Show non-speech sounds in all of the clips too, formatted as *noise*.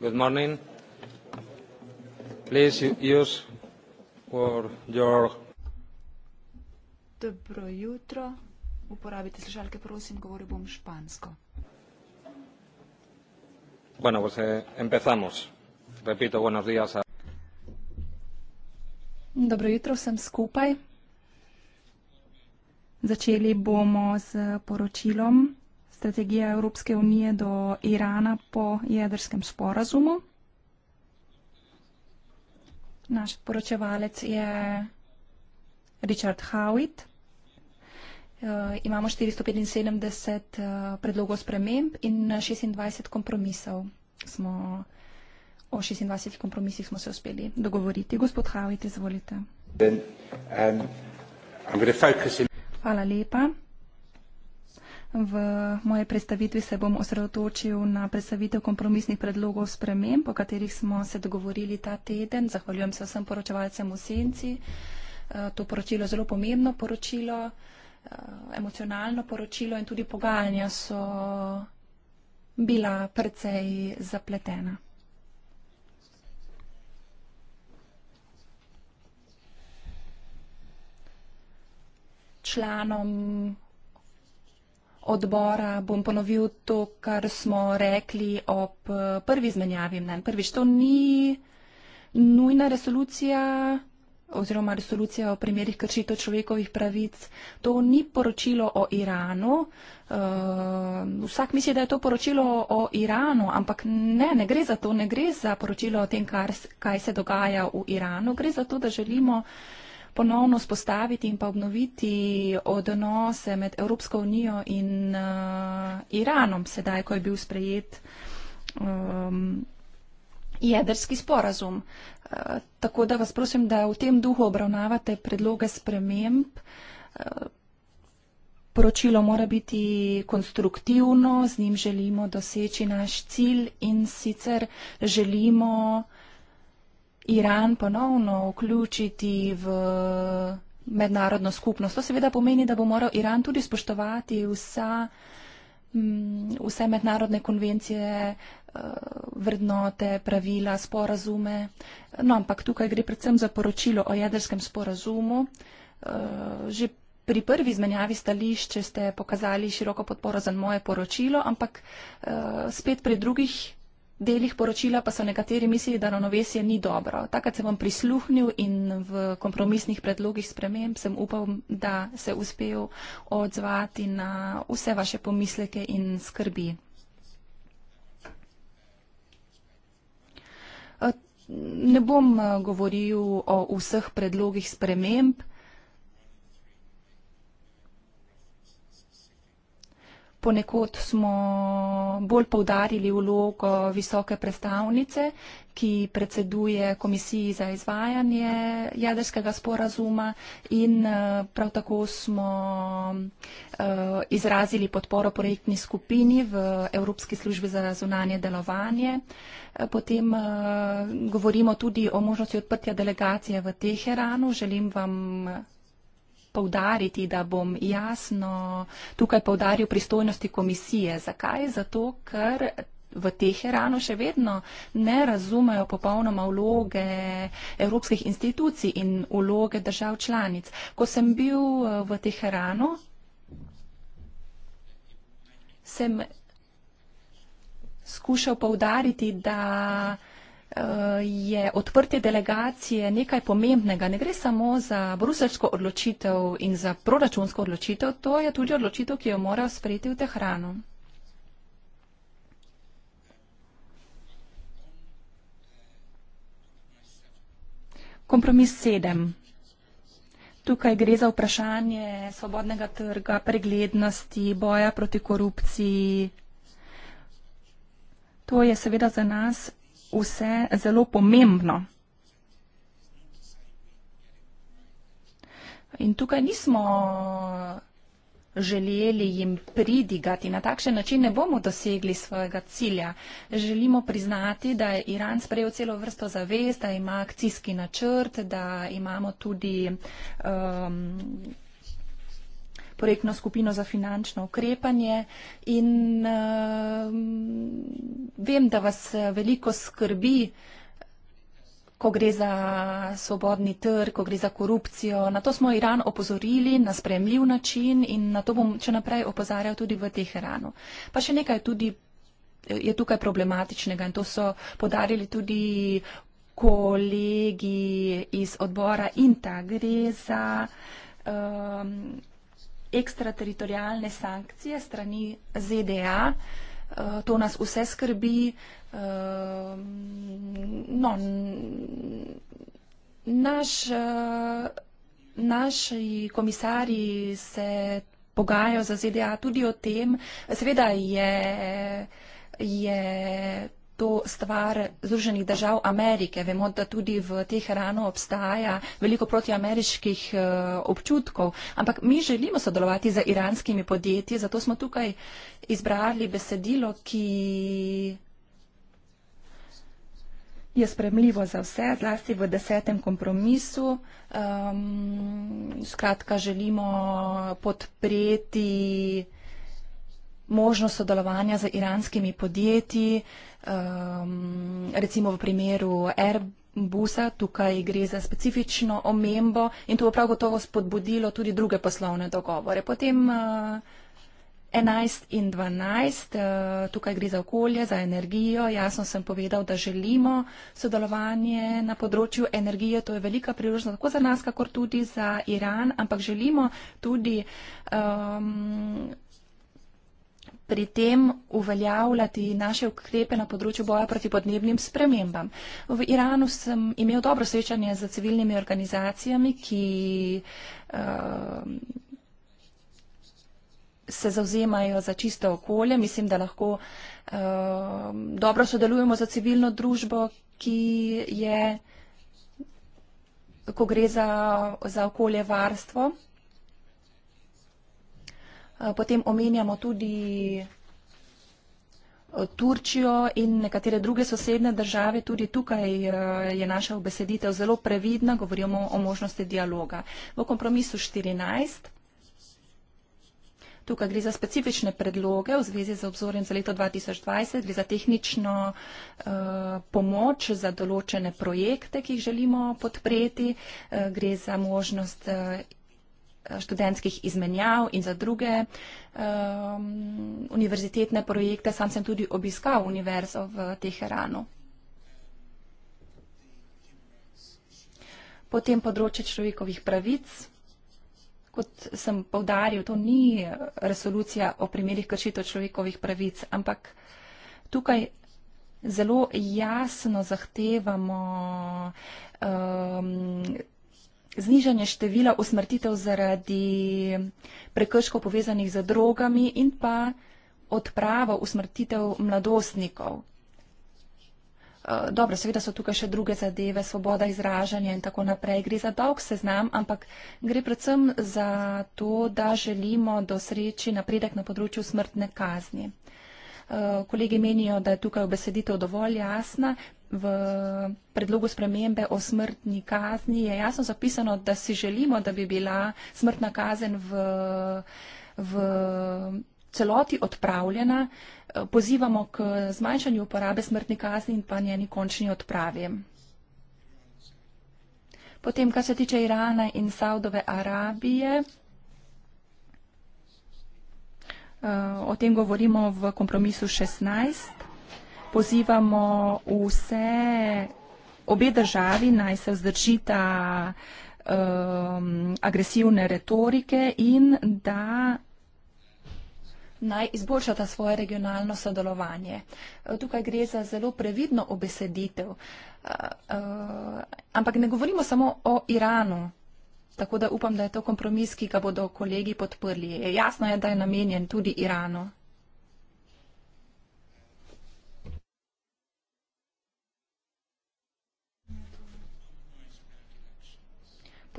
good morning. Please use for your. Dobro jutro. Uporabite slušalke, prosim, govoril bom špansko. Bueno, pues eh, empezamos. Repito, buenos días. A... Dobro jutro vsem skupaj. Začeli bomo z poročilom strategija Evropske unije do Irana po jedrskem sporazumu. Naš poročevalec je Richard Howitt. Eh, imamo 475 eh, predlogov sprememb in 26 kompromisov. Smo, o 26 kompromisih smo se uspeli dogovoriti. Gospod Howitt, izvolite. Um, Hvala lepa. V moje predstavitvi se bom osredotočil na predstavitev kompromisnih predlogov sprememb, o katerih smo se dogovorili ta teden. Zahvaljujem se vsem poročevalcem v senci. Eh, to poročilo je zelo pomembno poročilo, eh, emocionalno poročilo in tudi pogajanja so bila precej zapletena. Članom odbora bom ponovil to, kar smo rekli ob eh, prvi izmenjavi mnen. Prvič, to ni nujna resolucija oziroma resolucija o primerih kršitev človekovih pravic. To ni poročilo o Iranu. Uh, vsak misli, da je to poročilo o Iranu, ampak ne, ne gre za to, ne gre za poročilo o tem, kar, kaj se dogaja v Iranu. Gre za to, da želimo uh, ponovno spostaviti in pa obnoviti odnose med Evropsko unijo in uh, Iranom, sedaj, ko je bil sprejet um, jedrski sporazum. Uh, tako da vas prosim, da v tem duhu obravnavate predloge sprememb. Uh, Poročilo mora biti konstruktivno, z njim želimo doseči naš cilj in sicer želimo Iran ponovno vključiti v mednarodno skupnost. To seveda pomeni, da bo moral Iran tudi spoštovati vsa, mm, vse mednarodne konvencije, eh, vrednote, pravila, sporazume. No, ampak tukaj gre predvsem za poročilo o jedrskem sporazumu. Eh, že pri prvi izmenjavi stališče ste pokazali široko podporo za moje poročilo, ampak eh, spet pri drugih delih poročila pa so nekateri mislili, da ravnovesje ni dobro. Takrat sem vam prisluhnil in v kompromisnih predlogih sprememb sem upal, da se uspel odzvati na vse vaše pomisleke in skrbi. Eh, ne bom eh, govoril o vseh predlogih sprememb, Ponekod smo bolj povdarili vlogo visoke predstavnice, ki predseduje komisiji za izvajanje jaderskega sporazuma in eh, prav tako smo eh, izrazili podporo projektni skupini v Evropski službi za zunanje delovanje. Eh, potem govorimo tudi o možnosti odprtja delegacije v Teheranu. Želim vam poudariti, da bom jasno tukaj poudaril pristojnosti komisije. Zakaj? Zato, ker v Teheranu še vedno ne razumejo popolnoma vloge evropskih institucij in vloge držav članic. Ko sem bil eh, v Teheranu, sem skušal poudariti, da je odprtje delegacije nekaj pomembnega. Ne gre samo za bruseljsko odločitev in za proračunsko odločitev, to je tudi odločitev, ki jo mora sprejeti v Tehranu. Kompromis sedem. Tukaj gre za vprašanje svobodnega trga, preglednosti, boja proti korupciji. To je seveda za nas vse zelo pomembno. In tukaj nismo želeli jim pridigati. Na takšen način ne bomo dosegli svojega cilja. Želimo priznati, da je Iran sprejel celo vrsto zavez, da ima akcijski načrt, da imamo tudi. Um, projektno skupino za finančno ukrepanje in uh, vem, da vas eh, veliko skrbi, ko gre za svobodni trg, ko gre za korupcijo. Na to smo Iran opozorili na spremljiv način in na to bom če naprej opozarjal tudi v Teheranu. Pa še nekaj tudi je tukaj problematičnega in to so podarili tudi kolegi iz odbora INTA. Gre za um, ekstrateritorijalne sankcije strani ZDA. Eh, to nas vse skrbi. Eh, no, naš, eh, naši komisarji se pogajajo za ZDA tudi o tem. Seveda je, je to stvar Združenih držav Amerike. Vemo, da tudi v teh rano obstaja veliko protiameriških eh, občutkov, ampak mi želimo sodelovati z iranskimi podjetji, zato smo tukaj izbrali besedilo, ki je spremljivo za vse, zlasti v desetem kompromisu. Um, skratka, želimo podpreti možnost sodelovanja z iranskimi podjetji, um, recimo v primeru Airbusa, tukaj gre za specifično omembo in to bo prav gotovo spodbudilo tudi druge poslovne dogovore. Potem uh, eh, 11 in 12, uh, eh, tukaj gre za okolje, za energijo. Jasno sem povedal, da želimo sodelovanje na področju energije, to je velika priložnost tako za nas, kakor tudi za Iran, ampak želimo tudi. Um, pri tem uveljavljati naše ukrepe na področju boja proti podnebnim spremembam. V Iranu sem imel dobro srečanje z civilnimi organizacijami, ki uh, se zauzemajo za čisto okolje. Mislim, da lahko uh, dobro sodelujemo za civilno družbo, ki je, ko gre za, za okolje varstvo. Eh, potem omenjamo tudi eh, Turčijo in nekatere druge sosedne države. Tudi tukaj eh, je naša obeseditev zelo previdna, govorimo o možnosti dialoga. V kompromisu 14. Tukaj gre za specifične predloge v zvezi z obzorjem za leto 2020, gre za tehnično uh, pomoč za določene projekte, ki jih želimo podpreti, uh, gre za možnost uh, študentskih izmenjav in za druge um, univerzitetne projekte. Sam sem tudi obiskal univerzo v Teheranu. Potem področje človekovih pravic. Kot sem povdaril, to ni resolucija o primerih kršitev človekovih pravic, ampak tukaj zelo jasno zahtevamo um, znižanje števila usmrtitev zaradi prekrškov povezanih z drogami in pa odpravo usmrtitev mladostnikov. Eh, dobro, seveda so tukaj še druge zadeve, svoboda izražanja in tako naprej. Gre za dolg seznam, ampak gre predvsem za to, da želimo dosreči napredek na področju smrtne kazni. Eh, kolegi menijo, da je tukaj obeseditev dovolj jasna, v predlogu spremembe o smrtni kazni je jasno zapisano, da si želimo, da bi bila smrtna kazen v, v celoti odpravljena. Pozivamo k zmanjšanju uporabe smrtne kazni in pa njeni končni odpravi. Potem, kar se tiče Irana in Saudove Arabije, eh, o tem govorimo v kompromisu 16 pozivamo vse, obe državi naj se vzdržita um, agresivne retorike in da naj izboljšata svoje regionalno sodelovanje. Tukaj gre za zelo previdno obeseditev. Uh, uh, ampak ne govorimo samo o Iranu, tako da upam, da je to kompromis, ki ga bodo kolegi podprli. Jasno je, da je namenjen tudi Iranu.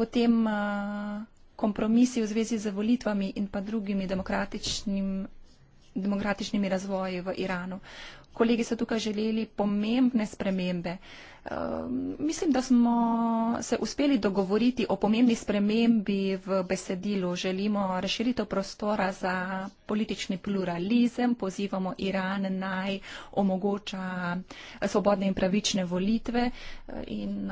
potem eh, kompromisi v zvezi z volitvami in pa drugimi demokratičnim demokratičnimi razvoji v Iranu. Kolegi so tukaj želeli pomembne spremembe. Ehm, mislim, da smo se uspeli dogovoriti o pomembni spremembi v besedilu. Želimo razširitev prostora za politični pluralizem, pozivamo Iran naj omogoča svobodne in pravične volitve. In ehm,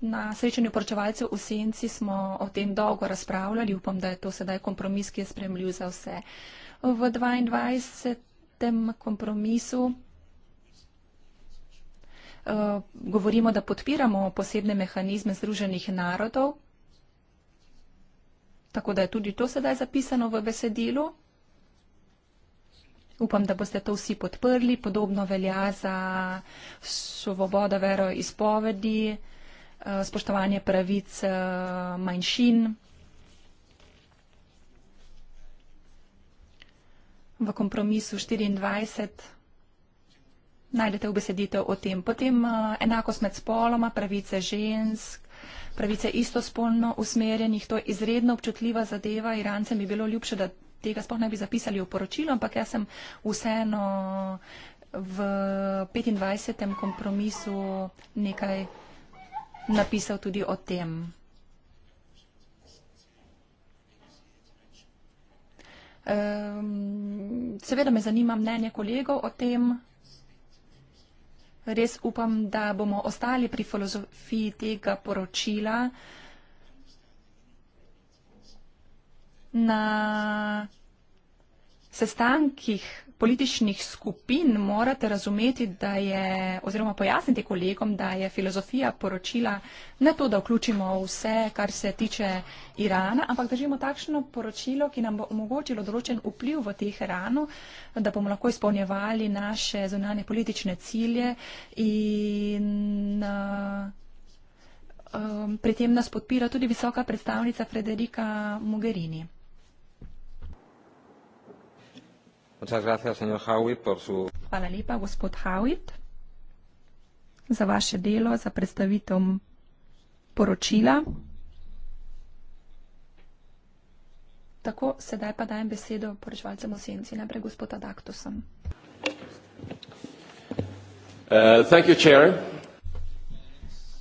na srečanju poročevalcev v Senci smo o tem dolgo razpravljali. Upam, da je to sedaj kompromis, ki je spremljiv za vse v 22. kompromisu. Eh, govorimo, da podpiramo posebne mehanizme Združenih narodov, tako da je tudi to sedaj zapisano v besedilu. Upam, da boste to vsi podprli. Podobno velja za svobodo veroizpovedi, eh, spoštovanje pravic eh, manjšin. v kompromisu 24 najdete obeseditev o tem. Potem eh, enakost med spoloma, pravice žensk, pravice istospolno usmerjenih, to je izredno občutljiva zadeva. Irancem bi bilo ljubše, da tega sploh ne bi zapisali v poročilo, ampak jaz sem vseeno v 25. kompromisu nekaj napisal tudi o tem. Um, seveda me zanima mnenje kolegov o tem. Res upam, da bomo ostali pri filozofiji tega poročila. Na sestankih političnih skupin morate razumeti, da je, oziroma pojasniti kolegom, da je filozofija poročila ne to, da vključimo vse, kar se tiče Irana, ampak da želimo takšno poročilo, ki nam bo omogočilo določen vpliv v Teheranu, da bomo lahko izpolnjevali naše zunanje politične cilje in uh, um, pri tem nas podpira tudi visoka predstavnica Frederika Mogherini. Hvala lepa, gospod Howitt, za vaše delo, za predstavitev poročila. Tako, sedaj pa dajem besedo poročevalcem v senci, najprej gospod Adaktusom. Uh,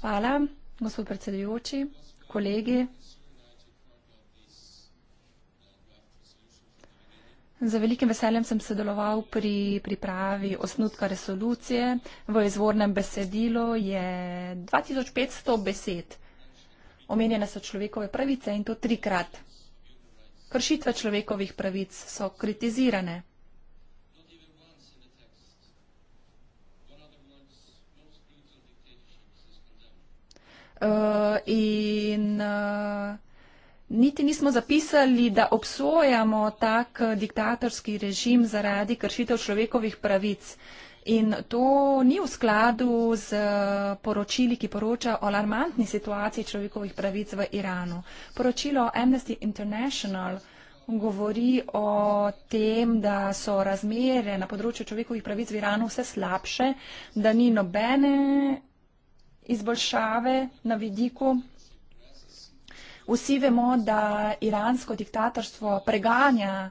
Hvala, gospod predsedujoči, kolegi. Z velikim veseljem sem sodeloval pri pripravi osnutka resolucije. V izvornem besedilu je 2500 besed. Omenjene so človekove pravice in to trikrat. Kršitve človekovih pravic so kritizirane. Uh, in uh, Niti nismo zapisali, da obsojamo tak eh, diktatorski režim zaradi kršitev človekovih pravic. In to ni v skladu z eh, poročili, ki poroča o alarmantni situaciji človekovih pravic v Iranu. Poročilo Amnesty International govori o tem, da so razmere na področju človekovih pravic v Iranu vse slabše, da ni nobene izboljšave na vidiku Vsi vemo, da iransko diktatorstvo preganja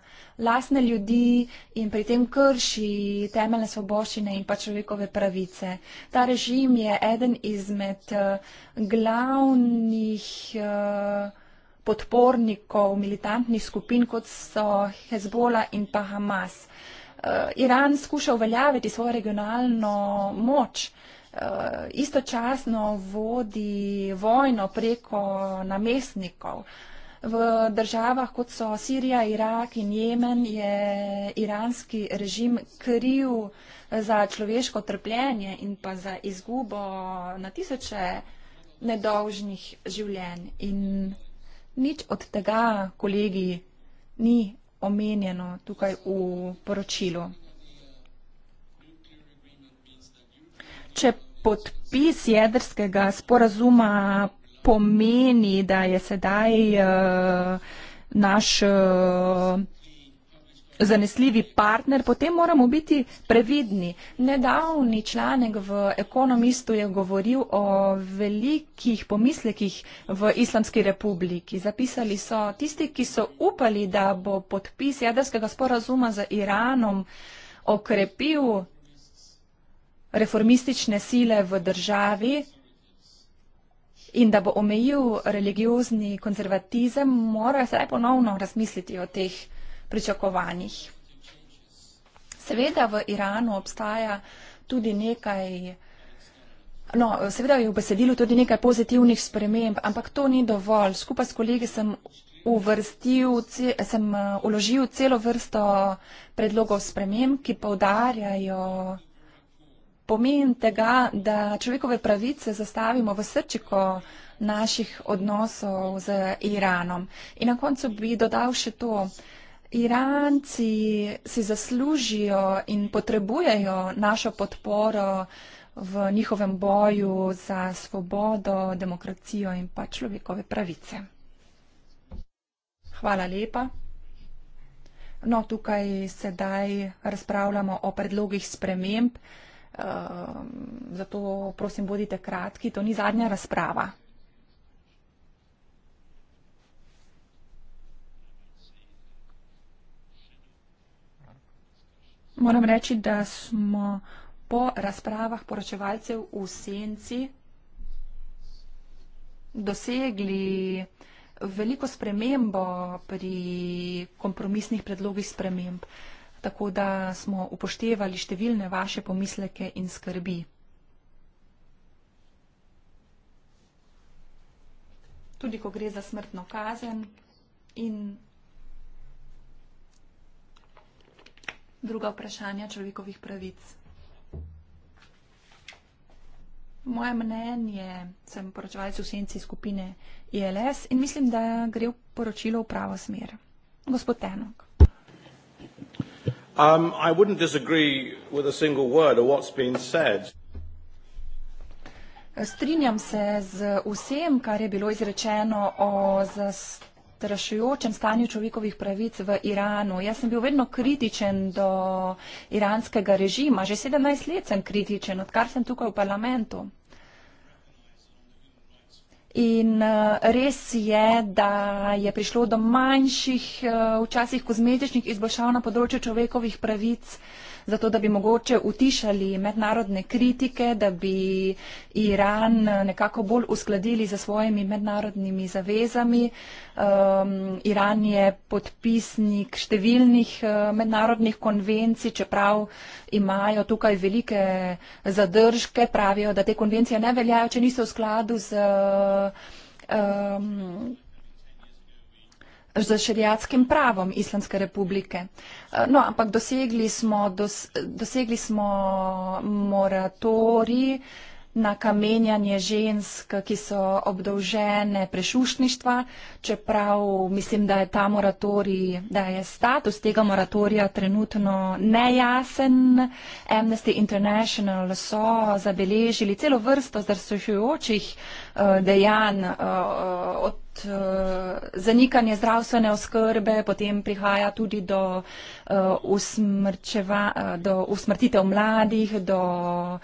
lasne ljudi in pri tem krši temeljne svoboščine in pa človekove pravice. Ta režim je eden izmed eh, glavnih eh, podpornikov militantnih skupin, kot so Hezbola in pa Hamas. Eh, Iran skuša uveljaviti svojo regionalno moč. Eh, istočasno vodi vojno preko namestnikov. V državah, kot so Sirija, Irak in Jemen, je iranski režim kriv za človeško trpljenje in pa za izgubo na tisoče nedolžnih življenj. In nič od tega, kolegi, ni omenjeno tukaj v poročilu. Če podpis jedrskega sporazuma pomeni, da je sedaj uh, naš uh, zanesljivi partner, potem moramo biti previdni. Nedavni članek v Ekonomistu je govoril o velikih pomislekih v Islamski republiki. Zapisali so tisti, ki so upali, da bo podpis jedrskega sporazuma z Iranom okrepil reformistične sile v državi in da bo omejil religiozni konzervatizem, mora zdaj ponovno razmisliti o teh pričakovanjih. Seveda v Iranu obstaja tudi nekaj, no, seveda je v besedilu tudi nekaj pozitivnih sprememb, ampak to ni dovolj. Skupaj s kolegi sem uvrstil, sem eh, uložil celo vrsto predlogov sprememb, ki povdarjajo pomen tega, da človekove pravice zastavimo v srčiko naših odnosov z Iranom. In na koncu bi dodal še to. Iranci si zaslužijo in potrebujejo našo podporo v njihovem boju za svobodo, demokracijo in pa človekove pravice. Hvala lepa. No, tukaj sedaj razpravljamo o predlogih sprememb. Ehm, zato prosim, bodite kratki, to ni zadnja razprava. Moram reči, da smo po razpravah poročevalcev v senci dosegli veliko spremembo pri kompromisnih predlogih sprememb. Uh, tako da smo upoštevali številne vaše pomisleke in skrbi. Tudi ko gre za smrtno kazen in druga vprašanja človekovih pravic. Moje mnenje, sem poročevalec v senci skupine ILS in mislim, da gre v poročilo v pravo smer. Gospod Tenok. Um, I wouldn't disagree with a single word of what's been said. Strinjam se z vsem, kar je bilo izrečeno o zastrašujočem stanju človekovih pravic v Iranu. Jaz sem bil vedno kritičen do iranskega režima. Že 17 let sem kritičen, odkar sem tukaj v parlamentu. In eh, res je, da je prišlo do manjših, eh, včasih kozmetičnih izboljšav na področju človekovih pravic zato da bi mogoče utišali mednarodne kritike, da bi Iran nekako bolj uskladili za svojimi mednarodnimi zavezami. Um, Iran je podpisnik številnih uh, mednarodnih konvencij, čeprav imajo tukaj velike zadržke, pravijo, da te konvencije ne veljajo, če niso v skladu z. Um, za šeriatskim pravom Islamske republike. Uh, Eh, no, ampak dosegli smo, dos, dosegli smo moratori na kamenjanje žensk, ki so obdolžene prešuštništva, čeprav mislim, da je ta moratorij, da je status tega moratorija trenutno nejasen. Amnesty International so zabeležili celo vrsto zdrsujočih uh, Eh, dejanj, eh, eh, od zanikanja zdravstvene oskrbe, potem prihaja tudi do, usmrčeva, do usmrtitev mladih, do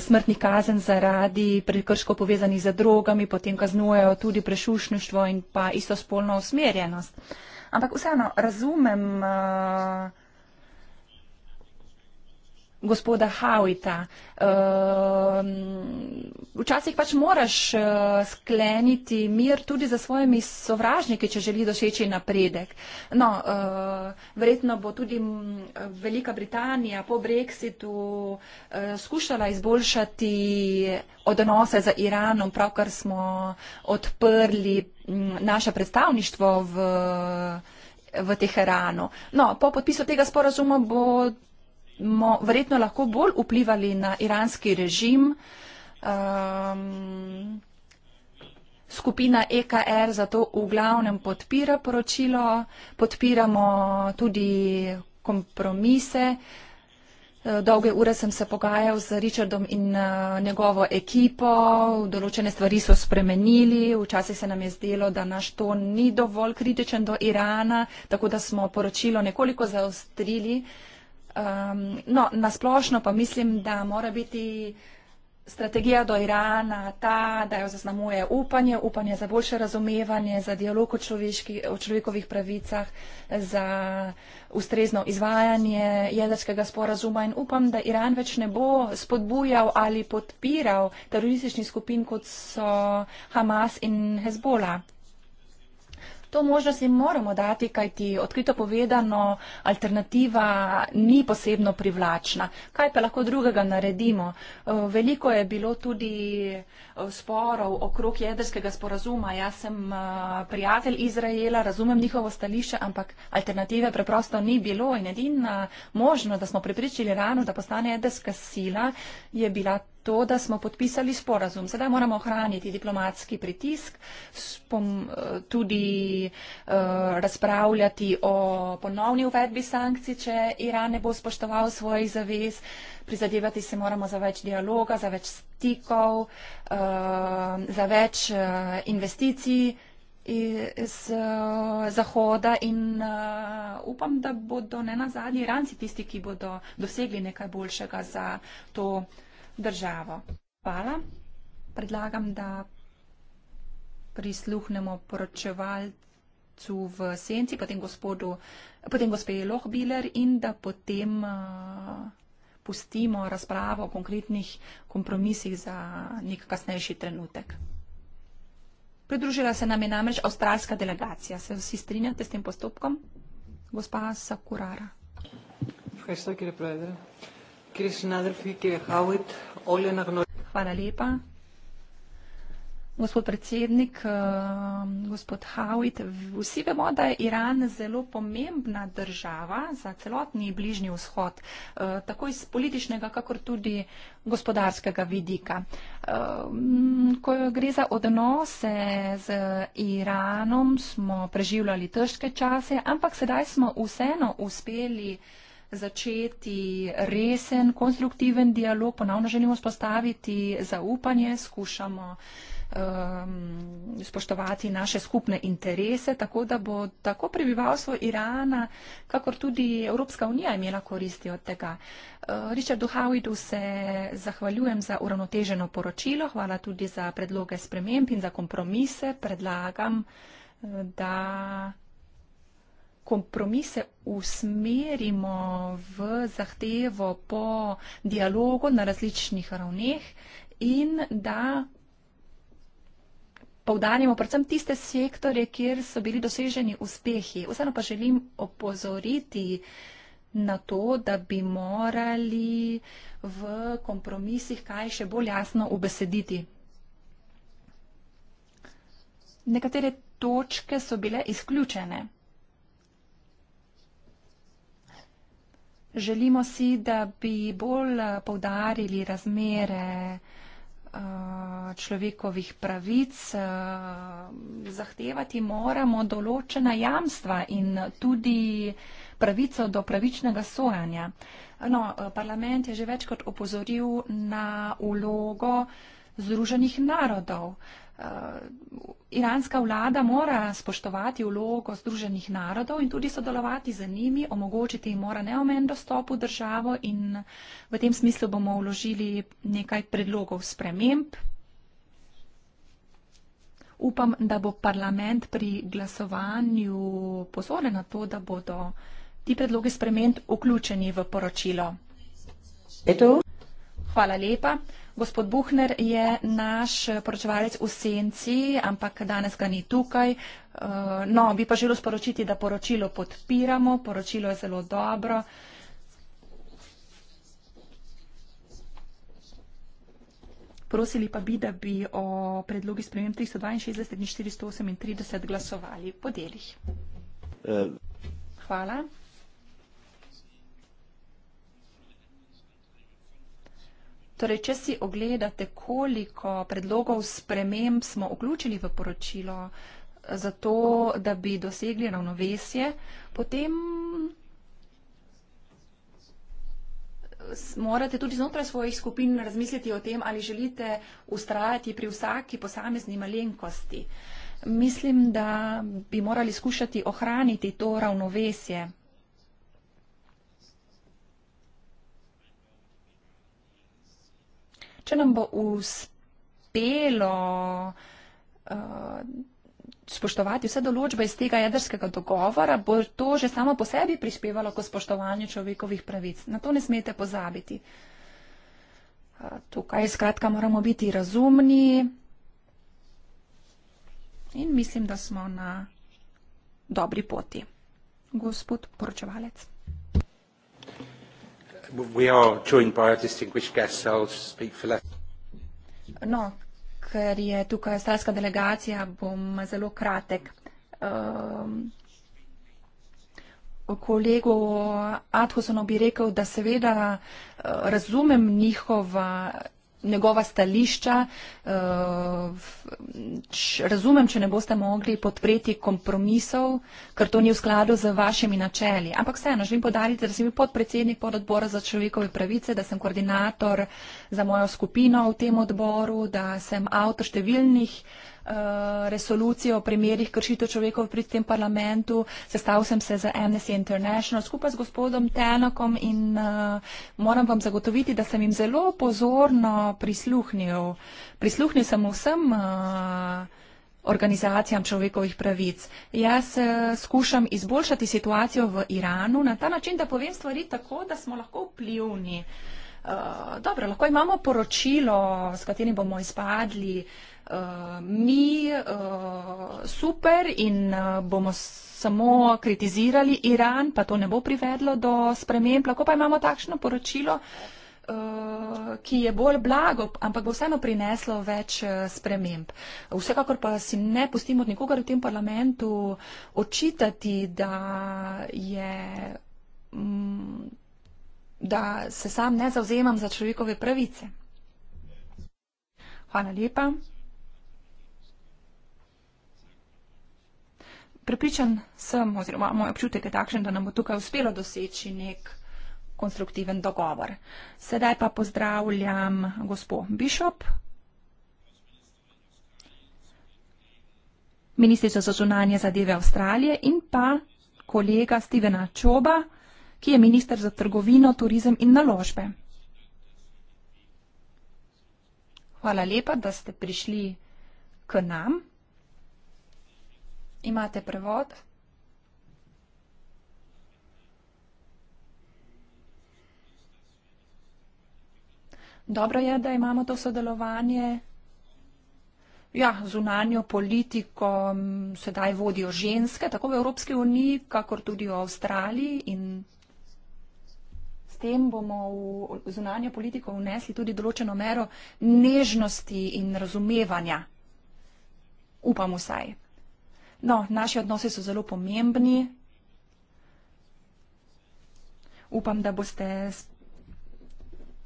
smrtnih kazen zaradi prekrško povezanih z drogami, potem kaznujejo tudi prešušništvo in pa istospolno usmerjenost. Ampak vseeno razumem, uh, gospoda Hawita. Ehm, včasih pač moraš eh, skleniti mir tudi za svojimi sovražniki, če želi doseči napredek. No, eh, verjetno bo tudi mm, Velika Britanija po Brexitu eh, skušala izboljšati odnose z Iranom, pravkar smo odprli mm, naše predstavništvo v v Teheranu. No, po podpisu tega sporazuma bo bomo verjetno lahko bolj vplivali na iranski režim. Um, skupina EKR zato v glavnem podpira poročilo, podpiramo tudi kompromise. Eh, dolge ure sem se pogajal z Richardom in eh, njegovo ekipo, določene stvari so spremenili, včasih se nam je zdelo, da naš to ni dovolj kritičen do Irana, tako da smo poročilo nekoliko zaostrili. Uh, Um, no, nasplošno pa mislim, da mora biti strategija do Irana ta, da jo zaznamuje upanje, upanje za boljše razumevanje, za dialog o, človeški, o človekovih pravicah, za ustrezno izvajanje jedrskega sporazuma in upam, da Iran več ne bo spodbujal ali podpiral terorističnih skupin, kot so Hamas in Hezbollah. To možnost jim moramo dati, kajti odkrito povedano, alternativa ni posebno privlačna. Kaj pa lahko drugega naredimo? Eh, veliko je bilo tudi eh, sporov okrog jedrskega sporazuma. Jaz sem eh, prijatelj Izraela, razumem njihovo stališče, ampak alternative preprosto ni bilo in edina možnost, da smo pripričali Iranu, da postane jedrska sila, je bila to, da smo podpisali sporazum. Sedaj moramo ohraniti diplomatski pritisk, spom, eh, tudi uh, razpravljati o ponovni uvedbi sankcij, če Iran ne bo spoštoval svojih zavez. Prizadevati se moramo za več dialoga, za več stikov, uh, za več uh, investicij iz uh, Zahoda in uh, upam, da bodo ne na zadnji ranci tisti, ki bodo dosegli nekaj boljšega za to državo. Hvala. Predlagam, da prisluhnemo poročevalcu v senci, potem, gospodu, potem gospe Lohbiler in da potem uh, pustimo razpravo o konkretnih kompromisih za nek kasnejši trenutek. Pridružila se nam je namreč avstralska delegacija. Se vsi strinjate s tem postopkom? Gospa Sakurara. Kaj ste rekli, predvsem? Hvala lepa. Gospod predsednik, eh, gospod Hawit, vsi vemo, da je Iran zelo pomembna država za celotni bližnji vzhod, eh, tako iz političnega, kakor tudi gospodarskega vidika. Eh, ko gre za odnose z Iranom, smo preživljali težke čase, ampak sedaj smo vseeno uspeli začeti resen, konstruktiven dialog, ponovno želimo spostaviti zaupanje, skušamo um, spoštovati naše skupne interese, tako da bo tako prebivalstvo Irana, kakor tudi Evropska unija imela koristi od tega. Uh, Richardu Howidu se zahvaljujem za uravnoteženo poročilo, hvala tudi za predloge sprememb in za kompromise. Predlagam, uh, da kompromise usmerimo v zahtevo po dialogu na različnih ravneh in da Poudarjamo predvsem tiste sektorje, kjer so bili doseženi uspehi. Vseeno pa želim opozoriti na to, da bi morali v kompromisih kaj še bolj jasno ubesediti. Nekatere točke so bile izključene. Želimo si, da bi bolj eh, poudarili razmere eh, človekovih pravic. Eh, zahtevati moramo določena jamstva in tudi pravico do pravičnega sojanja. No, parlament je že večkrat opozoril na ulogo Združenih narodov. Eh, iranska vlada mora spoštovati vlogo Združenih narodov in tudi sodelovati z njimi, omogočiti jim mora neomen dostop v državo in v tem smislu bomo vložili nekaj predlogov sprememb. Upam, da bo parlament pri glasovanju pozoren na to, da bodo ti predloge sprememb vključeni v poročilo. Eto. Hvala lepa. Gospod Buhner je naš poročevalec v senci, ampak danes ga ni tukaj. Eh, no, bi pa želel sporočiti, da poročilo podpiramo, poročilo je zelo dobro. Prosili pa bi, da bi o predlogi spremem 362 in 438 glasovali po delih. Eh. Hvala. Torej, če si ogledate, koliko predlogov sprememb smo vključili v poročilo, eh, zato da bi dosegli ravnovesje, potem eh, morate tudi znotraj svojih skupin razmisliti o tem, ali želite ustrajati pri vsaki posamezni malenkosti. Mislim, da bi morali skušati ohraniti to ravnovesje če nam bo uspelo uh, spoštovati vse določbe iz tega jedrskega dogovora, bo to že samo po sebi prispevalo k spoštovanju človekovih pravic. Na to ne smete pozabiti. Uh, tukaj skratka moramo biti razumni in mislim, da smo na dobri poti. Gospod poročevalec we are joined by our distinguished guests, so I'll speak for less. No, ker je tukaj australska delegacija, bom zelo kratek. Um, kolegu Adhusonu bi rekel, da seveda eh, razumem njihova njegova stališča. Eh, razumem, če ne boste mogli podpreti kompromisov, ker to ni v skladu z vašimi načeli. Ampak vseeno, želim podariti, da sem podpredsednik pod odbora za človekove pravice, da sem koordinator za mojo skupino v tem odboru, da sem avtor številnih Eh, resolucijo o primerih kršitev človekov pri tem parlamentu. Sestal sem se za Amnesty International skupaj z gospodom Tenokom in uh, moram vam zagotoviti, da sem jim zelo pozorno prisluhnil. Prisluhnil sem vsem uh, organizacijam človekovih pravic. Jaz uh, skušam izboljšati situacijo v Iranu na ta način, da povem stvari tako, da smo lahko vplivni. Uh, dobro, lahko imamo poročilo, s katerim bomo izpadli. Uh, mi uh, super in uh, bomo samo kritizirali Iran, pa to ne bo privedlo do sprememb. Lahko pa imamo takšno poročilo, uh, ki je bolj blago, ampak bo vseeno prineslo več sprememb. Vsekakor pa si ne pustimo od nikogar v tem parlamentu očitati, da je. Mm, da se sam ne zauzemam za človekove pravice. Hvala lepa. Pripričan sem, oziroma moj občutek je takšen, da nam bo tukaj uspelo doseči nek konstruktiven dogovor. Sedaj pa pozdravljam gospod Bishop. ministrico za zunanje zadeve Avstralije in pa kolega Stevena Čoba, ki je minister za trgovino, turizem in naložbe. Hvala lepa, da ste prišli k nam. Imate prevod? Dobro je, da imamo to sodelovanje. Ja, zunanjo politiko sedaj vodijo ženske, tako v Evropski uniji, kakor tudi v Avstraliji in s tem bomo v zunanjo politiko vnesli tudi določeno mero nežnosti in razumevanja. Upam vsaj. No, naši odnosi so zelo pomembni. Upam, da boste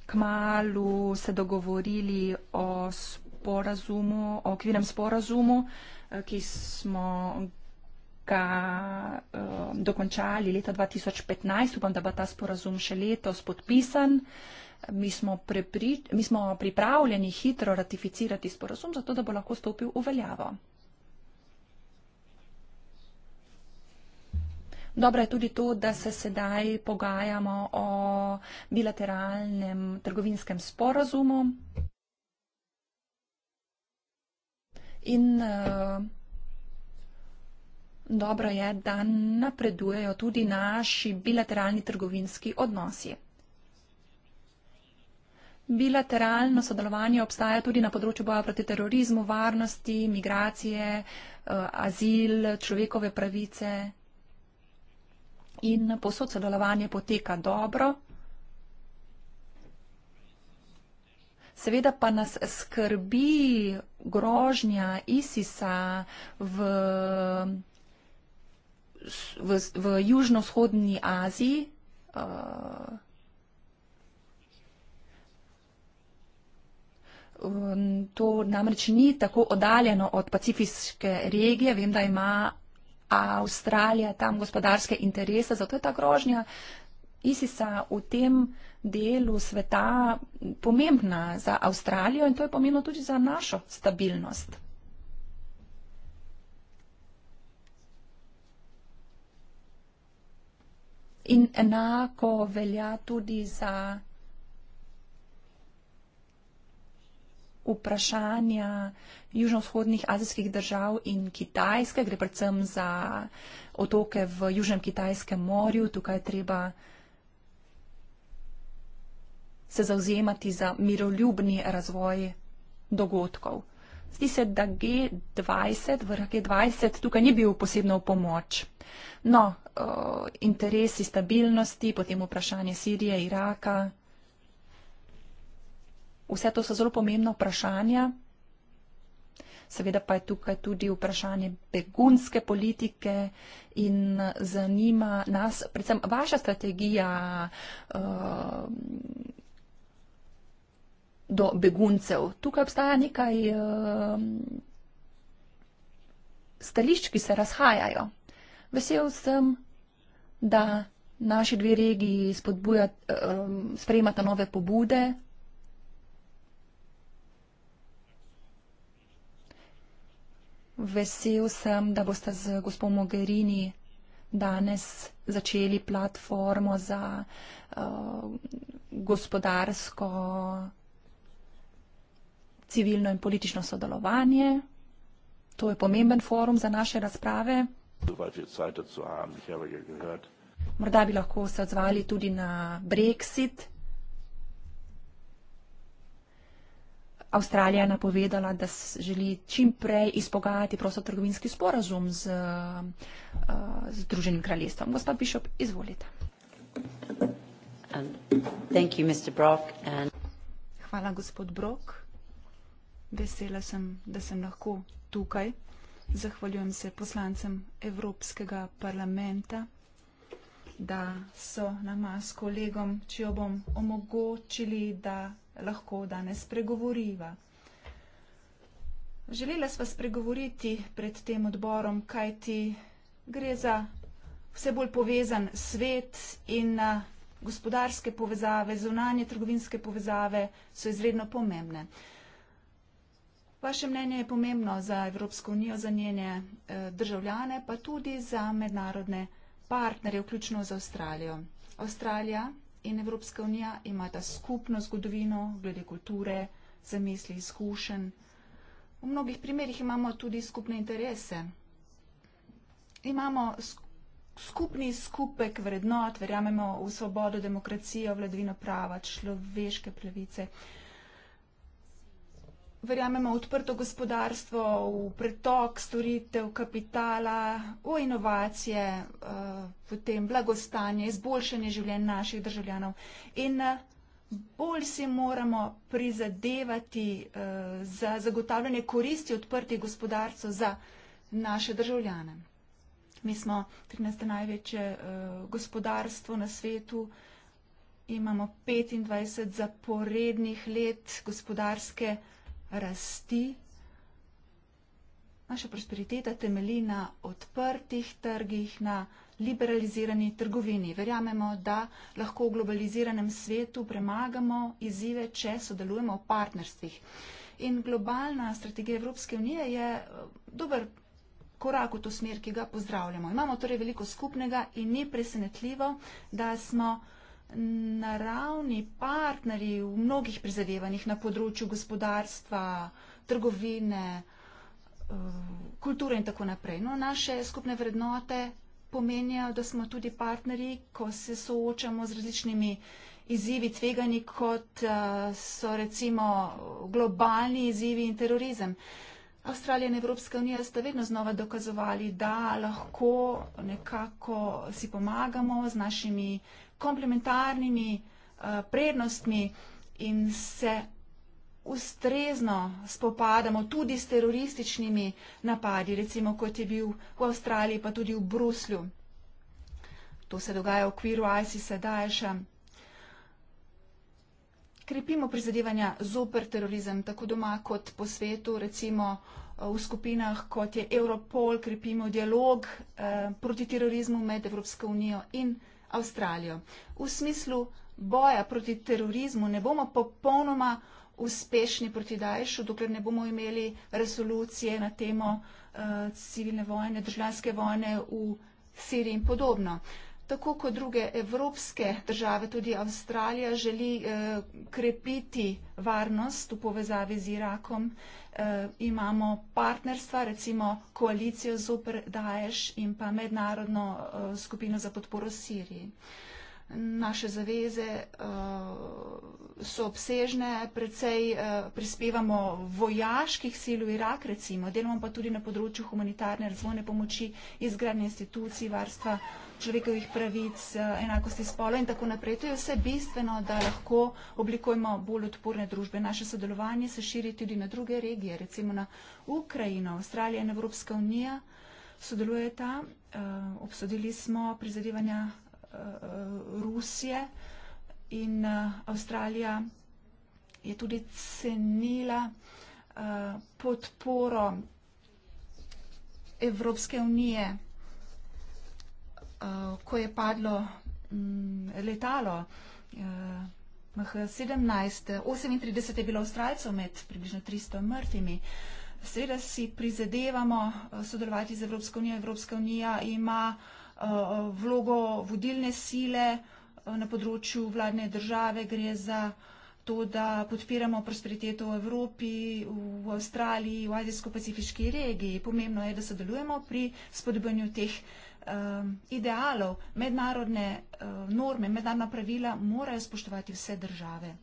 kmalu se dogovorili o sporazumu, o okvirnem sporazumu, eh, ki smo ga uh, dokončali leta 2015. Upam, da bo ta sporazum še letos podpisan. Mi smo, prepri, mi smo pripravljeni hitro ratificirati sporazum, zato da bo lahko stopil v veljavo. Dobro je tudi to, da se sedaj pogajamo o bilateralnem trgovinskem sporazumu. In uh, dobro je, da napredujejo tudi naši bilateralni trgovinski odnosi. Bilateralno sodelovanje obstaja tudi na področju boja proti terorizmu, varnosti, migracije, uh, azil, človekove pravice in posod sodelovanje poteka dobro. Seveda pa nas skrbi grožnja ISIS-a v, v, v južno-shodni Aziji. Eh, to namreč ni tako oddaljeno od pacifiške regije. Vem, da ima Avstralija tam gospodarske interese, zato je ta grožnja ISIS-a v tem delu sveta pomembna za Avstralijo in to je pomembno tudi za našo stabilnost. In enako velja tudi za vprašanja južno-vzhodnih azijskih držav in Kitajske, gre predvsem za otoke v Južnem Kitajskem morju. Tukaj je treba se zauzemati za miroljubni razvoj dogodkov. Zdi se, da G20, vrh G20 tukaj ni bil posebno v pomoč. No, eh, interesi stabilnosti, potem vprašanje Sirije, Iraka, Vse to so zelo pomembna vprašanja. Seveda pa je tukaj tudi vprašanje begunske politike in zanima nas, predvsem vaša strategija uh, do beguncev. Tukaj obstaja nekaj uh, stališč, ki se razhajajo. Vesel sem, da naši dve regiji spodbujajo, uh, eh, sprejmata nove pobude. Vesel sem, da boste z gospod Mogherini danes začeli platformo za uh, gospodarsko, civilno in politično sodelovanje. To je pomemben forum za naše razprave. Ja Morda bi lahko se odzvali tudi na brexit. Avstralija napovedala, da želi čim prej izpogajati prostotrgovinski sporazum z eh, Združenim kraljestvom. Gospod Bishop, izvolite. Um, you, Brock, and... Hvala, gospod Brok. Vesela sem, da sem lahko tukaj. Zahvaljujem se poslancem Evropskega parlamenta da so nama s kolegom, če jo bom omogočili, da lahko danes spregovoriva. Želela sva spregovoriti pred tem odborom, kaj ti gre za vse bolj povezan svet in na gospodarske povezave, zunanje trgovinske povezave so izredno pomembne. Vaše mnenje je pomembno za Evropsko unijo, za njene e, državljane, pa tudi za mednarodne partnerje, vključno z Avstralijo. Avstralija in Evropska unija imata skupno zgodovino glede kulture, zamisli, izkušenj. V mnogih primerjih imamo tudi skupne interese. Imamo skupni skupek vrednot, verjamemo v svobodo, demokracijo, vladavino prava, človeške pravice verjamemo v odprto gospodarstvo, v pretok storitev kapitala, v inovacije, potem eh, blagostanje, izboljšanje življenj naših državljanov. In eh, bolj si moramo prizadevati eh, za zagotavljanje koristi odprtih gospodarstv za naše državljane. Mi smo 13. največje gospodarstvo na svetu, imamo 25 zaporednih let gospodarske vsega, rasti. Naša prosperiteta temelji na odprtih trgih, na liberalizirani trgovini. Verjamemo, da lahko v globaliziranem svetu premagamo izzive, če sodelujemo v partnerstvih. In globalna strategija Evropske unije je eh, dober korak v to smer, ki ga pozdravljamo. Imamo torej veliko skupnega in ni presenetljivo, da smo naravni partnerji v mnogih prizadevanjih na področju gospodarstva, trgovine, eh, kulture in tako naprej. No, naše skupne vrednote pomenijo, da smo tudi partnerji, ko se soočamo z različnimi izzivi, tveganji, kot eh, so recimo globalni izzivi in terorizem. Avstralija in Evropska unija sta vedno znova dokazovali, da lahko nekako si pomagamo z našimi komplementarnimi eh, prednostmi in se ustrezno spopadamo tudi s terorističnimi napadi, recimo kot je bil v Avstraliji, pa tudi v Bruslju. To se dogaja v okviru ISIS-a, Daesha krepimo prizadevanja zoper terorizem, tako doma kot po svetu, recimo eh, v skupinah kot je Europol, krepimo dialog eh, proti terorizmu med Evropsko unijo in Avstralijo. V smislu boja proti terorizmu ne bomo popolnoma uspešni proti Daješu, dokler ne bomo imeli resolucije na temo eh, civilne vojne, državljanske vojne v Siriji in podobno. Eh, tako kot druge evropske države, tudi Avstralija, želi eh, krepiti varnost v povezavi z Irakom. Eh, imamo partnerstva, recimo koalicijo zoper Daesh in pa mednarodno eh, skupino za podporo Siriji. Naše zaveze. Eh, so obsežne, predvsej eh, prispevamo vojaških sil v Irak, recimo, delamo pa tudi na področju humanitarne razvojne pomoči, izgradnje institucij, varstva človekovih pravic, eh, enakosti spola in tako naprej. To je vse bistveno, da lahko oblikujemo bolj odporne družbe. Naše sodelovanje se širi tudi na druge regije, recimo na Ukrajino, Avstralija in Evropska unija sodelujeta. Eh, obsodili smo prizadevanja Rusije in eh, Avstralija je tudi cenila eh, podporo Evropske unije, eh, ko je padlo mm, letalo. MH17, 38 je bilo Avstralcev med približno 300 mrtvimi. Seveda si prizadevamo sodelovati z Evropsko unijo. Evropska unija ima vlogo vodilne sile, na področju vladne države, gre za to, da podpiramo prosperiteto v Evropi, v Avstraliji, v Azijsko-Pacifiški regiji. Pomembno je, da sodelujemo pri spodbanju teh um, idealov. Mednarodne um, norme, mednarodna pravila morajo spoštovati vse države.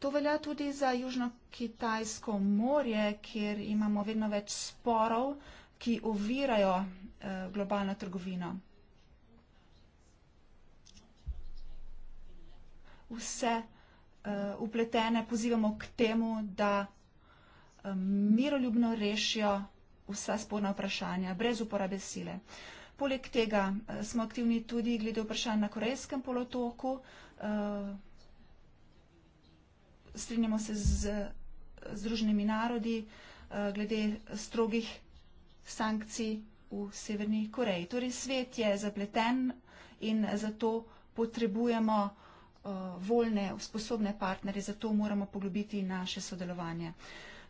To velja tudi za Južno-Kitajsko morje, kjer imamo vedno več sporov, ki ovirajo uh, globalno trgovino. vse uh, upletene pozivamo k temu, da um, miroljubno rešijo vsa sporna vprašanja, brez uporabe sile. Poleg tega uh, smo aktivni tudi glede vprašanj na Korejskem polotoku. Uh, strinjamo se z Združenimi narodi uh, glede strogih sankcij v Severni Koreji. Torej svet je zapleten in zato potrebujemo uh, Eh, voljne, sposobne partnerje, zato moramo poglobiti naše sodelovanje.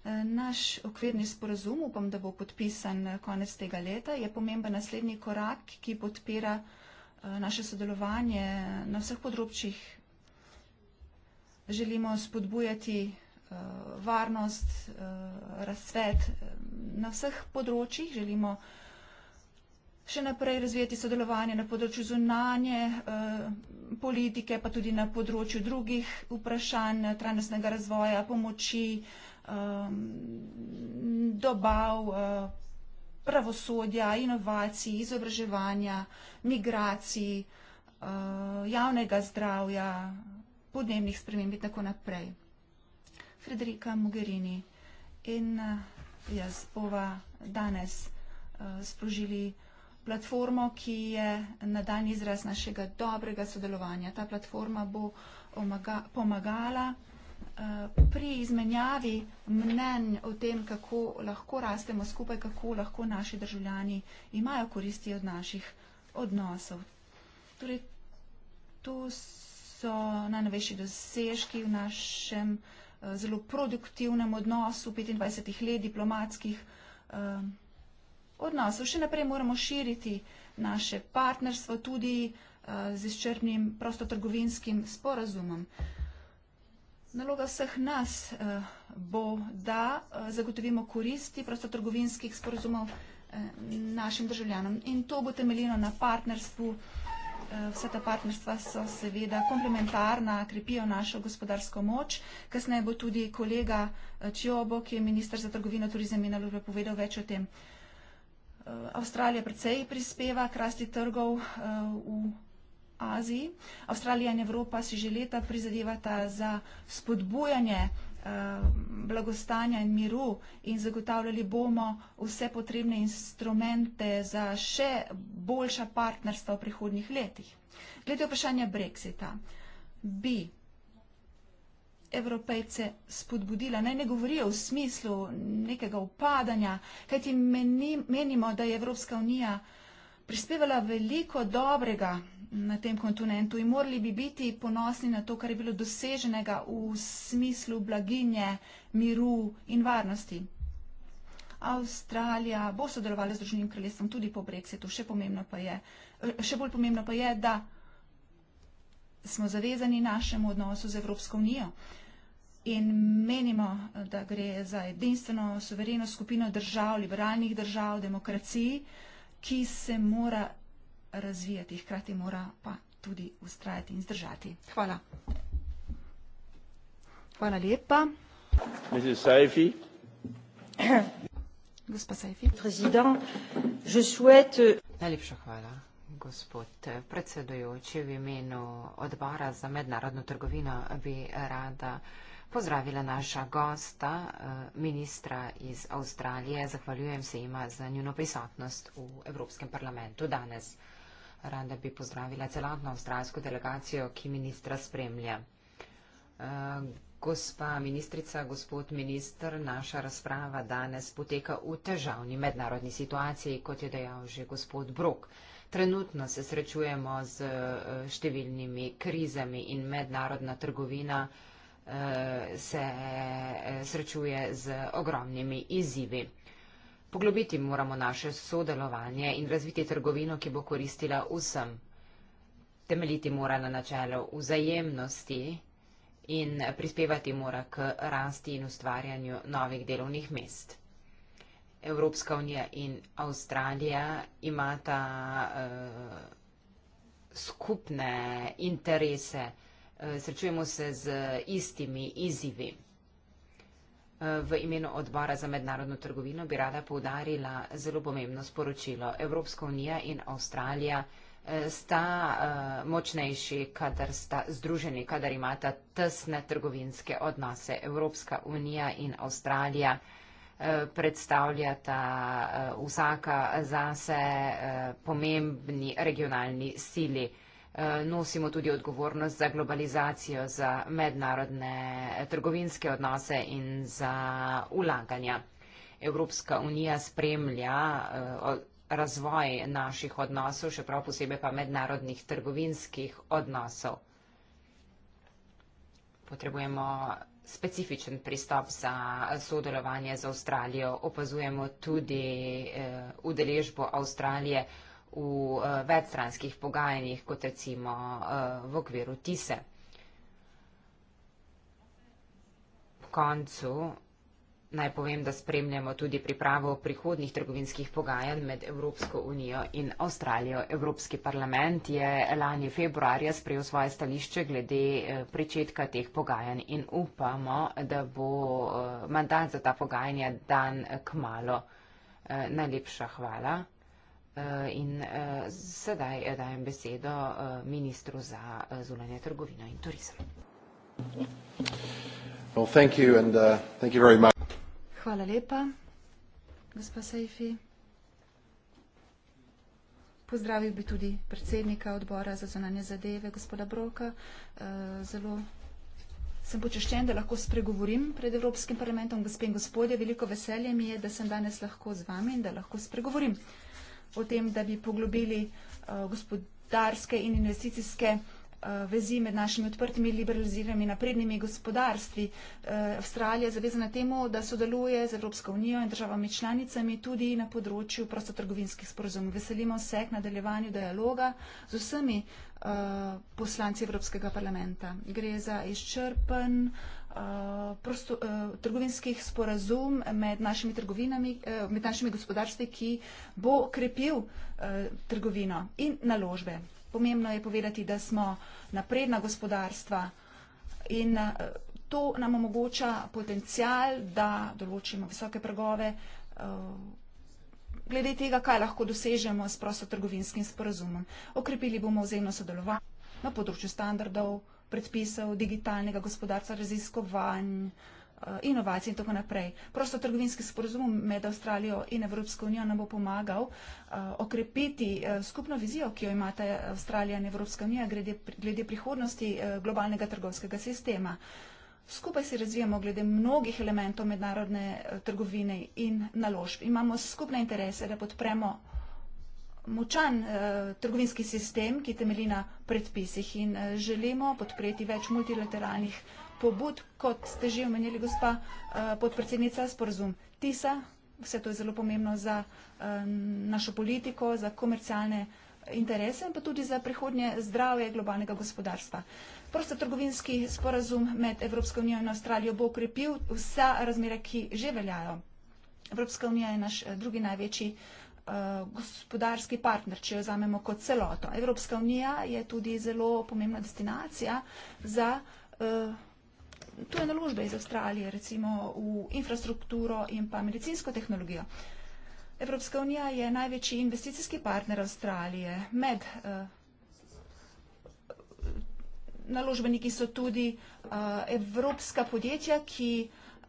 Eh, naš okvirni sporazum, upam, da bo podpisan konec tega leta, je pomemben naslednji korak, ki podpira eh, naše sodelovanje na vseh področjih. Želimo spodbujati varnost, razcvet na vseh področjih, želimo še naprej razvijati sodelovanje na področju zunanje eh, politike, pa tudi na področju drugih vprašanj eh, trajnostnega razvoja, pomoči, eh, dobav, pravosodja, inovacij, izobraževanja, migracij, javnega zdravja, podnebnih sprememb in tako naprej. Frederika Mogherini in jaz bova danes sprožili platformo, ki je nadaljni izraz našega dobrega sodelovanja. Ta platforma bo omaga, pomagala eh, pri izmenjavi mnenj o tem, kako lahko rastemo skupaj, kako lahko naši državljani imajo koristi od naših odnosov. Torej, to so najnovejši dosežki v našem eh, zelo produktivnem odnosu 25 let diplomatskih eh, odnosov. Še naprej moramo širiti naše partnerstvo tudi eh, z izčrpnim prostotrgovinskim sporazumom. Naloga vseh nas eh, bo, da eh, zagotovimo koristi prostotrgovinskih sporazumov našim državljanom. In to bo temeljeno na partnerstvu. Vse ta partnerstva so seveda komplementarna, krepijo našo gospodarsko moč. Kasneje bo tudi kolega Čjobo, ki je ministr za trgovino, turizem in naloge povedal več o tem. Eh, Avstralija precej prispeva k rasti trgov eh, v Aziji. Avstralija in Evropa si že leta prizadevata za spodbujanje eh, blagostanja in miru in zagotavljali bomo vse potrebne instrumente za še boljša partnerstva v prihodnjih letih. Glede vprašanja Brexita, bi evropejce spodbudila. Naj ne govorijo v smislu nekega upadanja, kajti menimo, da je Evropska unija prispevala veliko dobrega na tem kontinentu in morali bi biti ponosni na to, kar je bilo doseženega v smislu blaginje, miru in varnosti. Avstralija bo sodelovala z Združenim kraljestvom tudi po brexitu, še, pomembno pa je, še bolj pomembno pa je, da smo zavezani našemu odnosu z Evropsko unijo in menimo, da gre za edinstveno suvereno skupino držav, liberalnih držav, demokraciji, ki se mora razvijati, hkrati mora pa tudi ustrajati in zdržati. Hvala. Hvala lepa. *clears throat* Gospa Saifi. Prezident, je souhaite... Najlepša hvala. Gospod predsedujoči v imenu odbora za mednarodno trgovino bi rada pozdravila naša gosta, eh, ministra iz Avstralije. Zahvaljujem se ima za njeno prisotnost v Evropskem parlamentu danes. Rada bi pozdravila celotno avstralsko delegacijo, ki ministra spremlja. Eh, gospa ministrica, gospod minister, naša razprava danes poteka v težavni mednarodni situaciji, kot je dejal že gospod Brok. Trenutno se srečujemo z eh, številnimi krizami in mednarodna trgovina. Eh, se eh, srečuje z ogromnimi izzivi. Poglobiti moramo naše sodelovanje in razviti trgovino, ki bo koristila vsem. Temeljiti mora na načelu vzajemnosti in prispevati mora k rasti in ustvarjanju novih delovnih mest. Evropska unija in Avstralija imata uh, skupne interese uh, Eh, srečujemo se z istimi izzivi. Eh, v imenu odbora za mednarodno trgovino bi rada poudarila zelo pomembno sporočilo. Evropska unija in Avstralija eh, sta močnejši, kadar sta združeni, kadar imata tesne trgovinske odnose. Evropska unija in Avstralija predstavljata vsaka zase pomembni regionalni sili. Eh, nosimo tudi odgovornost za globalizacijo, za mednarodne trgovinske odnose in za ulaganja. Evropska unija spremlja eh, razvoj naših odnosov, še prav posebej pa mednarodnih trgovinskih odnosov. Potrebujemo specifičen pristop za sodelovanje z Avstralijo. Opazujemo tudi eh, udeležbo Avstralije v v uh, večstranskih pogajanjih, kot recimo uh, v okviru TISE. V koncu naj povem, da spremljamo tudi pripravo prihodnih trgovinskih pogajanj med Evropsko unijo in Avstralijo. Evropski parlament je lani februarja sprejel svoje stališče glede eh, pričetka teh pogajanj in upamo, da bo mandat za ta pogajanja dan k malo. Najlepša hvala. Eh, in eh, sedaj eh, dajem besedo ministru za zunanje trgovino in turizem. Uh, Hvala lepa, gospa Sejfi. Pozdravil bi tudi predsednika odbora za zunanje zadeve, gospoda Broka. Zelo sem počaščen, da lahko spregovorim pred Evropskim parlamentom. Gospe in gospodje, veliko veselje mi je, da sem danes lahko z vami in da lahko spregovorim o tem, da bi poglobili eh, gospodarske in investicijske eh, vezi med našimi odprtimi, liberaliziranimi, naprednimi gospodarstvi. Eh, Avstralija je zavezana temu, da sodeluje z Evropsko unijo in državami članicami tudi na področju prostotrgovinskih sporozumov. Veselimo se k nadaljevanju dialoga z vsemi poslanci Evropskega parlamenta. Gre za izčrpen uh, Eh, prosto, uh, trgovinskih sporazum med našimi, trgovinami, uh, med našimi gospodarstvi, ki bo krepil uh, trgovino in naložbe. Pomembno je povedati, da smo napredna gospodarstva in uh, to nam omogoča potencial, da določimo visoke pragove. Uh, glede tega, kaj lahko dosežemo s prostotrgovinskim sporazumom. Okrepili bomo vzajemno sodelovanje na področju standardov, predpisov, digitalnega gospodarstva, raziskovanj, eh, inovacij in tako naprej. Prosto trgovinski sporozum med Avstralijo in Evropsko unijo nam bo pomagal eh, okrepiti eh, skupno vizijo, ki jo imata Avstralija in Evropska unija glede, glede prihodnosti globalnega trgovskega sistema. Skupaj si razvijamo glede mnogih elementov mednarodne trgovine in naložb. Imamo skupne interese, da podpremo močan uh, trgovinski sistem, ki temelji na predpisih in uh, želimo podpreti več multilateralnih pobud, kot ste že omenili, gospa uh, podpredsednica, sporozum TISA. Vse to je zelo pomembno za um, našo politiko, za komercialne interese in pa tudi za prihodnje zdravje globalnega gospodarstva. Prosto trgovinski sporazum med Evropsko unijo in Avstralijo bo ukrepil vsa razmere, ki že veljajo. Evropska unija je naš drugi največji uh, Eh, gospodarski partner, če jo zamemo kot celoto. Evropska unija je tudi zelo pomembna destinacija za uh, tuje naložbe iz Avstralije, recimo v infrastrukturo in pa medicinsko tehnologijo. Evropska unija je največji investicijski partner Avstralije. Med uh, naložbeniki so tudi uh, evropska podjetja, ki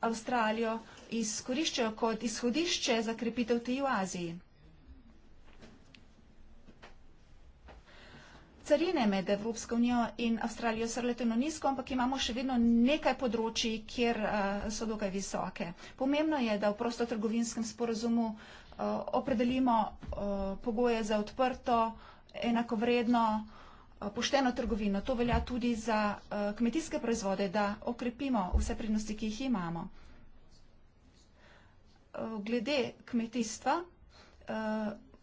Avstralijo izkoriščajo kot izhodišče za krepitev tej v Aziji. carine med Evropsko unijo in Avstralijo so relativno nizko, ampak imamo še vedno nekaj področji, kjer eh, so dokaj visoke. Pomembno je, da v prostotrgovinskem sporozumu eh, opredelimo eh, pogoje za odprto, enakovredno, pošteno trgovino. To velja tudi za kmetijske proizvode, da okrepimo vse prednosti, ki jih imamo. Glede kmetijstva,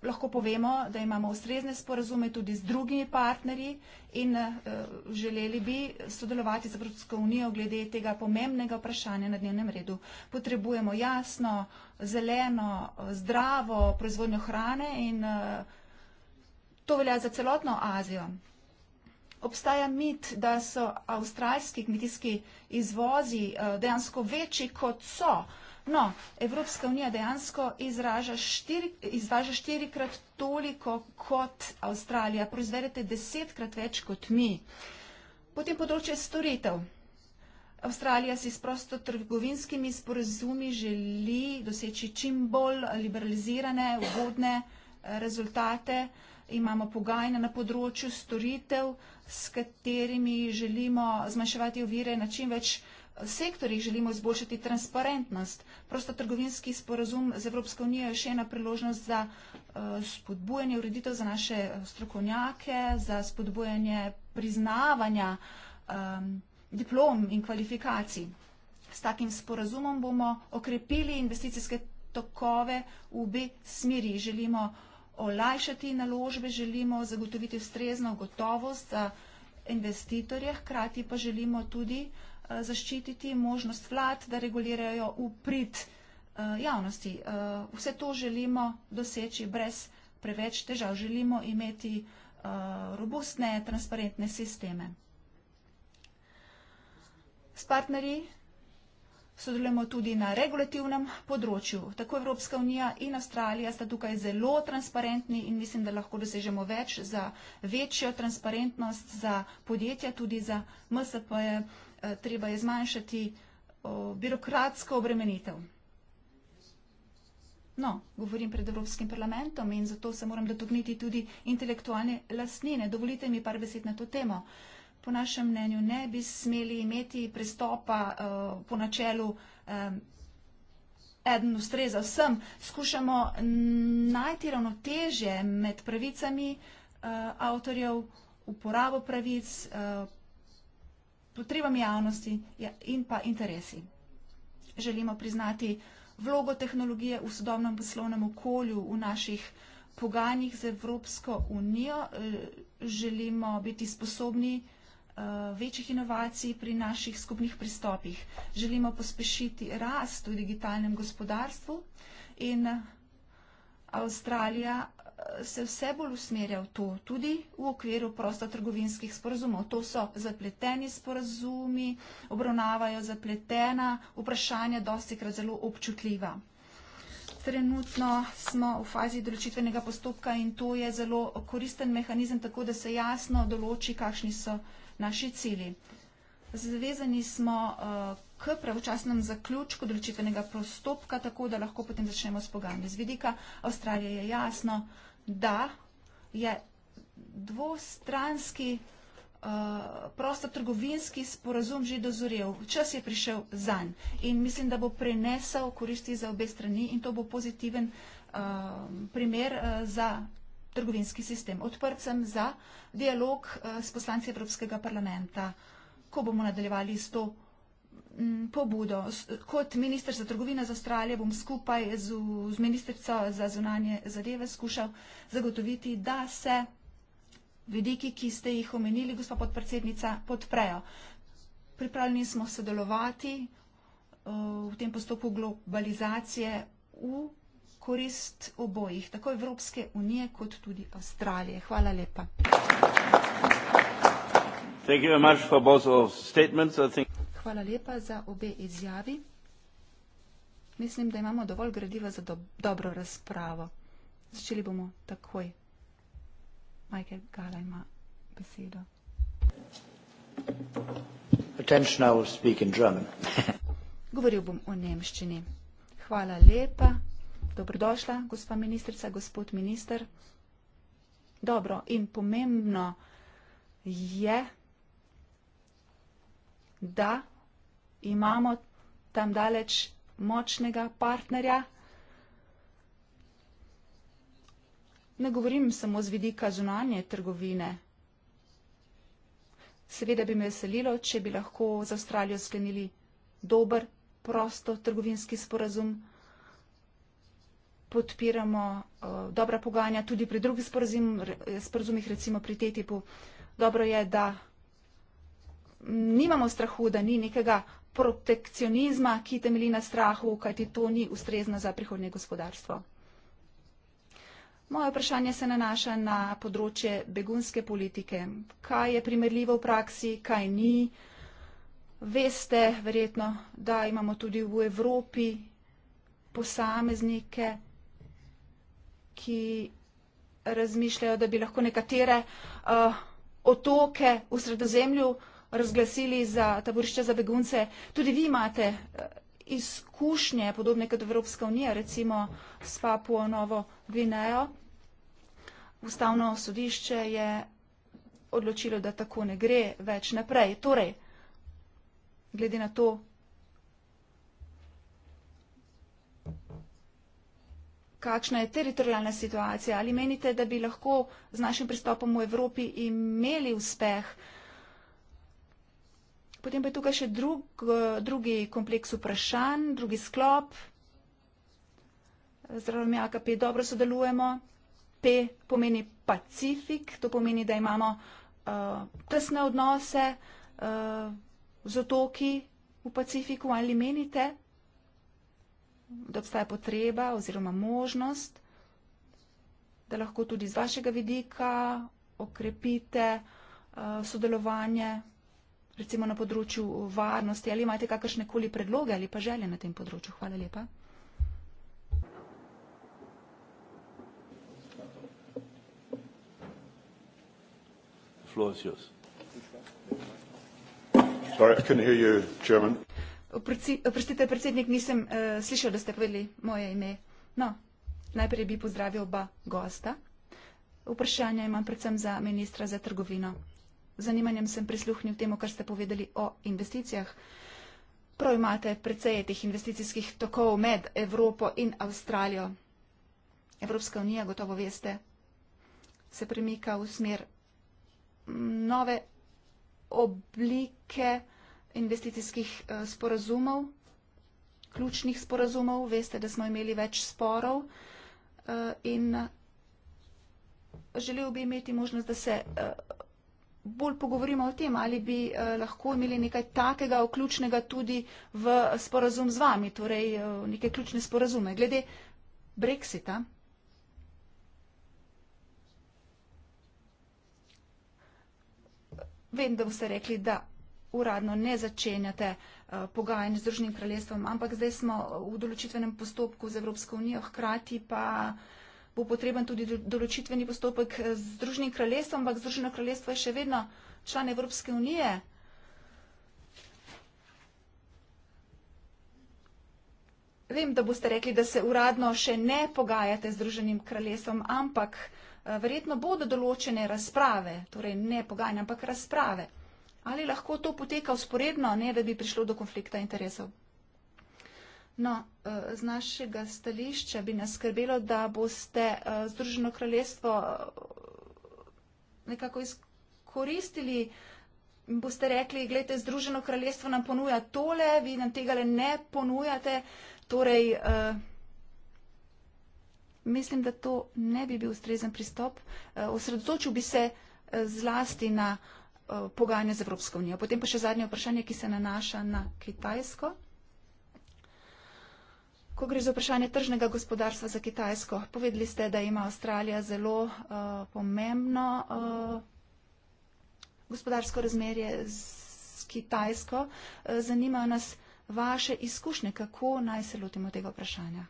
lahko povemo, da imamo ustrezne sporazume tudi z drugimi partnerji in eh, želeli bi sodelovati z Evropsko unijo glede tega pomembnega vprašanja na dnevnem redu. Potrebujemo jasno, zeleno, zdravo proizvodnjo hrane in eh, to velja za celotno Azijo. Obstaja mit, da so avstralski kmetijski izvozi eh, dejansko večji, kot so. No, Evropska unija dejansko izraža štiri, izvaža štirikrat toliko kot Avstralija, proizvedete desetkrat več kot mi. Potem področje storitev. Avstralija si s prostotrgovinskimi sporozumi želi doseči čim bolj liberalizirane, ugodne eh, rezultate. Imamo pogajanja na področju storitev, s katerimi želimo zmanjševati ovire na čim več sektorjih želimo izboljšati transparentnost. Prostotrgovinski sporazum z Evropsko unijo je še ena priložnost za eh, spodbujanje ureditev za naše eh, strokovnjake, za spodbujanje priznavanja ehm, diplom in kvalifikacij. S takim sporazumom bomo okrepili investicijske tokove v obe smeri. Želimo olajšati naložbe, želimo zagotoviti ustrezno gotovost za investitorje, hkrati pa želimo tudi uh, Eh, zaščititi možnost vlad, da regulirajo v prid eh, javnosti. Eh, vse to želimo doseči brez preveč težav. Želimo imeti robustne, transparentne sisteme. S partnerji sodelujemo tudi na regulativnem področju. Tako Evropska unija in Avstralija sta tukaj zelo transparentni in mislim, da lahko dosežemo več za večjo transparentnost za podjetja, tudi za MSP-je, Eh, treba je zmanjšati birokratsko obremenitev. No, govorim pred Evropskim parlamentom in zato se moram dotogniti tudi intelektualne lastnine. Dovolite mi par besed na to temo. Po našem mnenju ne bi smeli imeti prestopa eh, po načelu eh, eden ustreza vsem. Skušamo najti ravnotežje med pravicami avtorjev, uporabo pravic, potrebami javnosti ja, in pa interesi. Želimo priznati vlogo tehnologije v sodobnem poslovnem okolju, v naših poganjih z Evropsko unijo. Eh, želimo biti sposobni eh, večjih inovacij pri naših skupnih pristopih. Želimo pospešiti rast v digitalnem gospodarstvu in eh, Avstralija se vse bolj usmerja v to, tudi v okviru prostotrgovinskih sporazumov. To so zapleteni sporazumi, obravnavajo zapletena vprašanja, dosti krat zelo občutljiva. Trenutno smo v fazi določitvenega postopka in to je zelo koristen mehanizem, tako da se jasno določi, kakšni so naši cilji. Zvezani smo eh, k pravočasnem zaključku določitvenega postopka, tako da lahko potem začnemo s pogajanji. Z vidika Avstralije je jasno, da je dvostranski uh, prostotrgovinski sporazum že dozorel. Čas je prišel za nj in mislim, da bo prinesel koristi za obe strani in to bo pozitiven uh, primer uh, za trgovinski sistem. Odprt sem za dialog uh, s poslanci Evropskega parlamenta, ko bomo nadaljevali s to m, mm, pobudo. S, kot minister za trgovino z Avstralijo bom skupaj z, z ministrico za zunanje zadeve skušal zagotoviti, da se vidiki, ki ste jih omenili, gospa podpredsednica, podprejo. Pripravljeni smo sodelovati o, eh, v tem postopku globalizacije v korist obojih, tako Evropske unije kot tudi Avstralije. Hvala lepa. Thank you very much for both of statements. I think Hvala lepa za obe izjavi. Mislim, da imamo dovolj gradiva za do, dobro razpravo. Začeli bomo takoj. Michael Gala ima besedo. Attention, I will speak in German. *laughs* Govoril bom o nemščini. Hvala lepa. Dobrodošla, gospa ministrica, gospod minister. Dobro in pomembno je, da imamo tam daleč močnega partnerja. Ne govorim samo z vidika zunanje trgovine. Seveda bi me veselilo, če bi lahko z Avstralijo sklenili dober, prosto trgovinski sporazum. Podpiramo uh, dobra pogajanja tudi pri drugih sporazum, eh, sporazumih, recimo pri TTIP-u. Dobro je, da nimamo strahu, da ni nekega protekcionizma, ki temeli na strahu, kajti to ni ustrezno za prihodnje gospodarstvo. Moje vprašanje se nanaša na področje begunske politike. Kaj je primerljivo v praksi, kaj ni? Veste verjetno, da imamo tudi v Evropi posameznike, ki razmišljajo, da bi lahko nekatere uh, otoke v sredozemlju uh, razglasili za taborišče za begunce. Tudi vi imate eh, izkušnje, podobne kot Evropska unija, recimo s Papuo Novo Gvinejo. Ustavno sodišče je odločilo, da tako ne gre več naprej. Torej, glede na to, kakšna je teritorijalna situacija, ali menite, da bi lahko z našim pristopom v Evropi imeli uspeh? Potem pa je tukaj še drug, drugi kompleks vprašanj, drugi sklop. Zdravljam AKP, dobro sodelujemo. P pomeni pacifik, to pomeni, da imamo uh, tesne odnose uh, z otoki v Pacifiku, ali menite, da obstaja potreba oziroma možnost, da lahko tudi z vašega vidika okrepite uh, sodelovanje recimo na področju varnosti, ali imate kakršne koli predloge ali pa želje na tem področju? Hvala lepa. Oprostite, predsednik, nisem eh, slišal, da ste povedali moje ime. No, najprej bi pozdravil oba gosta. Vprašanje imam predvsem za ministra za trgovino zanimanjem sem prisluhnil temu, kar ste povedali o investicijah. Prav imate precej teh investicijskih tokov med Evropo in Avstralijo. Evropska unija, gotovo veste, se premika v smer nove oblike investicijskih eh, sporazumov, ključnih sporazumov. Veste, da smo imeli več sporov eh, in eh, želel bi imeti možnost, da se bolj pogovorimo o tem, ali bi eh, lahko imeli nekaj takega vključnega tudi v sporazum z vami, torej eh, neke ključne sporazume. Glede Brexita. Vem, da boste rekli, da uradno ne začenjate eh, pogajanj z Združenim kraljestvom, ampak zdaj smo v določitvenem postopku z Evropsko unijo, hkrati pa bo potreben tudi določitveni postopek eh, z Združenim kraljestvom, ampak Združeno kraljestvo je še vedno član Evropske unije. Vem, da boste rekli, da se uradno še ne pogajate z Združenim kraljestvom, ampak eh, verjetno bodo določene razprave, torej ne pogajanja, ampak razprave. Ali lahko to poteka usporedno, ne da bi prišlo do konflikta interesov? No, eh, z našega stališča bi nas skrbelo, da boste eh, Združeno kraljestvo eh, nekako izkoristili, boste rekli, gledajte, Združeno kraljestvo nam ponuja tole, vi nam tega le ne ponujate, torej mislim, da to ne bi bil ustrezen pristop. Osredotočil bi se zlasti na pogajanje z Evropsko unijo. Potem pa še zadnje vprašanje, ki se nanaša na Kitajsko. Ko gre za vprašanje tržnega gospodarstva za Kitajsko, povedali ste, da ima Avstralija zelo uh, pomembno uh, gospodarsko razmerje s Kitajsko. Uh, zanimajo nas vaše izkušnje, kako naj se lotimo tega vprašanja.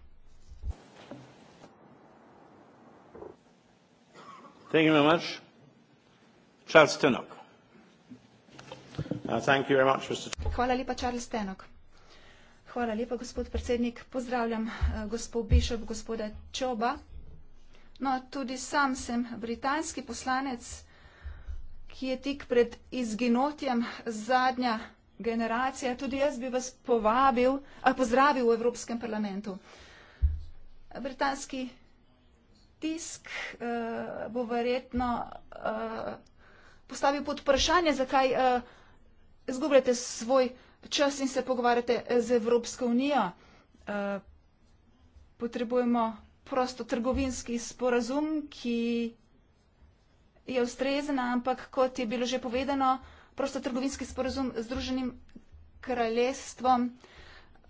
Thank you very much. Charles Tenok. Uh, thank you very much, Mr. Hvala lepa, Charles Tenok. Hvala lepa, gospod predsednik. Pozdravljam eh, gospod Bišop, gospoda Čoba. No, tudi sam sem britanski poslanec, ki je tik pred izginotjem zadnja generacija. Tudi jaz bi vas povabil, a eh, pozdravil v Evropskem parlamentu. Britanski tisk uh, bo verjetno uh, postavil pod vprašanje, zakaj uh, izgubljate svoj čas in se pogovarjate z Evropsko unijo. Eh, potrebujemo prosto trgovinski sporazum, ki je ustrezen, ampak kot je bilo že povedano, prosto trgovinski sporazum z Združenim kraljestvom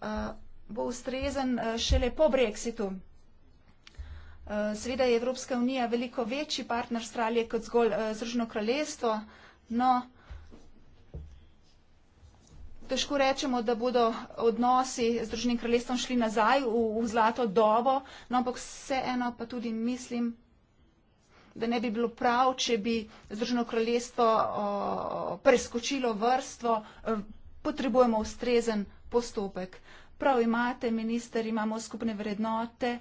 eh, bo ustrezen eh, šele po Brexitu. Seveda je Evropska unija veliko večji partner Australije kot zgolj Združeno kraljestvo, no, težko rečemo, da bodo odnosi z Združenim kraljestvom šli nazaj v, v zlato dobo, no ampak vseeno pa tudi mislim, da ne bi bilo prav, če bi Združeno kraljestvo o, preskočilo vrstvo, e, potrebujemo ustrezen postopek. Prav imate, minister, imamo skupne vrednote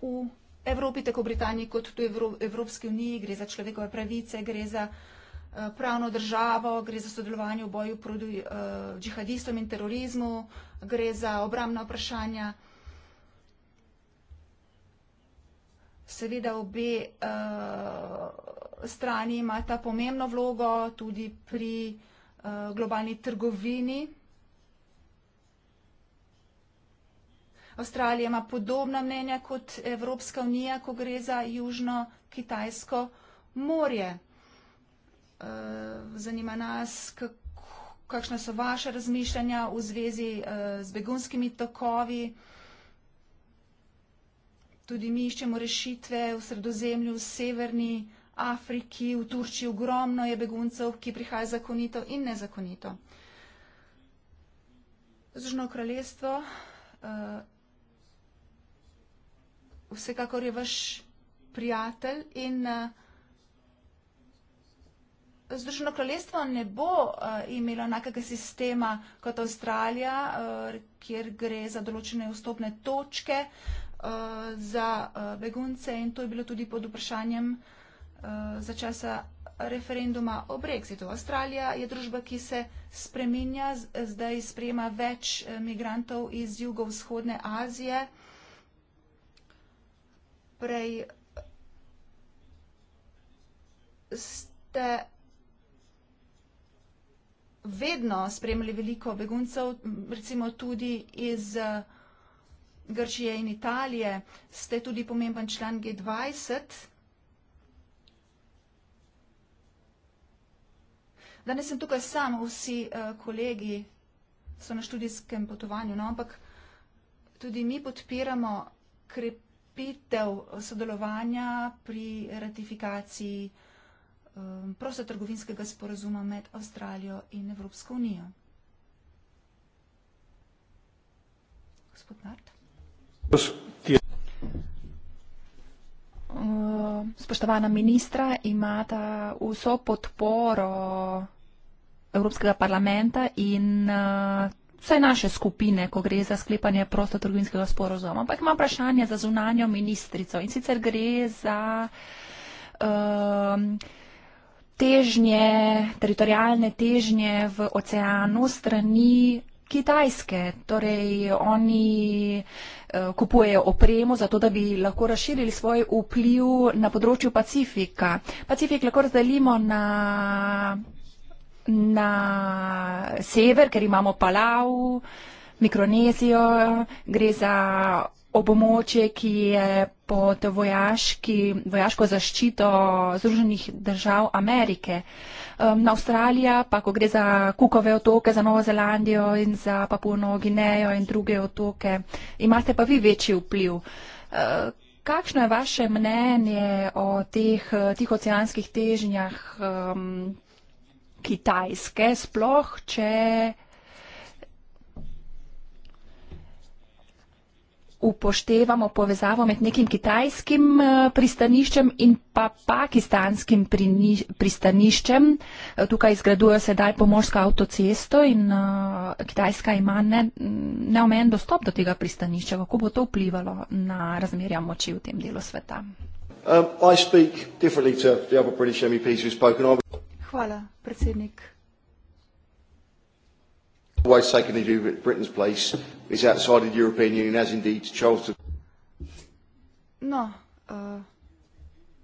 v Evropi, tako v Britaniji kot tudi v Evropski uniji, gre za človekove pravice, gre za pravno državo, gre za sodelovanje v boju proti uh, džihadistom in terorizmu, gre za obramna vprašanja. Seveda obe uh, strani imata pomembno vlogo tudi pri uh, globalni trgovini. Avstralija ima podobna mnenja kot Evropska unija, ko gre za južno kitajsko morje. Eh, zanima nas, kako, kakšna so vaše razmišljanja v zvezi eh, z begunskimi tokovi. Tudi mi iščemo rešitve v sredozemlju, v severni Afriki, v Turčiji. Ogromno je beguncev, ki prihajajo zakonito in nezakonito. Združeno kraljestvo, eh, vsekakor je vaš prijatelj in Združeno kraljestvo ne bo uh, imelo enakega sistema kot Avstralija, uh, kjer gre za določene vstopne točke uh, za uh, begunce in to je bilo tudi pod vprašanjem uh, za časa referenduma o Brexitu. Avstralija je družba, ki se spreminja, zdaj sprejema več migrantov iz jugovzhodne Azije. Prej ste vedno spremljali veliko beguncev, recimo tudi iz eh, Grčije in Italije. Ste tudi pomemben član G20. Danes sem tukaj sam, vsi eh, kolegi so na študijskem potovanju, no, ampak tudi mi podpiramo krepitev sodelovanja pri ratifikaciji. Um, prostotrgovinskega sporazuma med Avstralijo in Evropsko unijo. Gospod Nart. Uh, spoštovana ministra, imata vso podporo Evropskega parlamenta in uh, vse naše skupine, ko gre za sklepanje prostotrgovinskega sporozoma. Ampak ima vprašanje za zunanjo ministrico in sicer gre za vprašanje, um, težnje, teritorijalne težnje v oceanu strani Kitajske. Torej, oni eh, kupujejo opremo za to, da bi lahko razširili svoj vpliv na področju Pacifika. Pacifik lahko razdelimo na na sever, ker imamo Palau, Mikronezijo, gre za območje, ki je pod vojaški, vojaško zaščito Združenih držav Amerike. Um, Avstralija, pa ko gre za Kukove otoke, za Novo Zelandijo in za Papuno Ginejo in druge otoke, imate pa vi večji vpliv. Uh, kakšno je vaše mnenje o teh tihoceanskih težnjah um, Kitajske, sploh če upoštevamo povezavo med nekim kitajskim eh, pristaniščem in pa pakistanskim pristaniščem. Eh, tukaj zgradujo sedaj pomorsko avtocesto in eh, Kitajska ima ne, neomen dostop do tega pristanišča. Kako bo to vplivalo na razmerja moči v tem delu sveta? Um, Hvala, predsednik always taken the view that Britain's place is outside of the European Union, as indeed Charles did. No, uh,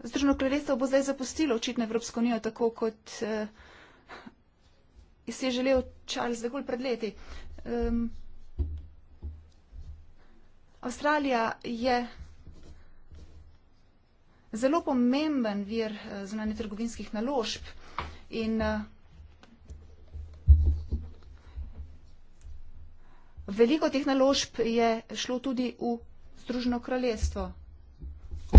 Združeno kraljestvo bo zdaj zapustilo očitno Evropsko unijo, tako kot uh, si je želel Charles de Gaulle pred leti. Um, Avstralija je zelo pomemben vir uh, eh, zunanje trgovinskih naložb in uh, Veliko teh naložb je šlo tudi v Združeno kraljestvo. No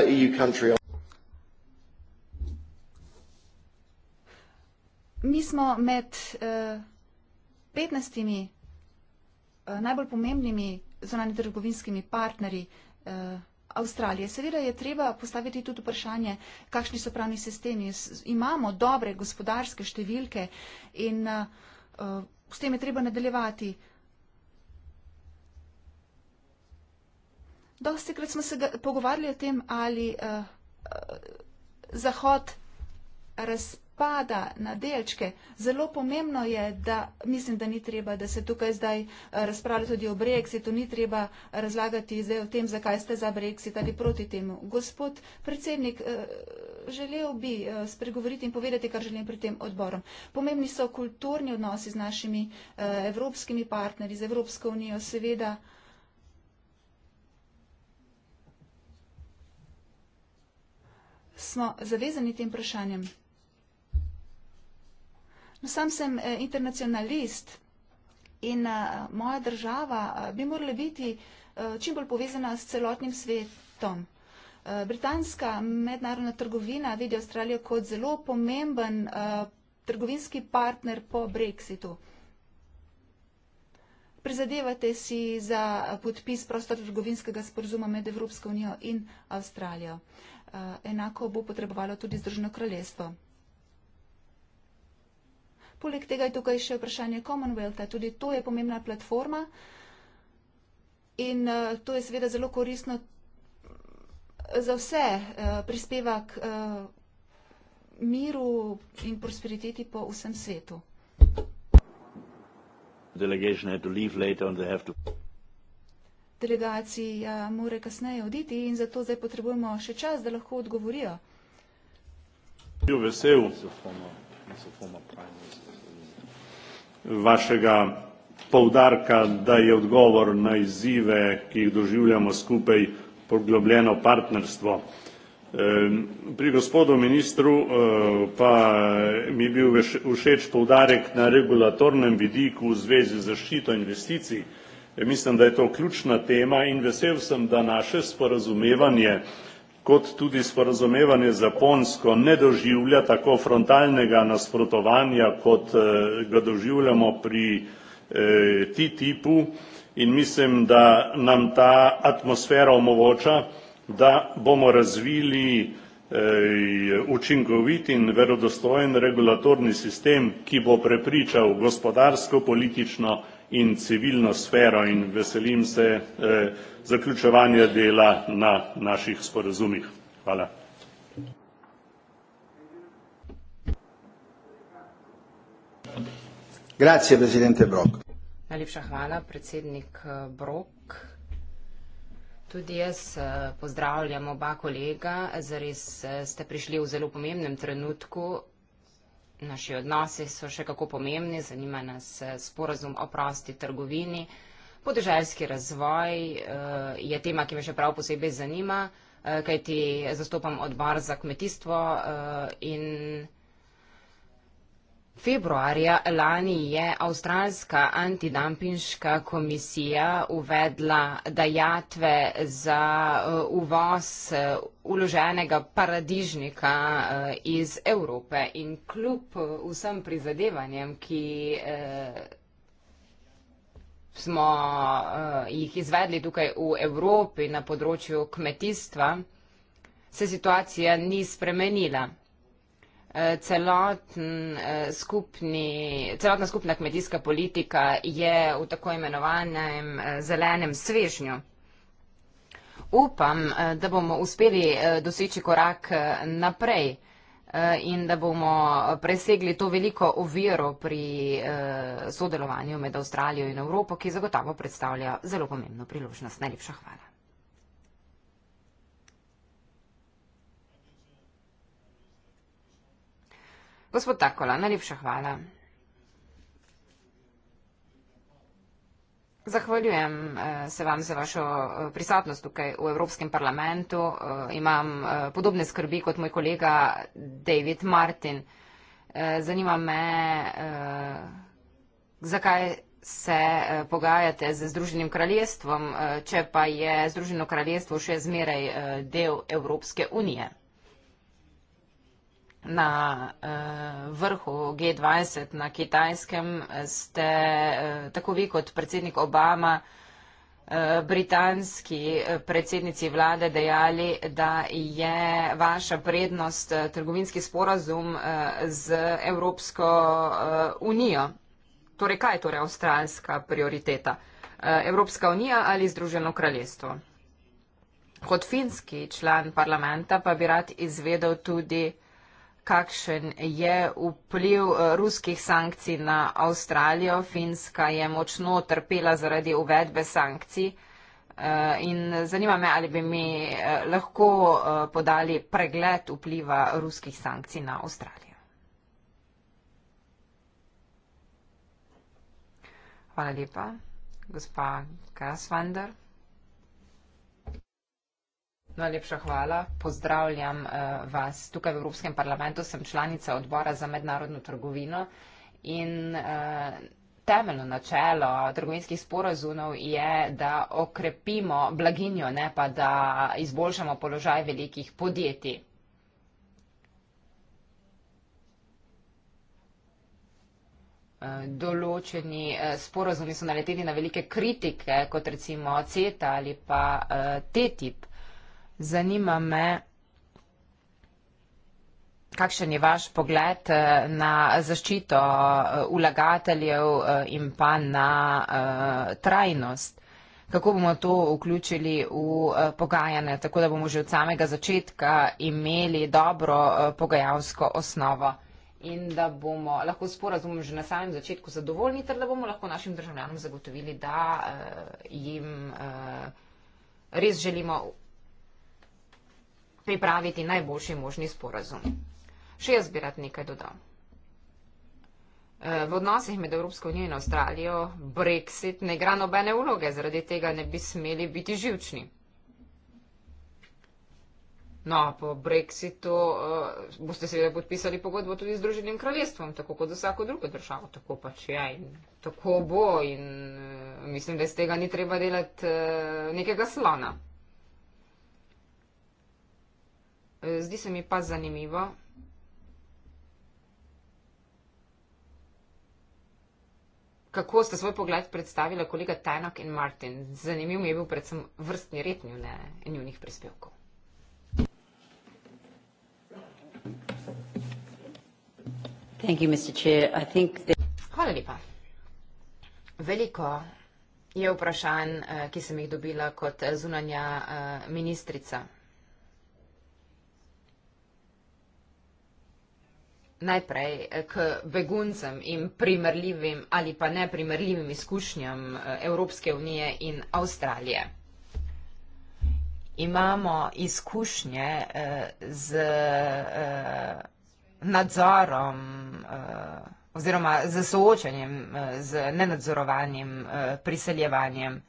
e Mi smo med uh, 15 uh, najbolj pomembnimi zunanje trgovinskimi partnerji uh, Avstralije. Seveda je treba postaviti tudi vprašanje, kakšni so pravni sistemi. Imamo dobre gospodarske številke in uh, s tem je treba nadaljevati. Dosti krat smo se pogovarjali o tem, ali uh, uh, Zahod razpravlja pada na delčke. Zelo pomembno je, da mislim, da ni treba, da se tukaj zdaj eh, razpravlja tudi o Brexitu, ni treba razlagati zdaj o tem, zakaj ste za Brexit ali proti temu. Gospod predsednik, eh, želel bi eh, spregovoriti in povedati, kar želim pred tem odborom. Pomembni so kulturni odnosi z našimi evropskimi partnerji, z Evropsko unijo, seveda. Smo zavezani tem vprašanjem. No, sam sem eh, internacionalist in eh, moja država eh, bi morala biti čim bolj povezana s celotnim svetom. Britanska mednarodna trgovina vidi Avstralijo kot zelo pomemben trgovinski partner po Brexitu. Prizadevate si za podpis prostotrgovinskega sporozuma med Evropsko unijo in Avstralijo. Enako bo potrebovalo tudi Združeno kraljestvo. Poleg tega je tukaj še vprašanje Commonwealtha, tudi to je pomembna platforma in uh, to je seveda zelo koristno eh, za vse uh, prispeva k uh, miru in prosperiteti po vsem svetu. Delegacija mora kasneje oditi in zato zdaj potrebujemo še čas, da lahko odgovorijo. Bil vesel. Na so formal, na so formal vašega poudarka, da je odgovor na izzive, ki jih doživljamo skupaj, poglobljeno partnerstvo. Pri gospodu ministru eh, pa mi je bil všeč poudarek na regulatornem vidiku v zvezi z zaščito investicij. Mislim, da je to ključna tema in vesel sem, da naše sporazumevanje kot tudi sporazumevanje z Japonsko ne doživlja tako frontalnega nasprotovanja, kot eh, ga doživljamo pri eh, TTIP-u in mislim, da nam ta atmosfera omogoča, da bomo razvili eh, učinkovit in verodostojen regulatorni sistem, ki bo prepričal gospodarsko, politično in civilno sfero in veselim se eh, zaključevanja dela na naših sporazumih. Hvala. Grazie, presidente Brok. Najlepša hvala, predsednik eh, Brok. Tudi jaz eh, pozdravljam oba kolega, zares ste prišli v zelo pomembnem trenutku, naši odnosi so še kako pomembni, zanima nas eh, sporazum o prosti trgovini. Podeželjski razvoj eh, je tema, ki me še prav posebej zanima, eh, kajti zastopam odbor za kmetijstvo in. Februarja lani je avstralska antidampinška komisija uvedla dajatve za eh, uvoz eh, uloženega paradižnika eh, iz Evrope in kljub vsem prizadevanjem, ki smo jih izvedli tukaj v Evropi na področju kmetijstva, se situacija ni spremenila celoten eh, skupni, celotna skupna kmetijska politika je v tako imenovanem eh, zelenem svežnju. Upam, eh, da bomo uspeli doseči korak naprej in da bomo presegli to veliko oviro pri sodelovanju med Avstralijo in Evropo, ki zagotovo predstavlja zelo pomembno priložnost. Najlepša hvala. Gospod Takola, najlepša hvala. Zahvaljujem eh, se vam za vašo eh, prisotnost tukaj v Evropskem parlamentu. Eh, imam podobne skrbi kot moj kolega David Martin. Zanima me, zakaj se pogajate z Združenim kraljestvom, če pa je Združeno kraljestvo še zmeraj del Evropske unije na eh, vrhu G20 na Kitajskem ste eh, tako vi kot predsednik Obama eh, britanski predsednici vlade dejali, da je vaša prednost trgovinski sporazum z Evropsko unijo. Torej, kaj je torej avstralska prioriteta? Evropska unija ali Združeno kraljestvo? Kot finski član parlamenta pa bi rad izvedel tudi, kakšen je vpliv eh, ruskih sankcij na Avstralijo. Finska je močno trpela zaradi uvedbe sankcij. Eh, in zanima me, ali bi mi eh, lahko podali pregled vpliva ruskih sankcij na Avstralijo. Hvala lepa. Gospa Kasvander. Najlepša hvala. Pozdravljam uh, vas tukaj v Evropskem parlamentu. Sem članica odbora za mednarodno trgovino in uh, temeljno načelo trgovinskih sporazumov je, da okrepimo blaginjo, ne pa da izboljšamo položaj velikih podjetij. Eh, določeni sporozumi so naleteli na velike kritike, kot recimo CETA ali pa TTIP. Zanima me, kakšen je vaš pogled eh, na zaščito eh, vlagateljev eh, in pa na trajnost? Kako bomo to vključili v pogajanje, tako da bomo že od samega začetka imeli dobro pogajalsko osnovo in da bomo lahko s porazumom že na samem začetku zadovoljni, ter da bomo lahko našim državljanom zagotovili, da jim res želimo pripraviti najboljši možni sporazum. Še jaz bi rad nekaj dodal. E, v odnosih med Evropsko unijo in Avstralijo Brexit ne igra nobene vloge, zaradi tega ne bi smeli biti živčni. No, po Brexitu uh, boste seveda podpisali pogodbo tudi z Združenim kraljestvom, tako kot vsako drugo državo, tako pač ja in tako bo in uh, mislim, da iz tega ni treba delati uh, nekega slona. zdi se mi pa zanimivo. Kako ste svoj pogled predstavila kolega Tajnok in Martin? Zanimiv mi je bil predvsem vrstni red njune, njunih prispevkov. Thank you, Mr. Chair. I think Hvala lepa. Veliko je vprašanj, eh, ki sem jih dobila kot eh, zunanja eh, ministrica. najprej eh, k beguncem in primerljivim ali pa neprimerljivim izkušnjam eh, Evropske unije in Avstralije. Imamo izkušnje eh, z nadzorom oziroma z soočanjem z nenadzorovanjem priseljevanjem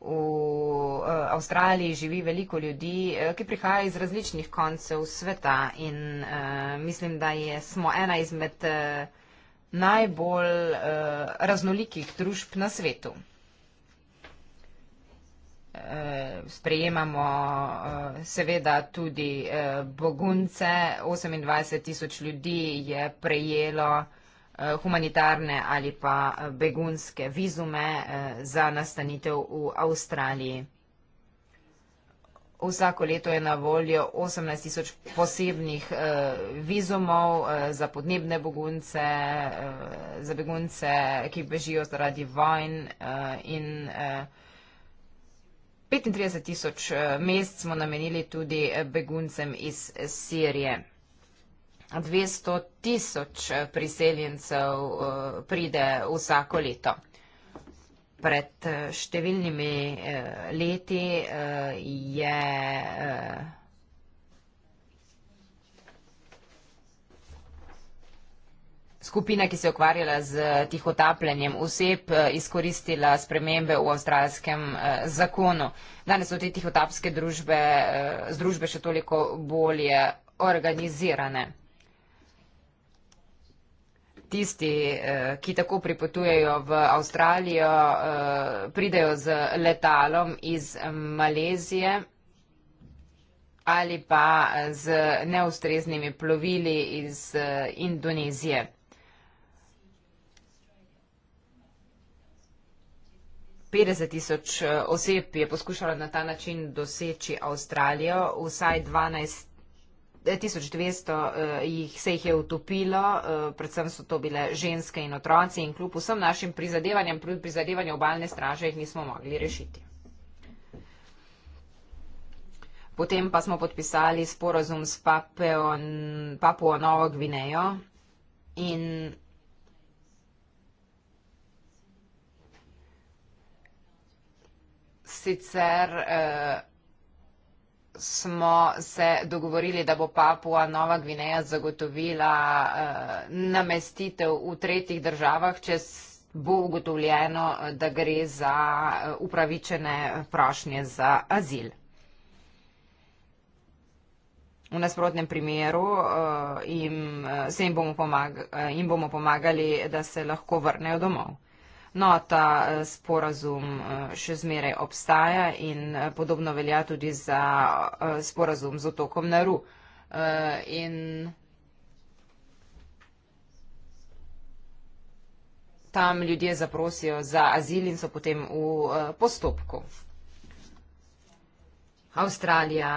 v eh, Avstraliji živi veliko ljudi, eh, ki prihajajo iz različnih koncev sveta in eh, mislim, da je, smo ena izmed najbolj raznolikih družb na svetu. Sprejemamo seveda tudi begunce, 28 tisoč ljudi je prejelo Eh, humanitarne ali pa eh, begunske vizume eh, za nastanitev v Avstraliji. Vsako leto je na voljo 18 tisoč posebnih vizumov za podnebne begunce, za begunce, ki bežijo zaradi vojn in 35 tisoč mest smo namenili tudi beguncem iz Sirije. 200 tisoč priseljencev eh, pride vsako leto. Pred eh, številnimi eh, leti je skupina, ki se je ukvarjala z tihotapljanjem oseb, izkoristila spremembe v avstralskem zakonu. Danes so te tihotapske družbe, združbe še toliko bolje organizirane tisti, eh, ki tako pripotujejo v Avstralijo, eh, pridejo z letalom iz Malezije ali pa eh, z neustreznimi plovili iz Indonezije. Petdeset tisoč oseb je poskušalo na ta način doseči Avstralijo, vsaj dvanajst 1200 eh, jih, se jih je utopilo, eh, predvsem so to bile ženske in otroci in kljub vsem našim prizadevanjem, prizadevanjem obalne straže jih nismo mogli rešiti. Potem pa smo podpisali sporozum s Papuo Novo Gvinejo in sicer eh, smo se dogovorili, da bo Papua Nova Gvineja zagotovila uh, namestitev v tretjih državah, če bo ugotovljeno, da gre za eh, upravičene prošnje za azil. V nasprotnem primeru uh, jim, uh, jim, bomo pomag, uh, jim bomo pomagali, da se lahko vrnejo domov. No, ta eh, sporazum eh, še zmeraj obstaja in eh, podobno velja tudi za sporazum z otokom Naru. In tam ljudje zaprosijo za azil in so potem v postopku. Avstralija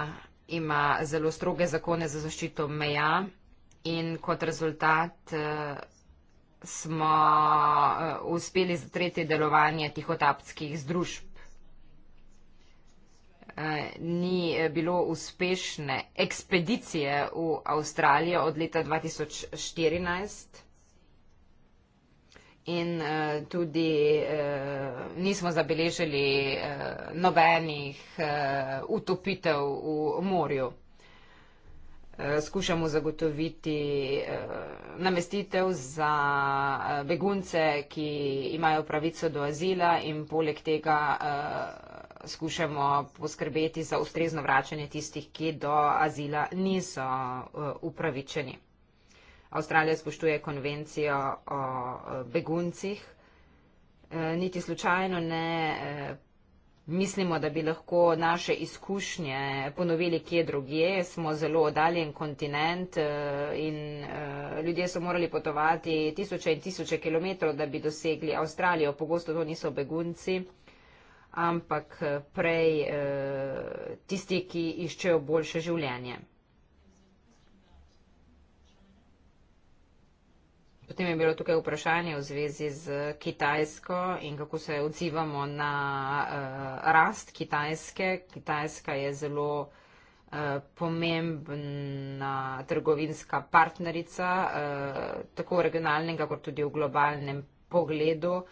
ima zelo stroge zakone za zaščito meja in kot rezultat smo eh, uspeli zatreti delovanje tihotapskih združb. Eh, ni eh, bilo uspešne ekspedicije v Avstralijo od leta 2014. In uh, tudi uh, nismo zabeležili uh, nobenih uh, utopitev v morju. Eh, skušamo zagotoviti eh, namestitev za eh, begunce, ki imajo pravico do azila in poleg tega skušamo poskrbeti za ustrezno vračanje tistih, ki do azila niso upravičeni. Avstralija spoštuje konvencijo o beguncih. Niti slučajno ne mislimo, da bi lahko naše izkušnje ponovili kje drugje. Smo zelo oddaljen kontinent eh, in eh, ljudje so morali potovati tisoče in tisoče kilometrov, da bi dosegli Avstralijo. Pogosto to niso begunci, ampak eh, prej tisti, ki iščejo boljše življenje. Potem je bilo tukaj vprašanje v zvezi z Kitajsko in kako se odzivamo na uh, rast Kitajske. Kitajska je zelo eh, pomembna trgovinska partnerica, eh, tako regionalnega, kot tudi v globalnem pogledu.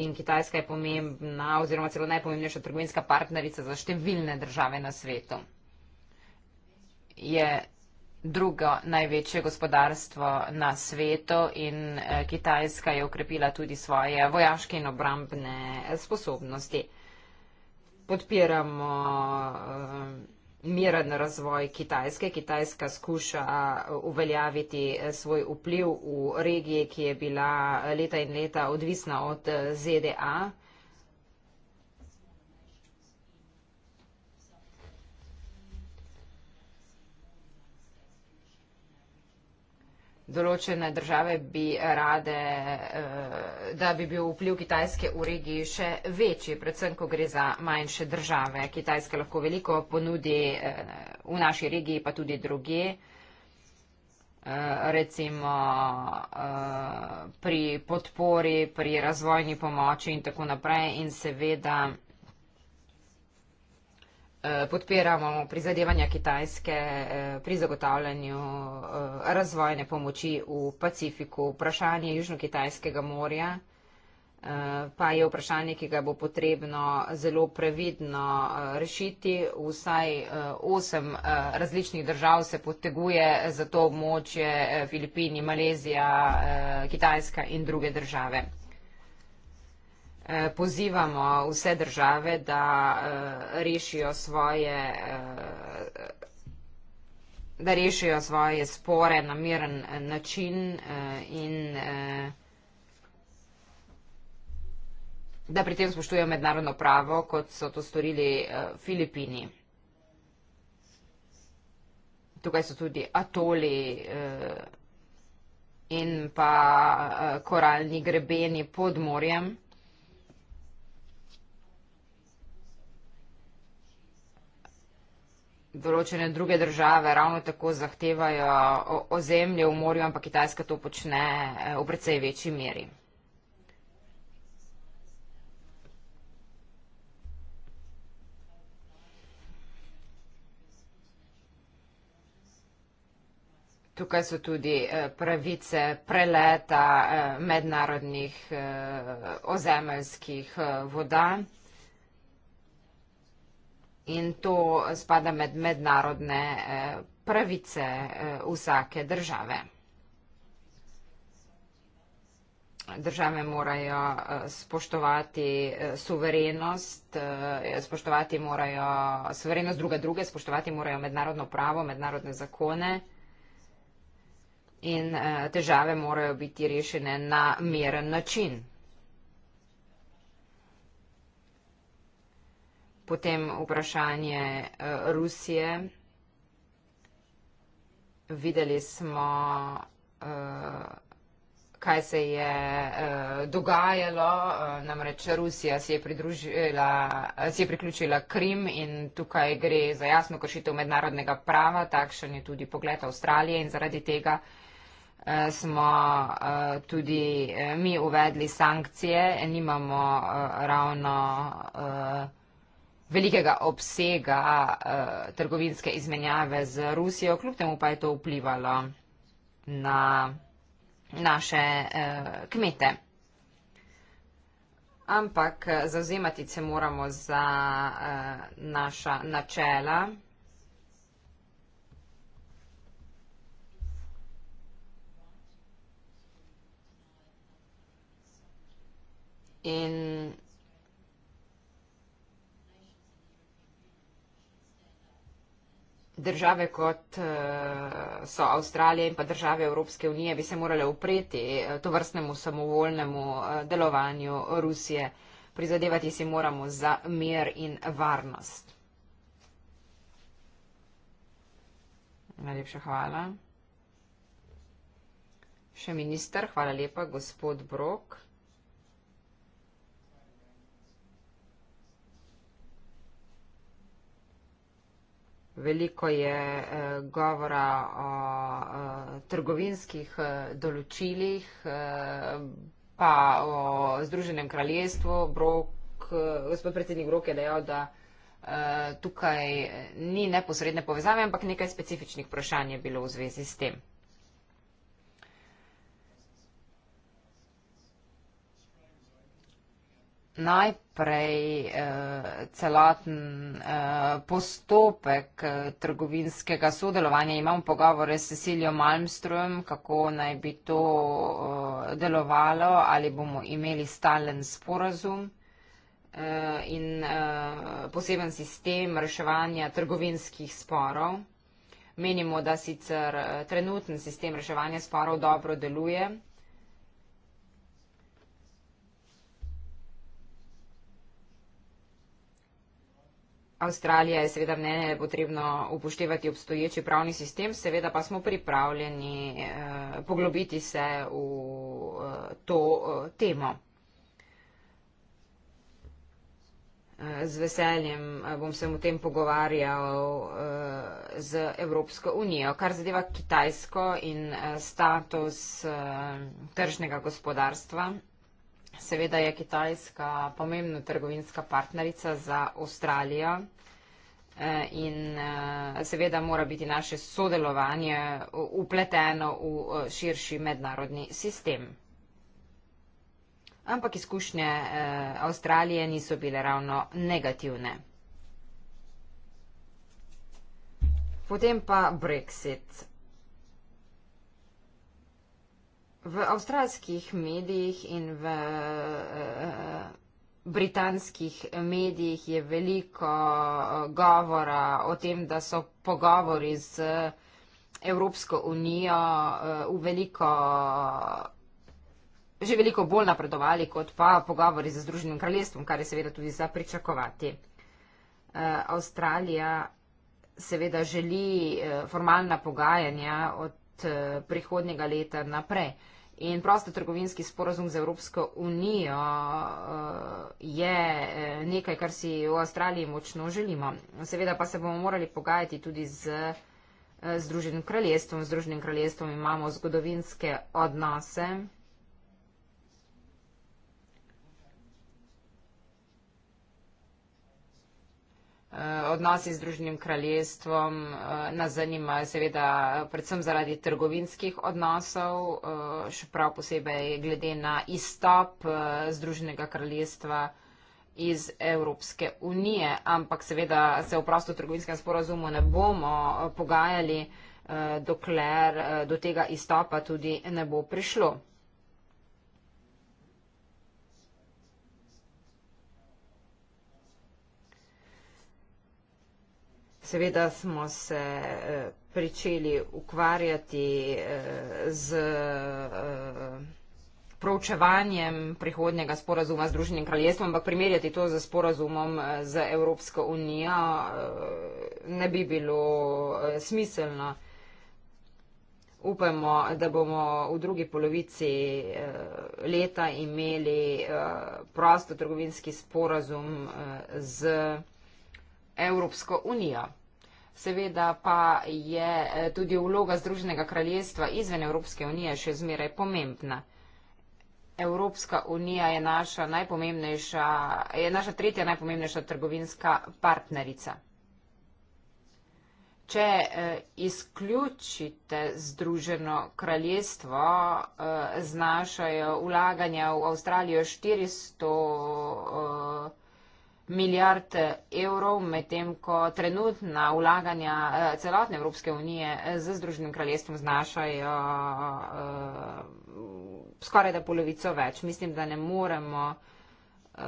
In Kitajska je pomembna oziroma celo najpomembnejša trgovinska partnerica za številne države na svetu. Je drugo največje gospodarstvo na svetu in eh, Kitajska je ukrepila tudi svoje vojaške in obrambne eh, sposobnosti. Podpiramo eh, miren razvoj Kitajske. Kitajska skuša uveljaviti svoj vpliv v regiji, ki je bila leta in leta odvisna od ZDA. določene države bi rade, eh, da bi bil vpliv Kitajske v regiji še večji, predvsem, ko gre za manjše države. Kitajska lahko veliko ponudi eh, v naši regiji, pa tudi druge, eh, recimo pri podpori, pri razvojni pomoči in tako naprej in seveda Eh, podpiramo prizadevanja Kitajske eh, pri zagotavljanju eh, razvojne pomoči v Pacifiku. Vprašanje Južno-Kitajskega morja pa je vprašanje, ki ga bo potrebno zelo previdno rešiti. Vsaj osem različnih držav se poteguje za to območje Filipini, Malezija, Kitajska in druge države. Eh, pozivamo vse države, da eh, rešijo svoje, eh, da rešijo svoje spore na miren način in da pri tem spoštujejo mednarodno pravo, kot so to storili Filipini. Tukaj so tudi atoli in pa koralni grebeni pod morjem. določene druge države ravno tako zahtevajo ozemlje v morju, ampak Kitajska to počne eh, v precej večji meri. Tukaj so tudi eh, pravice preleta eh, mednarodnih ozemeljskih voda in to spada med mednarodne eh, pravice eh, vsake države. Države morajo eh, spoštovati suverenost, spoštovati morajo suverenost druge druge, spoštovati morajo mednarodno pravo, mednarodne zakone in težave morajo biti rešene na miren način. potem vprašanje eh, Rusije. Videli smo, eh, kaj se je eh, dogajalo, namreč Rusija si je, si je priključila Krim in tukaj gre za jasno kršitev mednarodnega prava, takšen je tudi pogled Avstralije in zaradi tega smo tudi mi uvedli sankcije, nimamo ravno velikega obsega uh, trgovinske izmenjave z Rusijo, kljub temu pa je to vplivalo na naše uh, kmete. Ampak eh, zauzemati se moramo za uh, naša načela. In države kot eh, so Avstralija in pa države Evropske unije bi se morale upreti eh, to vrstnemu samovolnemu eh, delovanju Rusije. Prizadevati si moramo za mir in varnost. Najlepša hvala. Še minister, hvala lepa, gospod Brok. Veliko je eh, govora o eh, trgovinskih eh, določilih, pa o Združenem kraljestvu. Brok, gospod predsednik Brok je dejal, da tukaj ni neposredne povezave, ampak nekaj specifičnih vprašanj je bilo v zvezi s tem. najprej eh, celoten eh, postopek eh, trgovinskega sodelovanja. Imam pogovore s Cecilijo Malmström, kako naj bi to eh, delovalo, ali bomo imeli stalen sporazum eh, in eh, poseben sistem reševanja trgovinskih sporov. Menimo, da sicer eh, trenutni sistem reševanja sporov dobro deluje. Avstralija je seveda mnenje, da je potrebno upoštevati obstoječi pravni sistem, seveda pa smo pripravljeni eh, poglobiti se v eh, to eh, temo. Eh, z veseljem eh, bom se v tem pogovarjal eh, z Evropsko unijo. Kar zadeva Kitajsko in status tržnega gospodarstva, Seveda je Kitajska pomembna trgovinska partnerica za Avstralijo eh, in eh, seveda mora biti naše sodelovanje upleteno v eh, širši mednarodni sistem. Ampak izkušnje Avstralije niso bile ravno negativne. Potem pa Brexit. v avstralskih medijih in v eh, britanskih medijih je veliko eh, govora o tem, da so pogovori z Evropsko unijo eh, v veliko že veliko bolj napredovali kot pa pogovori z Združenim kraljestvom, kar je seveda tudi za pričakovati. Avstralija seveda želi formalna pogajanja od prihodnjega leta naprej. In prostotrgovinski sporozum z Evropsko unijo eh, je eh, nekaj, kar si v Avstraliji močno želimo. Seveda pa se bomo morali pogajati tudi z eh, Združenim kraljestvom. Z Združenim kraljestvom imamo zgodovinske odnose. Eh, odnosi z Združenim kraljestvom eh, nas zanimajo seveda eh, predvsem zaradi trgovinskih odnosov, še prav posebej glede na izstop Združenega kraljestva iz Evropske unije, ampak seveda se v prosto trgovinskem sporazumu ne bomo pogajali, dokler do tega izstopa tudi ne bo prišlo. Seveda smo se eh, pričeli ukvarjati eh, z eh, proučevanjem prihodnjega sporazuma z Združenim kraljestvom, ampak primerjati to z sporazumom z Evropsko unijo ne bi bilo smiselno. Upamo, da bomo v drugi polovici leta imeli prosto trgovinski sporazum z Evropsko unijo. Evropsko unijo. Seveda pa je eh, tudi vloga Združenega kraljestva izven Evropske unije še zmeraj pomembna. Evropska unija je naša, je naša tretja najpomembnejša trgovinska partnerica. Če eh, izključite Združeno kraljestvo, eh, znašajo vlaganja v Avstralijo 400 milijard evrov, medtem ko trenutna vlaganja eh, celotne Evropske unije eh, z Združenim kraljestvom znašajo uh, eh, skoraj da polovico več. Mislim, da ne moremo uh,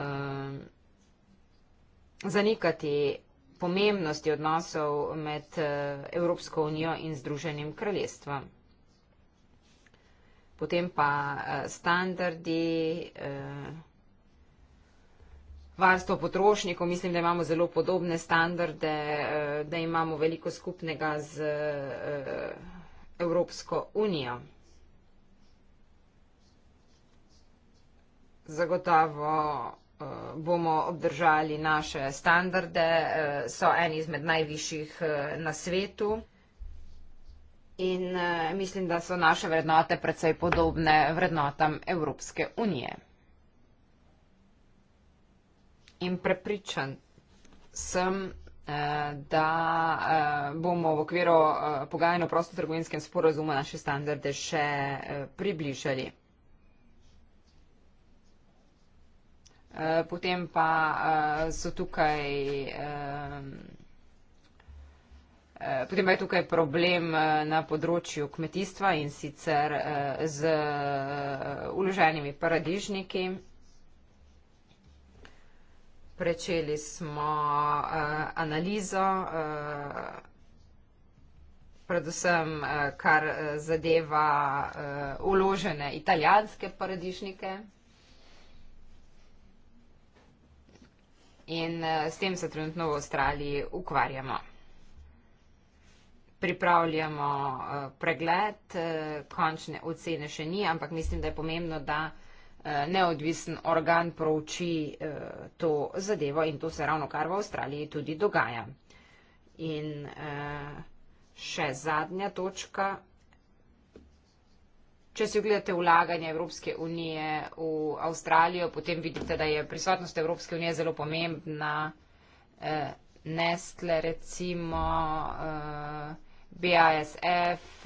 zanikati pomembnosti odnosov med Evropsko unijo in Združenim kraljestvom. Potem pa standardi. Uh, varstvo potrošnikov. Mislim, da imamo zelo podobne standarde, eh, da imamo veliko skupnega z eh, Evropsko unijo. Zagotovo eh, bomo obdržali naše standarde, so eni izmed najvišjih na svetu. In mislim, da so naše vrednote predvsej podobne vrednotam Evropske unije in prepričan sem, eh, da eh, bomo v okviru eh, pogajanja o prostotrgovinskem sporozumu naše standarde še približali. Potem pa so tukaj. Potem pa je tukaj problem na področju kmetijstva in sicer z uloženimi paradižniki. Prečeli smo uh, analizo, uh, predvsem uh, kar zadeva uh, uložene italijanske paradižnike. In uh, s tem se trenutno v Avstraliji ukvarjamo. Pripravljamo uh, pregled, uh, končne ocene še ni, ampak mislim, da je pomembno, da. Eh, neodvisen organ prouči eh, to zadevo in to se ravno kar v Avstraliji tudi dogaja. In eh, še zadnja točka. Če si ogledate vlaganje Evropske unije v Avstralijo, potem vidite, da je prisotnost Evropske unije zelo pomembna. Nestle recimo, BASF,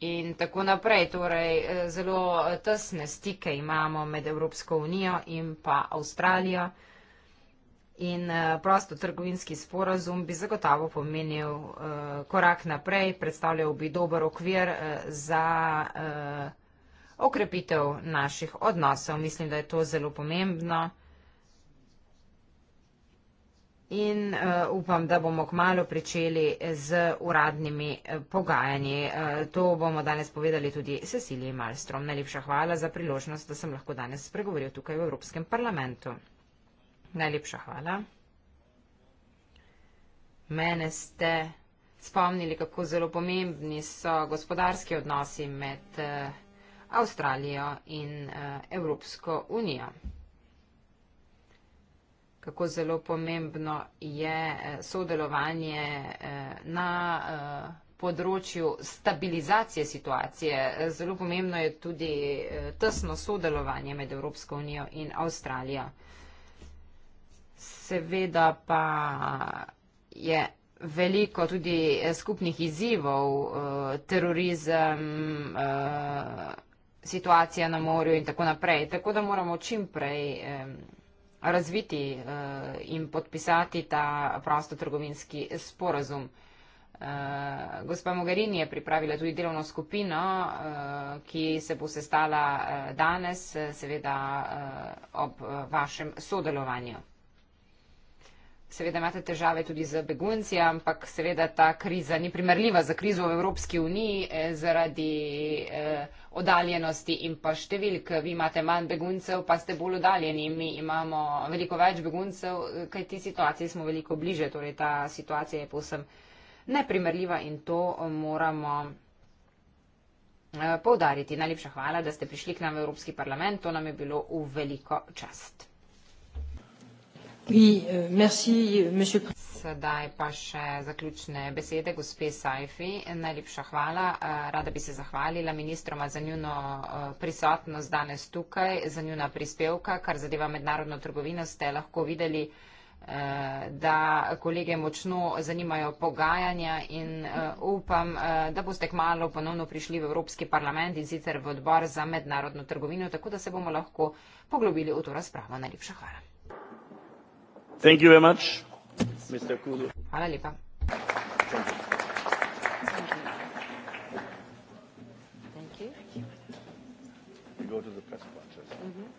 in tako naprej. Torej, eh, zelo eh, tesne stike imamo med Evropsko unijo in pa Avstralijo. In eh, prosto trgovinski sporazum bi zagotavo pomenil korak naprej, predstavljal bi dober okvir za okrepitev naših odnosov. Mislim, da je to zelo pomembno in uh, upam, da bomo kmalo pričeli z uradnimi eh, pogajanji. Uh, to bomo danes povedali tudi Cecilii Malstrom. Najlepša hvala za priložnost, da sem lahko danes spregovoril tukaj v Evropskem parlamentu. Najlepša hvala. Mene ste spomnili, kako zelo pomembni so gospodarski odnosi med uh, Avstralijo in uh, Evropsko unijo kako zelo pomembno je eh, sodelovanje eh, na eh, področju stabilizacije situacije. Zelo pomembno je tudi tesno sodelovanje med Evropsko unijo in Avstralijo. Seveda pa je veliko tudi skupnih izzivov, terorizem, situacija na morju in tako naprej. Tako da moramo čim prej razviti eh, in podpisati ta prostotrgovinski sporazum. Eh, gospa Mogarini je pripravila tudi delovno skupino, eh, ki se bo sestala danes, seveda ob vašem sodelovanju. Seveda imate težave tudi z begunci, ampak seveda ta kriza ni primerljiva za krizo v Evropski uniji eh, zaradi eh, odaljenosti in pa številk. Vi imate manj beguncev, pa ste bolj odaljeni. Mi imamo veliko več beguncev, eh, kaj ti situaciji smo veliko bliže. Torej ta situacija je povsem neprimerljiva in to moramo. Eh, poudariti, najlepša hvala, da ste prišli k nam v Evropski parlament, to nam je bilo v veliko čast. Euh, euh, Sedaj pa še zaključne besede gospe Sajfi. Najlepša hvala. Eh, rada bi se zahvalila ministroma za njuno eh, prisotnost danes tukaj, za njuna prispevka, kar zadeva mednarodno trgovino. Ste lahko videli, eh, da kolege močno zanimajo pogajanja in upam, da boste kmalo ponovno prišli v Evropski parlament in sicer v odbor za mednarodno trgovino, tako da se bomo lahko poglobili v to razpravo. Najlepša hvala. Thank you very much, Mr. Kuzu. Hvala lepa. Thank you. Thank you. Go to the press conference. Mm-hmm.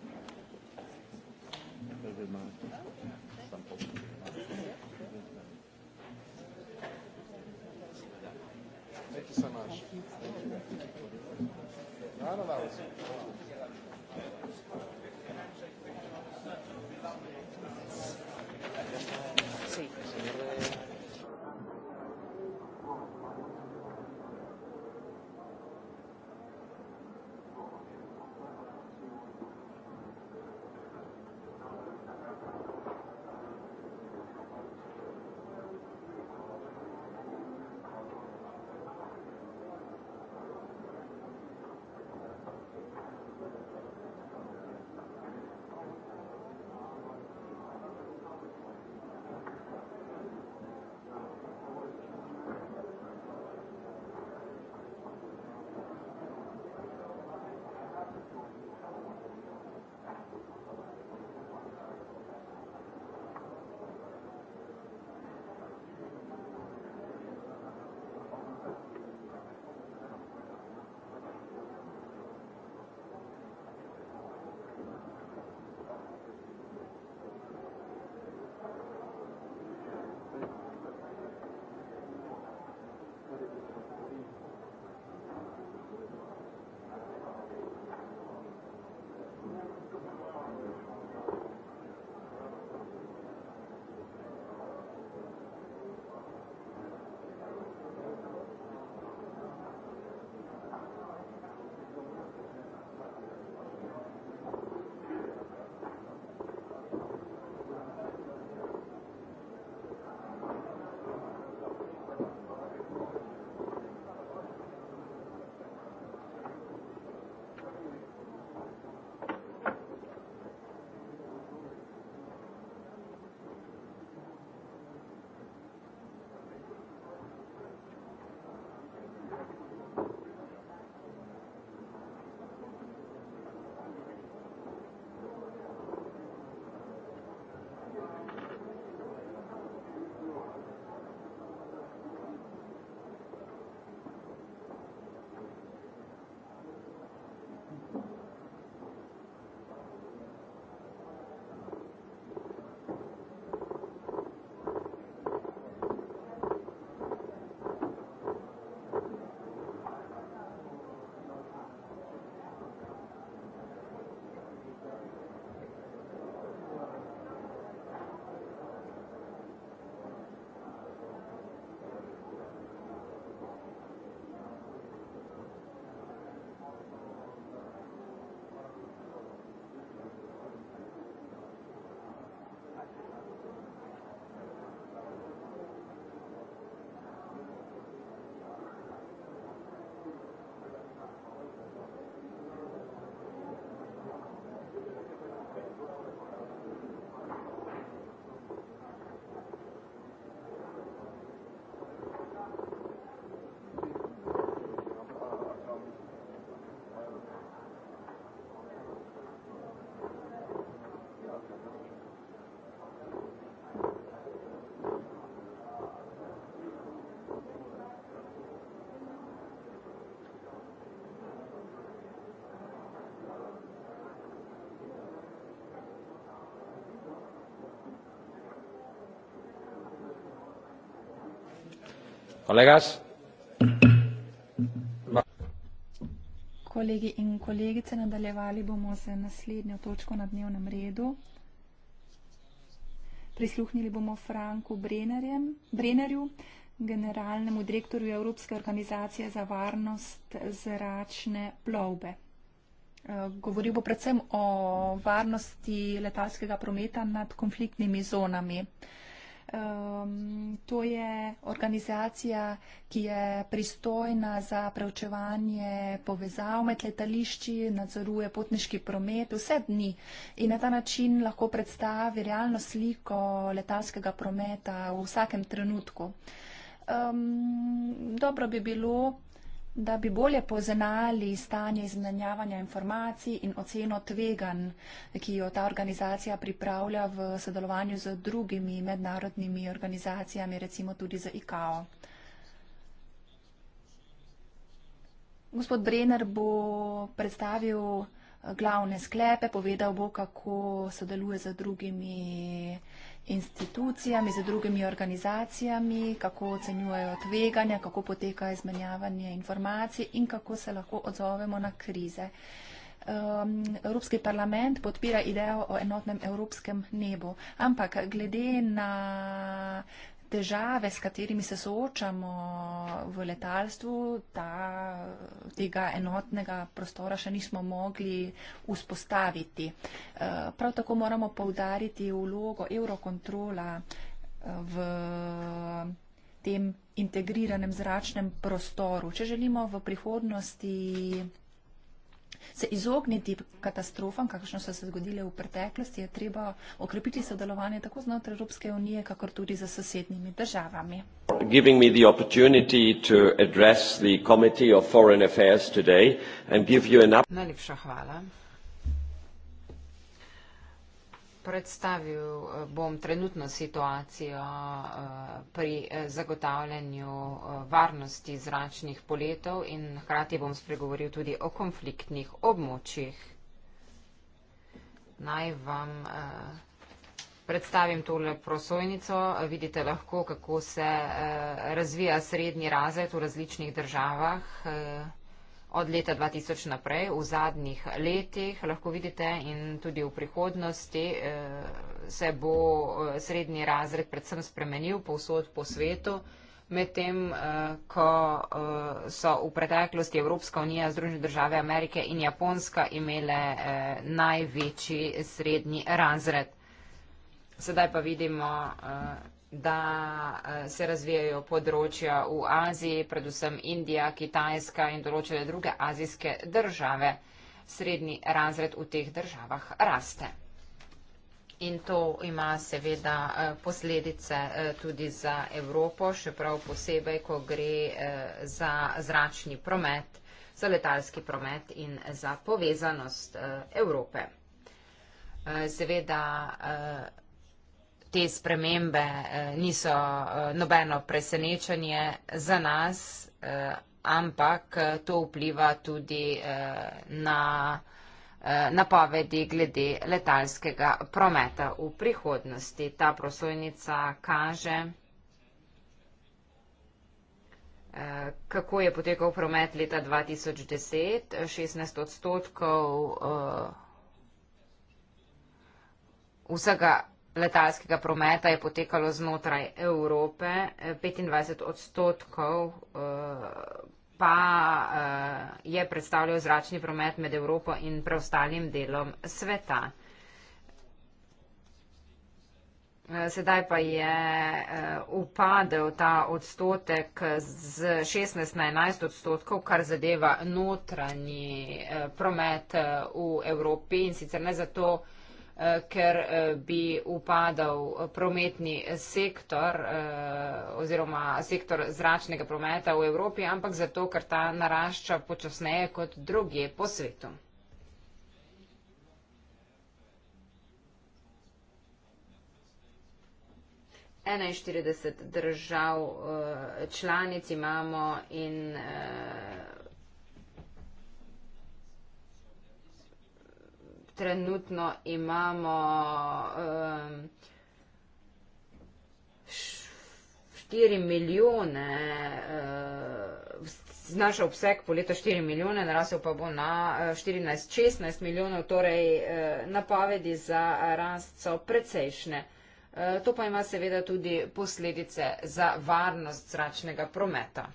Thank you very much. colegas Kolegi in kolegice, nadaljevali bomo z naslednjo točko na dnevnem redu. Prisluhnili bomo Franku Brennerjem, Brennerju, generalnemu direktorju Evropske organizacije za varnost zračne plovbe. Eh, govoril bo predvsem o varnosti letalskega prometa nad konfliktnimi zonami. Um, to je organizacija, ki je pristojna za preučevanje povezav med letališči, nadzoruje potniški promet vse dni in na ta način lahko predstavi realno sliko letalskega prometa v vsakem trenutku. Um, dobro bi bilo, da bi bolje poznali stanje izmenjavanja informacij in oceno tvegan, ki jo ta organizacija pripravlja v sodelovanju z drugimi mednarodnimi organizacijami, recimo tudi z IKAO. Gospod Brenner bo predstavil eh, glavne sklepe, povedal bo, kako sodeluje z drugimi organizacijami, institucijami, z drugimi organizacijami, kako ocenjujejo tveganja, kako poteka izmenjavanje informacij in kako se lahko odzovemo na krize. Um, Evropski parlament podpira idejo o enotnem evropskem nebu, ampak glede na težave, s katerimi se soočamo v letalstvu, ta, tega enotnega prostora še nismo mogli vzpostaviti. Eh, prav tako moramo povdariti vlogo Eurokontrola eh, v tem integriranem zračnem prostoru. Če želimo v prihodnosti se izogniti katastrofam, kakšno so se zgodile v preteklosti, je treba okrepiti sodelovanje tako znotraj Evropske unije, kakor tudi za sosednjimi državami. Giving me the opportunity to address the Committee of Foreign Affairs today and give you an update predstavil eh, bom trenutno situacijo eh, pri eh, zagotavljanju varnosti zračnih poletov in hkrati bom spregovoril tudi o konfliktnih območjih. Naj vam predstavim tole prosojnico. Vidite lahko, kako se razvija srednji razred v različnih državah od leta 2000 naprej, v zadnjih letih, lahko vidite in tudi v prihodnosti, eh, se bo eh, srednji razred predvsem spremenil povsod po svetu, medtem eh, ko so v preteklosti Evropska unija, Združene države Amerike in Japonska imele največji srednji razred. Sedaj pa vidimo da eh, se razvijajo področja v Aziji, predvsem Indija, Kitajska in določene druge azijske države. Srednji razred v teh državah raste. In to ima seveda eh, posledice eh, tudi za Evropo, še prav posebej, ko gre za zračni promet, za letalski promet in za povezanost Evrope. Seveda te spremembe eh, niso eh, nobeno presenečenje za nas, eh, ampak to vpliva tudi na napovedi glede letalskega prometa v prihodnosti. Ta prosojnica kaže, kako je potekal promet leta 2010, 16 odstotkov vsega letalskega prometa je potekalo znotraj Evrope, 25 eh, odstotkov eh, pa eh, je predstavljal zračni promet med Evropo in preostalim delom sveta. Sedaj pa je upadel ta odstotek z 16 na 11 odstotkov, kar zadeva notranji promet v Evropi in sicer ne zato, da je Eh, ker eh, bi upadal prometni sektor eh, oziroma sektor zračnega prometa v Evropi, ampak zato, ker ta narašča počasneje kot druge po svetu. Enajstirideset držav članic imamo in trenutno imamo um, štiri milijone, uh, znaš obseg po leto štiri milijone, narasel pa bo na eh, štirinajst, uh, šestnajst milijonov, torej uh, napovedi za rast so precejšnje. Uh, to pa ima seveda tudi posledice za varnost zračnega prometa.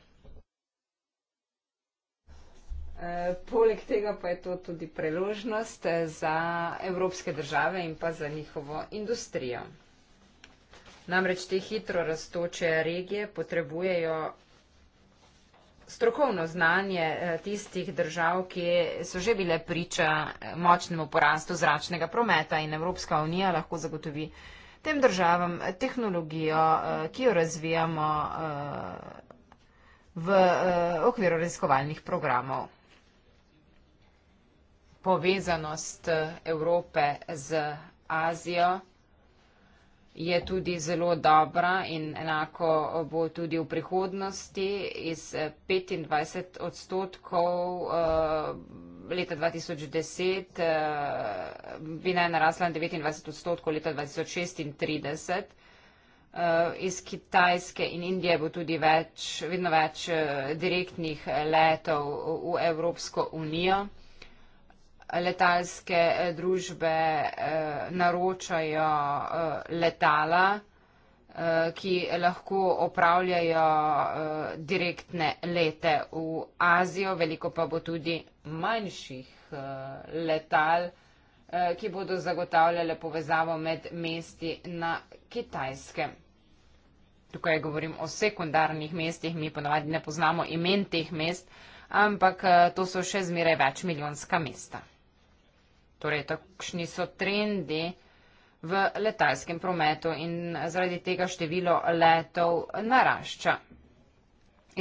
E, poleg tega pa je to tudi priložnost eh, za evropske države in pa za njihovo industrijo. Namreč te hitro raztoče regije potrebujejo strokovno znanje eh, tistih držav, ki so že bile priča eh, močnemu porastu zračnega prometa in Evropska unija lahko zagotovi tem državam tehnologijo, ki jo razvijamo v okviru raziskovalnih programov povezanost eh, Evrope z Azijo je tudi zelo dobra in enako bo tudi v prihodnosti. Iz 25 eh, odstotkov eh, leta 2010 bi naj narasla na 29 odstotkov leta 2036. Iz Kitajske in Indije bo tudi več, vedno več direktnih letov v Evropsko unijo letalske eh, družbe eh, naročajo eh, letala, ki lahko opravljajo direktne lete v Azijo, veliko pa bo tudi manjših letal ki bodo zagotavljale povezavo med mesti na Kitajskem. Tukaj govorim o sekundarnih mestih, mi ponavadi ne poznamo imen teh mest, ampak to so še zmeraj več milijonska mesta torej takšni so trendi v letalskem prometu in zaradi tega število letov narašča.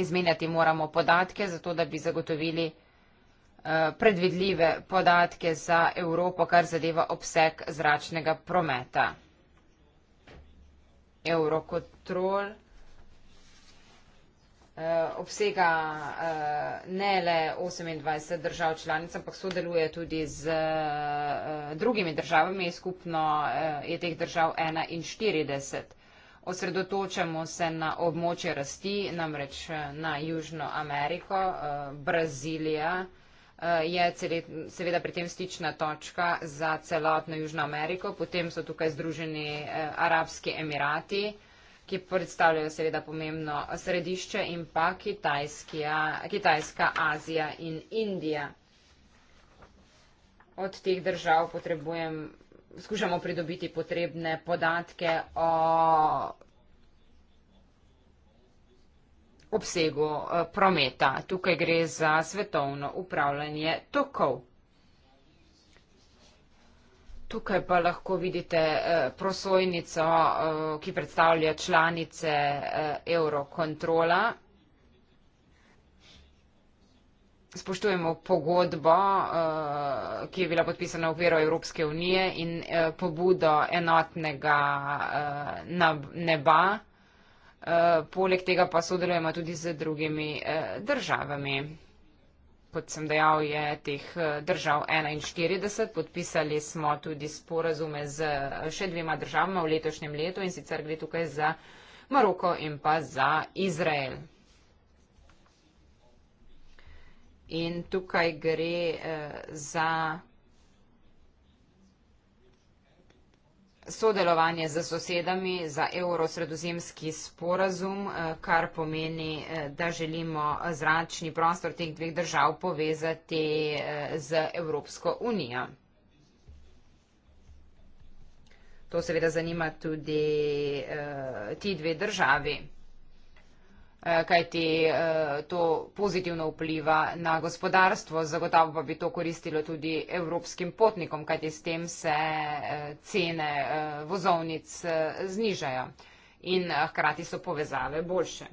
Izmenjati moramo podatke, zato da bi zagotovili eh, predvidljive podatke za Evropo, kar zadeva obseg zračnega prometa. Eurocontrol. Eh, obsega eh, ne le 28 držav članic, ampak sodeluje tudi z eh, drugimi državami, skupno je teh držav 41. Osredotočamo se na območje rasti, namreč na Južno Ameriko, Brazilija je seveda pri tem stična točka za celotno Južno Ameriko, potem so tukaj združeni Arabski Emirati, ki predstavljajo seveda pomembno središče in pa Kitajska, Azija in Indija. Od teh držav potrebujem, skušamo pridobiti potrebne podatke o obsegu eh, prometa. Tukaj gre za svetovno upravljanje tokov. Tukaj pa lahko vidite eh, prosojnico, eh, ki predstavlja članice eh, Eurocontrola. Spoštujemo pogodbo, eh, ki je bila podpisana v veru Evropske unije in eh, pobudo enotnega eh, neba. Eh, poleg tega pa sodelujemo tudi z drugimi eh, državami kot sem dejal, je teh eh, držav 41. Podpisali smo tudi sporazume z eh, še dvema državama v letošnjem letu in sicer gre tukaj za Maroko in pa za Izrael. In tukaj gre eh, za sodelovanje z sosedami za evrosredozemski sporazum, eh, kar pomeni, eh, da želimo zračni prostor teh dveh držav povezati eh, z Evropsko unijo. To seveda zanima tudi ti dve državi. Eh, kajti eh, to pozitivno vpliva na gospodarstvo, zagotavo pa bi to koristilo tudi evropskim potnikom, kajti s tem se eh, cene vozovnic znižajo in hkrati so povezave boljše.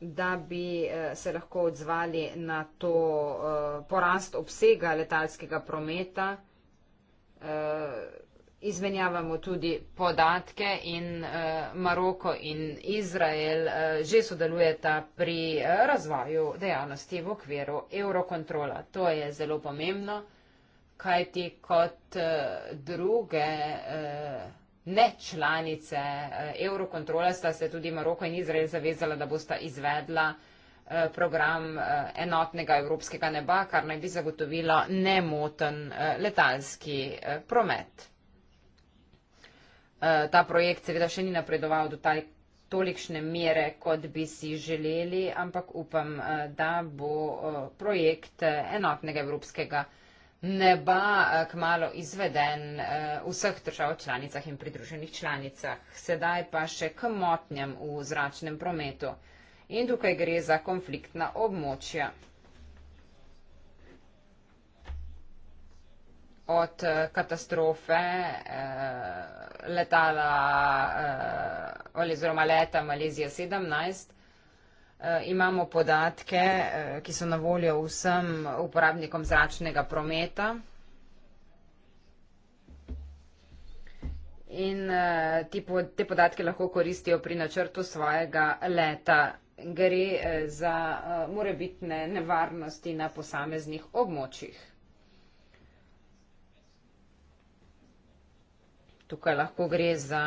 Da bi se lahko odzvali na to porast obsega letalskega prometa, izmenjavamo tudi podatke in eh, Maroko in Izrael eh, že sodelujeta pri eh, razvoju dejavnosti v okviru eurokontrola. To je zelo pomembno, kajti kot druge nečlanice eurokontrola sta se tudi Maroko in Izrael zavezala, da bosta izvedla program enotnega evropskega neba, kar naj bi zagotovilo nemoten letalski promet. Eh, ta projekt seveda še ni napredoval do taj, tolikšne mere, kot bi si želeli, ampak upam, eh, da bo eh, projekt enotnega evropskega neba kmalo izveden v vseh držav članicah in pridruženih članicah. Sedaj pa še k motnjam v zračnem prometu. In tukaj gre za konfliktna območja. od eh, katastrofe eh, letala eh, oziroma leta Malezija 17. Eh, imamo podatke, eh, ki so na voljo vsem uporabnikom zračnega prometa. In eh, ti, te podatke lahko koristijo pri načrtu svojega leta. Gre eh, za eh, morebitne nevarnosti na posameznih območjih. Tukaj lahko gre za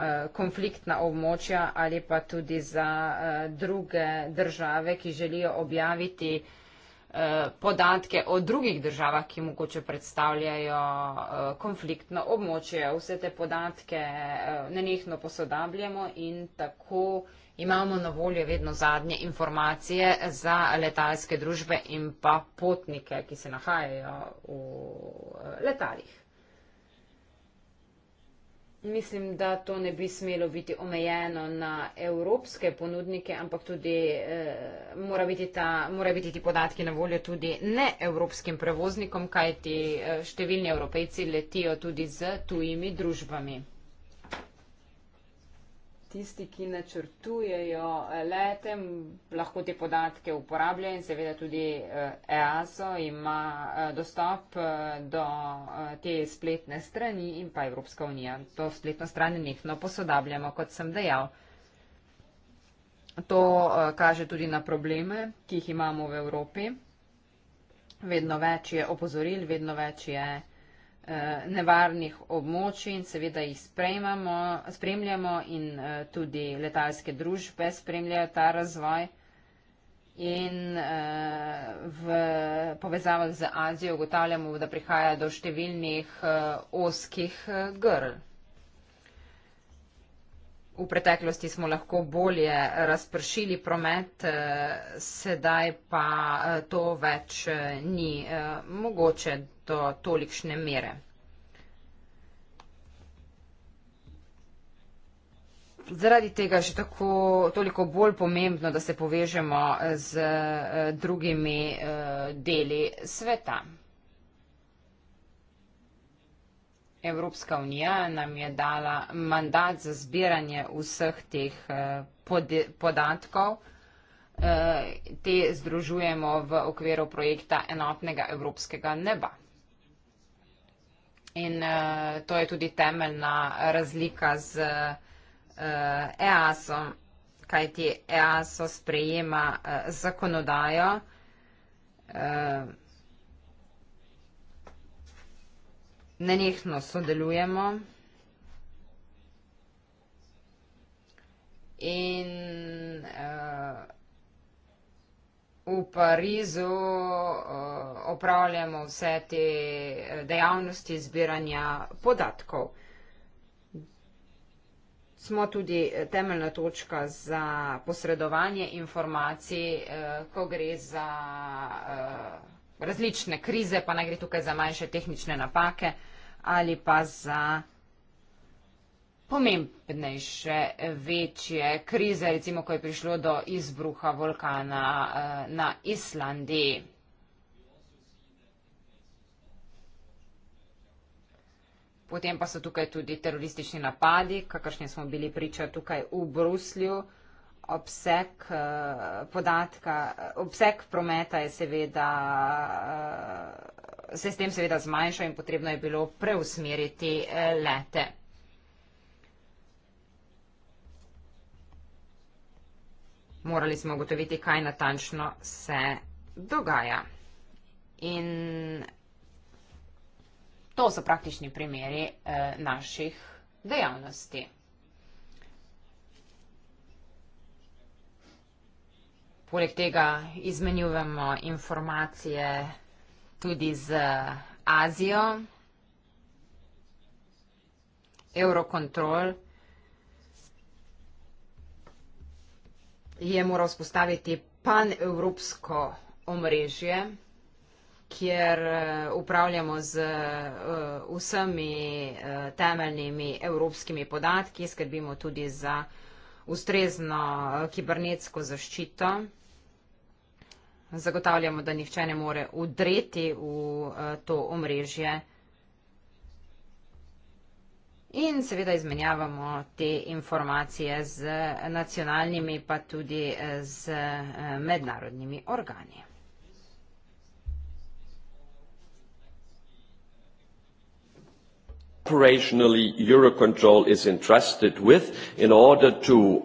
eh, konfliktna območja ali pa tudi za eh, druge države, ki želijo objaviti eh, podatke o drugih državah, ki mogoče predstavljajo konfliktno območje. Vse te podatke nenehno posodabljamo in tako imamo na voljo vedno zadnje informacije za letalske družbe in pa potnike, ki se nahajajo v letalih. Mislim, da to ne bi smelo biti omejeno na evropske ponudnike, ampak tudi eh, mora, biti ta, mora biti ti podatki na voljo tudi ne evropskim prevoznikom, kajti eh, številni evropejci letijo tudi z tujimi družbami tisti, ki načrtujejo lete, lahko te podatke uporabljajo in seveda tudi eh, EASO ima eh, dostop eh, do te spletne strani in pa Evropska unija. To spletno stran nekno posodabljamo, kot sem dejal. To kaže tudi na probleme, ki jih imamo v Evropi. Vedno več je opozoril, vedno več je. Eh, nevarnih območij in seveda jih spremljamo in eh, tudi letalske družbe spremljajo ta razvoj. In eh, v povezavah z Azijo ugotavljamo, da prihaja do številnih oskih grl. V preteklosti smo lahko bolje razpršili promet, sedaj pa to več ni mogoče doživljati do tolikšne mere. Zaradi tega je že tako, toliko bolj pomembno, da se povežemo z eh, drugimi eh, deli sveta. Evropska unija nam je dala mandat za zbiranje vseh teh eh, podatkov. Te združujemo v okviru projekta enotnega evropskega neba. In uh, to je tudi temeljna razlika z uh, eh, EASO, kajti EASO sprejema uh, zakonodajo. Uh, nenehno sodelujemo. In uh, v Parizu eh, opravljamo vse te eh, dejavnosti zbiranja podatkov. Smo tudi eh, temeljna točka za posredovanje informacij, ko gre za različne krize, pa naj gre tukaj za manjše tehnične napake ali pa za pomembnejše, večje krize, recimo, ko je prišlo do izbruha vulkana eh, na Islandiji. Potem pa so tukaj tudi teroristični napadi, kakršni smo bili priča tukaj v Bruslju. Obseg eh, podatka, obseg prometa je seveda, eh, se s tem seveda zmanjšal in potrebno je bilo preusmeriti lete. morali smo ugotoviti, kaj natančno se dogaja. In to so praktični primeri eh, naših dejavnosti. Poleg tega izmenjujemo informacije tudi z Azijo, Eurocontrol, je moral spostaviti panevropsko omrežje, kjer eh, upravljamo z eh, vsemi eh, temeljnimi evropskimi podatki, skrbimo tudi za ustrezno kibernetsko zaščito. Zagotavljamo, da nihče ne more udreti v to omrežje. In seveda izmenjavamo te informacije z nacionalnimi, pa tudi eh, z eh, mednarodnimi organi. Operationally Eurocontrol is entrusted with in order to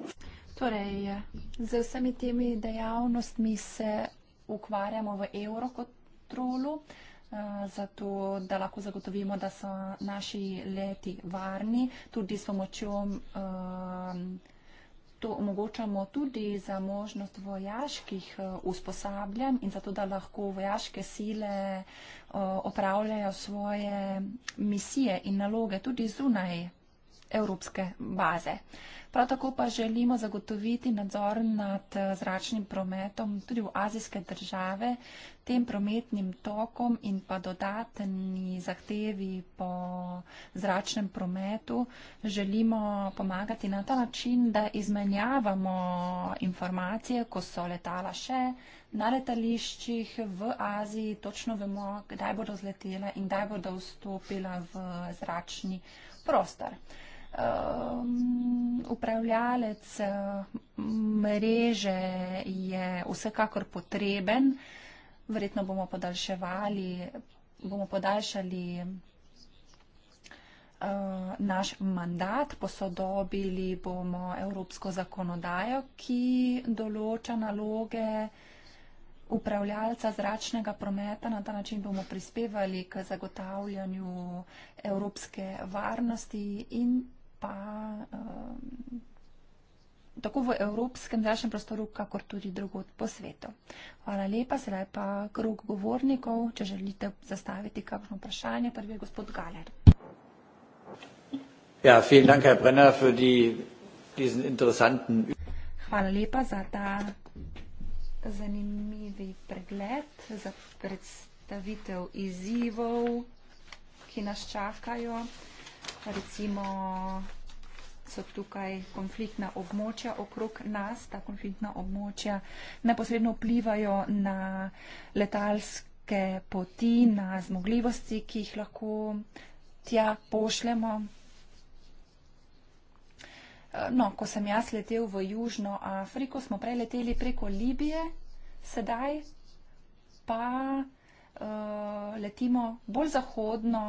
Torej, z vsemi temi dejavnostmi se ukvarjamo v Eurocontrolu, zato da lahko zagotovimo, da so naši leti varni, tudi s pomočjo um, to omogočamo tudi za možnost vojaških uh, usposabljanj in zato, da lahko vojaške sile uh, opravljajo svoje misije in naloge tudi zunaj evropske baze. Prav tako pa želimo zagotoviti nadzor nad eh, zračnim prometom tudi v azijske države, tem prometnim tokom in pa dodatni zahtevi po zračnem prometu. Želimo pomagati na ta način, da izmenjavamo informacije, ko so letala še na letališčih v Aziji, točno vemo, kdaj bodo zletela in kdaj bodo vstopila v zračni prostor upravljalec mreže je vsekakor potreben. Verjetno bomo podaljševali, bomo podaljšali eh, naš mandat, posodobili bomo evropsko zakonodajo, ki določa naloge upravljalca zračnega prometa. Na ta način bomo prispevali k zagotavljanju evropske varnosti in pa um, tako v evropskem zračnem prostoru, kakor tudi drugod po svetu. Hvala lepa, sedaj pa krug govornikov, če želite zastaviti kakšno vprašanje. Prvi je gospod Galer. Ja, vielen Dank, Herr Brenner, für die, diesen interessanten. Hvala lepa za ta zanimivi pregled, za predstavitev izzivov, ki nas čakajo recimo so tukaj konfliktna območja okrog nas, ta konfliktna območja neposredno vplivajo na letalske poti, na zmogljivosti, ki jih lahko tja pošljemo. No, ko sem jaz letel v Južno Afriko, smo prej leteli preko Libije, sedaj pa uh, letimo bolj zahodno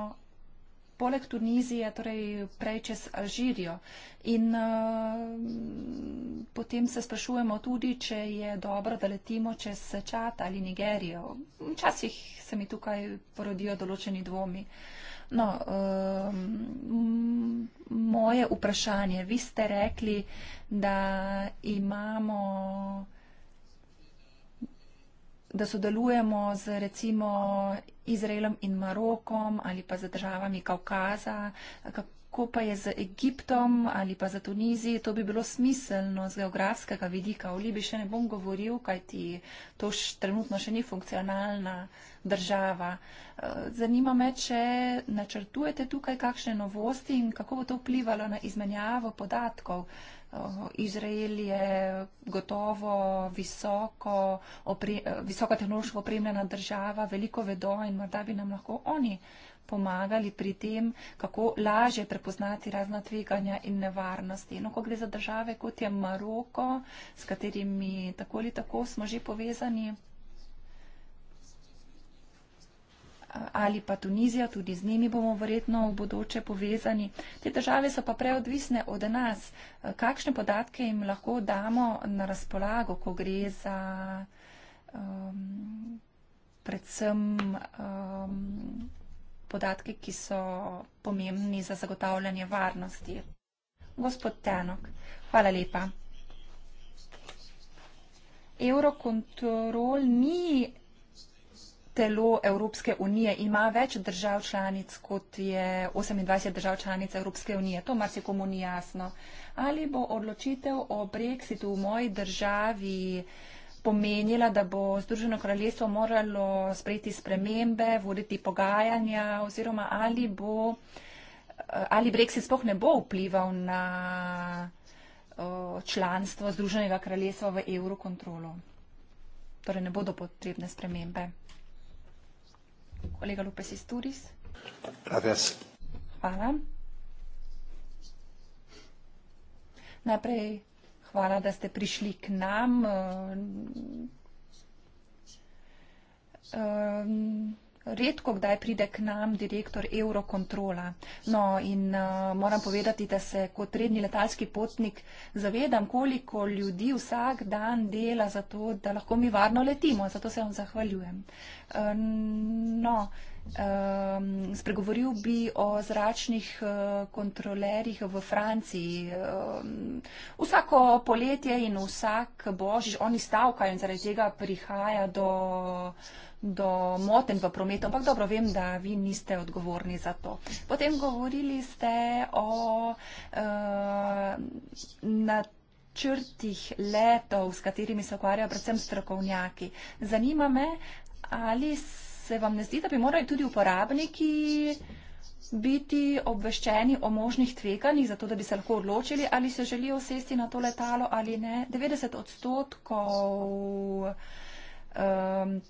poleg Tunizije, torej prej čez Alžirijo. In uh, potem se sprašujemo tudi, če je dobro, da letimo čez Čat ali Nigerijo. Včasih se mi tukaj porodijo določeni dvomi. No, uh, moje vprašanje, vi ste rekli, da imamo da sodelujemo z recimo Izraelom in Marokom ali pa z državami Kaukaza, kako pa je z Egiptom ali pa z Tunizijo, to bi bilo smiselno z geografskega vidika. O Libiji še ne bom govoril, kajti to š, trenutno še ni funkcionalna država. Eh, zanima me, če načrtujete tukaj kakšne novosti in kako bo to vplivalo na izmenjavo podatkov. Uh, Izrael je gotovo visoko, opre, visoko tehnološko opremljena država, veliko vedo in morda bi nam lahko oni pomagali pri tem, kako lažje prepoznati razna tveganja in nevarnosti. No, ko gre za države, kot je Maroko, s katerimi tako ali tako smo že povezani, ali pa Tunizija, tudi z njimi bomo verjetno v bodoče povezani. Te države so pa preodvisne od nas. Kakšne podatke jim lahko damo na razpolago, ko gre za um, predvsem um, podatke, ki so pomembni za zagotavljanje varnosti? Gospod Tenok, hvala lepa. Eurokontrol ni telo Evropske unije ima več držav članic, kot je 28 držav članic Evropske unije. To mar se komu ni jasno. Ali bo odločitev o brexitu v moji državi pomenila, da bo Združeno kraljestvo moralo sprejeti spremembe, voditi pogajanja oziroma ali bo ali brexit spoh ne bo vplival na članstvo Združenega kraljestva v evrokontrolu. Torej ne bodo potrebne spremembe. Colega López Isturiz. Gracias. Hvala. Najprej hvala, da ste prišli k nam. Um, redko kdaj pride k nam direktor Eurocontrola. No, in uh, moram povedati, da se kot redni letalski potnik zavedam, koliko ljudi vsak dan dela za to, da lahko mi varno letimo. Zato se vam zahvaljujem. Uh, no, um, spregovoril bi o zračnih uh, kontrolerjih v Franciji. Um, vsako poletje in vsak božič, oni stavkajo in zaradi tega prihaja do do moten v prometu, ampak dobro vem, da vi niste odgovorni za to. Potem govorili ste o uh, eh, na črtih letov, s katerimi se ukvarjajo predvsem strokovnjaki. Zanima me, ali se vam ne zdi, da bi morali tudi uporabniki biti obveščeni o možnih tveganjih, zato da bi se lahko odločili, ali se želijo sesti na to letalo ali ne. 90 odstotkov um,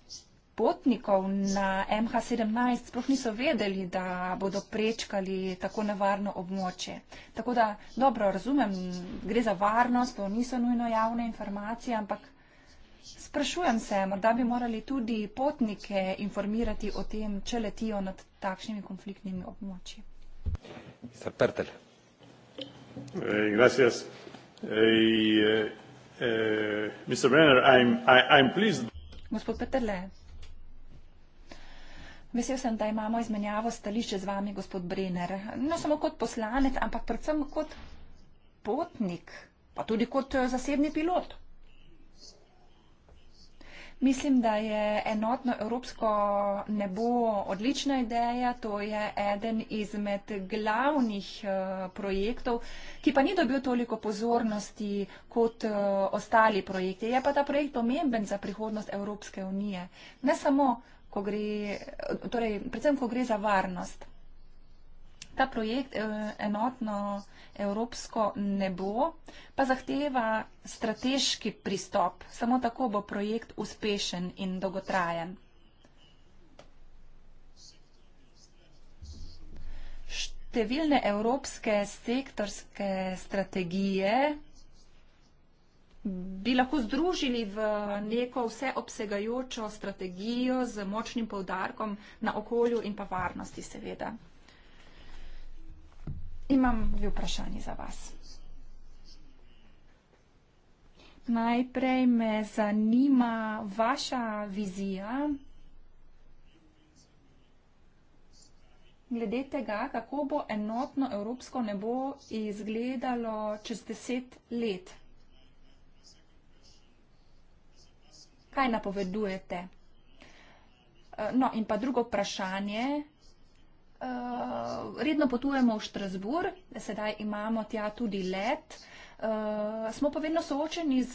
potnikov na MH17 sploh niso vedeli, da bodo prečkali tako nevarno območje. Tako da, dobro, razumem, gre za varnost, to niso nujno javne informacije, ampak sprašujem se, morda bi morali tudi potnike informirati o tem, če letijo nad takšnimi konfliktnimi območji. Eh, eh, eh, Gospod Peterle. Vesel sem, da imamo izmenjavo stališče z vami, gospod Brenner. Ne samo kot poslanec, ampak predvsem kot potnik, pa tudi kot eh, zasebni pilot. Mislim, da je enotno evropsko nebo odlična ideja. To je eden izmed glavnih eh, projektov, ki pa ni dobil toliko pozornosti kot eh, ostali projekti. Je pa ta projekt pomemben za prihodnost Evropske unije. Ne samo ko gre, torej, predvsem, ko gre za varnost. Ta projekt eh, enotno evropsko ne bo, pa zahteva strateški pristop. Samo tako bo projekt uspešen in dolgotrajen. Številne evropske sektorske strategije bi lahko združili v neko vseobsegajočo strategijo z močnim povdarkom na okolju in pa varnosti, seveda. Imam dve vprašanji za vas. Najprej me zanima vaša vizija glede tega, kako bo enotno evropsko nebo izgledalo čez deset let. kaj napovedujete? Eh, no, in pa drugo vprašanje. Eh, redno potujemo v Štrasbur, sedaj imamo tja tudi let. Eh, smo pa vedno soočeni z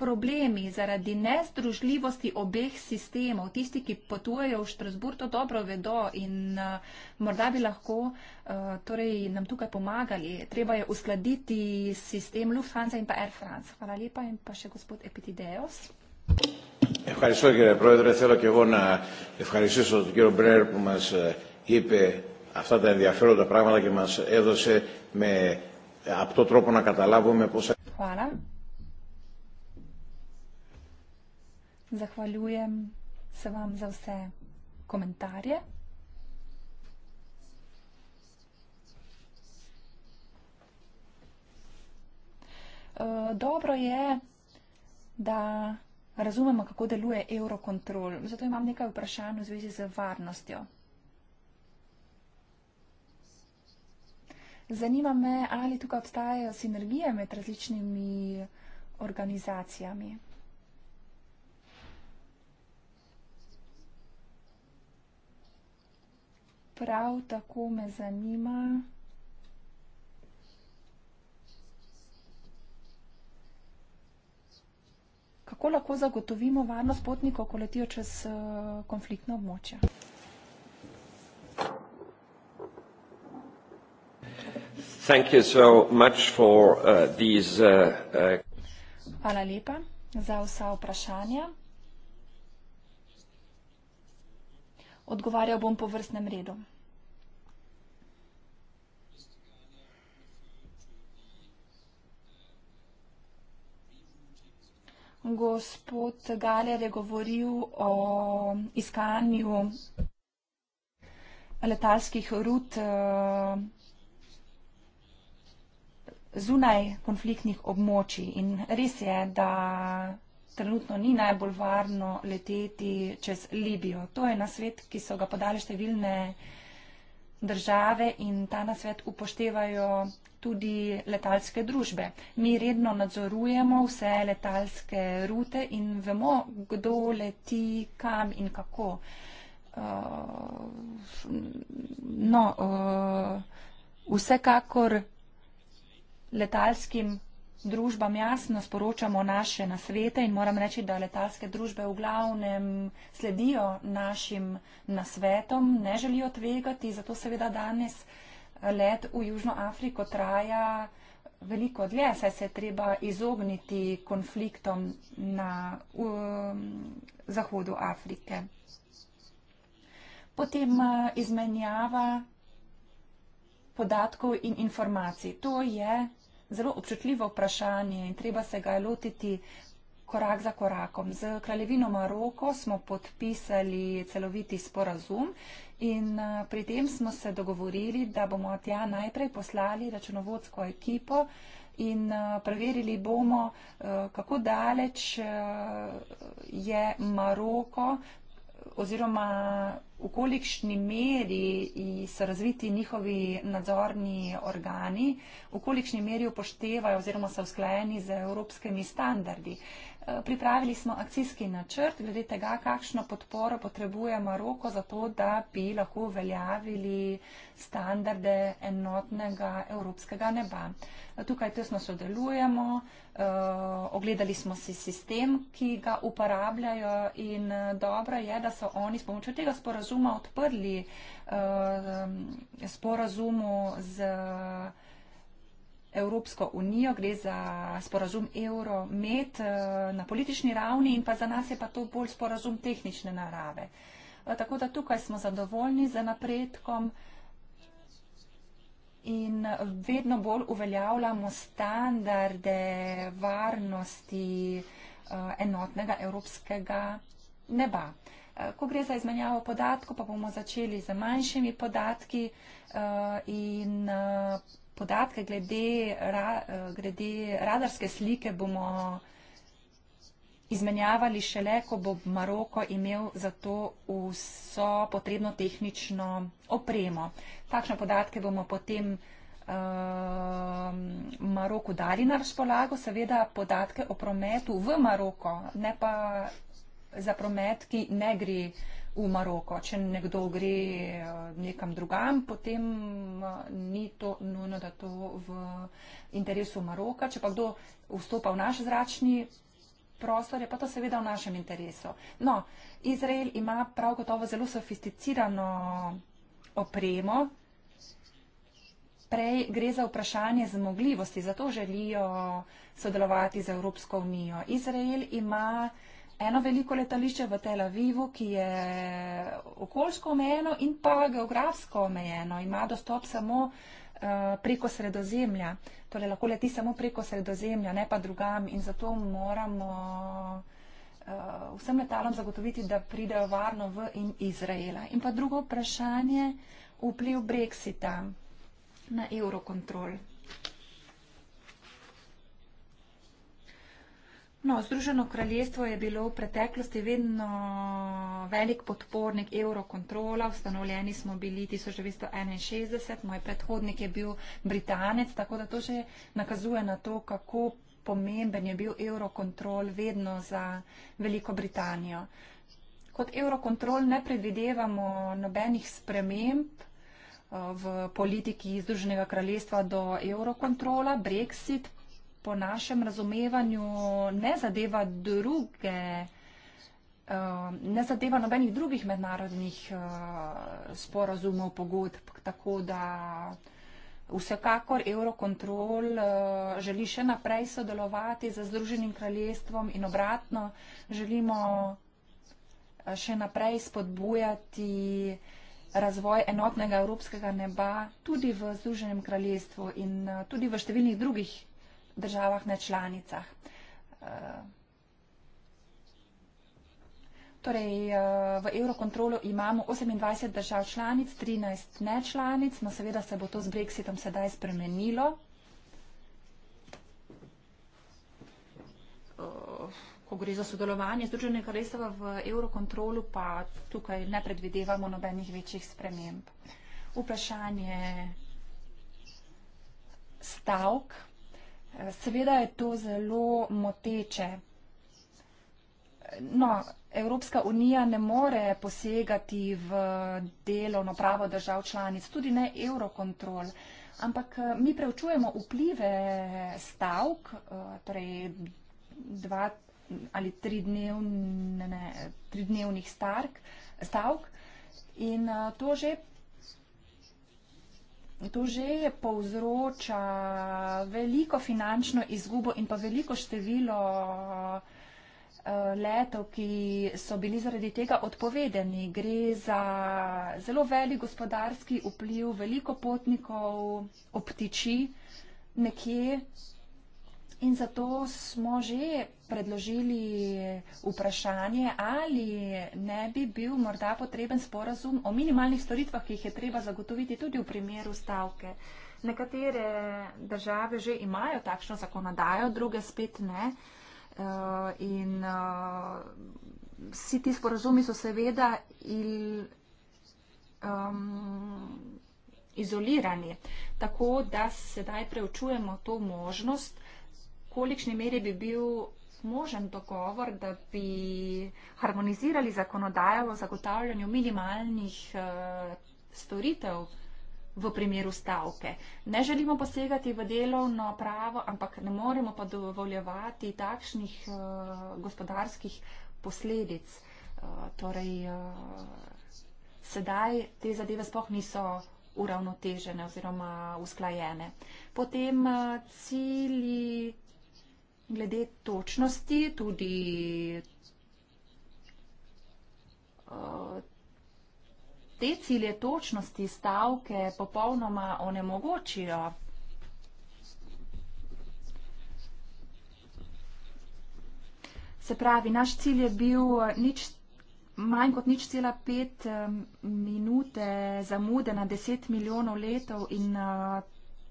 problemi zaradi nezdružljivosti obeh sistemov. Tisti, ki potujejo v Štrasburg, to dobro vedo in uh, morda bi lahko uh, torej nam tukaj pomagali. Treba je uskladiti sistem Lufthansa in pa Air France. Hvala lepa in pa še gospod Epitideos. Ευχαριστώ κύριε Πρόεδρε. Θέλω και εγώ να ευχαριστήσω τον κύριο Μπρέρ που μας είπε αυτά τα ενδιαφέροντα πράγματα και μας έδωσε με απτό τρόπο να καταλάβουμε πώς... Ευχαριστώ. Zahvaljujem se vam za vse komentarje. E, dobro je, da razumemo, kako deluje Eurocontrol. Zato imam nekaj vprašanj v zvezi z varnostjo. Zanima me, ali tukaj obstajajo sinergije med različnimi organizacijami. prav tako me zanima, kako lahko zagotovimo varnost potnikov, ko letijo čez eh, konfliktno območje. Uh, uh, uh, Hvala lepa za vsa vprašanja. Odgovarjal bom po vrstnem redu. gospod Galer je govoril o iskanju letalskih rut eh, zunaj konfliktnih območij. In res je, da trenutno ni najbolj varno leteti čez Libijo. To je nasvet, ki so ga podali številne ljudi, države in ta nasvet upoštevajo tudi letalske družbe. Mi redno nadzorujemo vse letalske rute in vemo, kdo leti, kam in kako. Uh, no, uh, vsekakor letalskim družbam jasno sporočamo naše nasvete in moram reči, da letalske družbe v glavnem sledijo našim nasvetom, ne želijo tvegati, zato seveda danes let v Južno Afriko traja veliko dlje, saj se je treba izogniti konfliktom na v, zahodu Afrike. Potem eh, izmenjava podatkov in informacij. To je zelo občutljivo vprašanje in treba se ga lotiti korak za korakom. Z kraljevino Maroko smo podpisali celoviti sporazum in eh, pri tem smo se dogovorili, da bomo tja najprej poslali računovodsko ekipo in eh, preverili bomo, eh, kako daleč je Maroko oziroma v kolikšni meri so razviti njihovi nadzorni organi, v kolikšni meri upoštevajo oziroma so usklajeni z evropskimi standardi pripravili smo akcijski načrt glede tega, kakšno podporo potrebuje Maroko za to, da bi lahko uveljavili standarde enotnega evropskega neba. Tukaj tesno sodelujemo, eh, ogledali smo si sistem, ki ga uporabljajo in eh, dobro je, da so oni s pomočjo tega sporazuma odprli eh, sporazumu z. Evropsko unijo, gre za sporazum Euromed eh, na politični ravni in pa za nas je pa to bolj sporazum tehnične narave. Eh, tako da tukaj smo zadovoljni za napredkom in vedno bolj uveljavljamo standarde varnosti eh, enotnega evropskega neba. Ko gre za izmenjavo podatkov, pa bomo začeli z manjšimi podatki in podatkov, podatke glede, ra, eh, glede radarske slike bomo izmenjavali šele, ko bo Maroko imel za to vso potrebno tehnično opremo. Takšne podatke bomo potem uh, Maroku dali na razpolago, seveda podatke o prometu v Maroko, ne pa za promet, ki ne gre uh, v Maroko. Če nekdo gre eh, nekam drugam, potem eh, ni to nujno, da to v interesu Maroka. Če pa kdo vstopa v naš zračni prostor, je pa to seveda v našem interesu. No, Izrael ima prav gotovo zelo sofisticirano opremo. Prej gre za vprašanje zmogljivosti, zato želijo sodelovati z Evropsko unijo. Izrael ima eno veliko letališče v Tel Avivu, ki je okoljsko omejeno in pa geografsko omejeno. Ima dostop samo eh, preko sredozemlja, torej lahko leti samo preko sredozemlja, ne pa drugam in zato moramo eh, vsem letalom zagotoviti, da pridejo varno v in Izraela. In pa drugo vprašanje, vpliv Brexita na eurokontrol. No, Združeno kraljestvo je bilo v preteklosti vedno velik podpornik eurokontrola. Ustanovljeni smo bili 1961, moj predhodnik je bil Britanec, tako da to že nakazuje na to, kako pomemben je bil eurokontrol vedno za Veliko Britanijo. Kot eurokontrol ne predvidevamo nobenih sprememb eh, v politiki Združenega kraljestva do eurokontrola, Brexit po našem razumevanju ne zadeva druge, eh, ne zadeva nobenih drugih mednarodnih eh, sporazumov, pogodb, tako da vsekakor Eurocontrol eh, želi še naprej sodelovati za Združenim kraljestvom in obratno želimo še naprej spodbujati razvoj enotnega evropskega neba tudi v Združenem kraljestvu in tudi v številnih drugih državah nečlanicah. Eh, torej, eh, v Eurokontrolu imamo 28 držav članic, 13 nečlanic, no seveda se bo to z Brexitom sedaj spremenilo. Eh, ko gre za sodelovanje Združenih kraljestva v Eurokontrolu, pa tukaj ne predvidevamo nobenih večjih sprememb. Vprašanje stavk. Seveda je to zelo moteče. No, Evropska unija ne more posegati v delovno pravo držav članic, tudi ne eurokontrol, ampak eh, mi preučujemo vplive stavk, eh, torej dva ali tridnevnih tri stavk in eh, to že to že povzroča veliko finančno izgubo in pa veliko število eh, letov, ki so bili zaradi tega odpovedeni. Gre za zelo velik gospodarski vpliv, veliko potnikov obtiči nekje In zato smo že predložili vprašanje, ali ne bi bil morda potreben sporazum o minimalnih storitvah, ki jih je treba zagotoviti tudi v primeru stavke. Nekatere države že imajo takšno zakonodajo, druge spet ne. Eh, in eh, vsi ti sporazumi so seveda il, um, izolirani. Tako da sedaj preučujemo to možnost, kolikšni meri bi bil možen dogovor, da bi harmonizirali zakonodajo o zagotavljanju minimalnih eh, storitev v primeru stavke. Ne želimo posegati v delovno pravo, ampak ne moremo pa dovoljevati takšnih eh, gospodarskih posledic. Eh, torej, sedaj te zadeve spoh niso uravnotežene oziroma usklajene. Potem cilji glede točnosti, tudi eh, te cilje točnosti stavke popolnoma onemogočijo. Se pravi, naš cilj je bil eh, nič, manj kot nič cela pet eh, minute zamude na deset milijonov letov in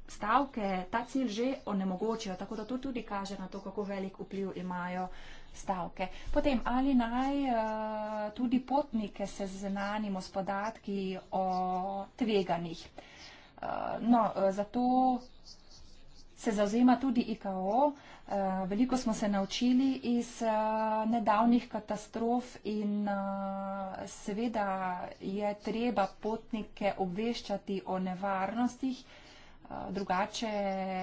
stavke ta cilj že onemogočajo, tako da to tudi kaže na to, kako velik vpliv imajo stavke. Potem, ali naj eh, tudi potnike se zanimamo s podatki o tveganih. Eh, no, eh, zato se zauzema tudi IKO. Veliko smo se naučili iz nedavnih katastrof in seveda je treba potnike obveščati o nevarnostih, Eh, drugače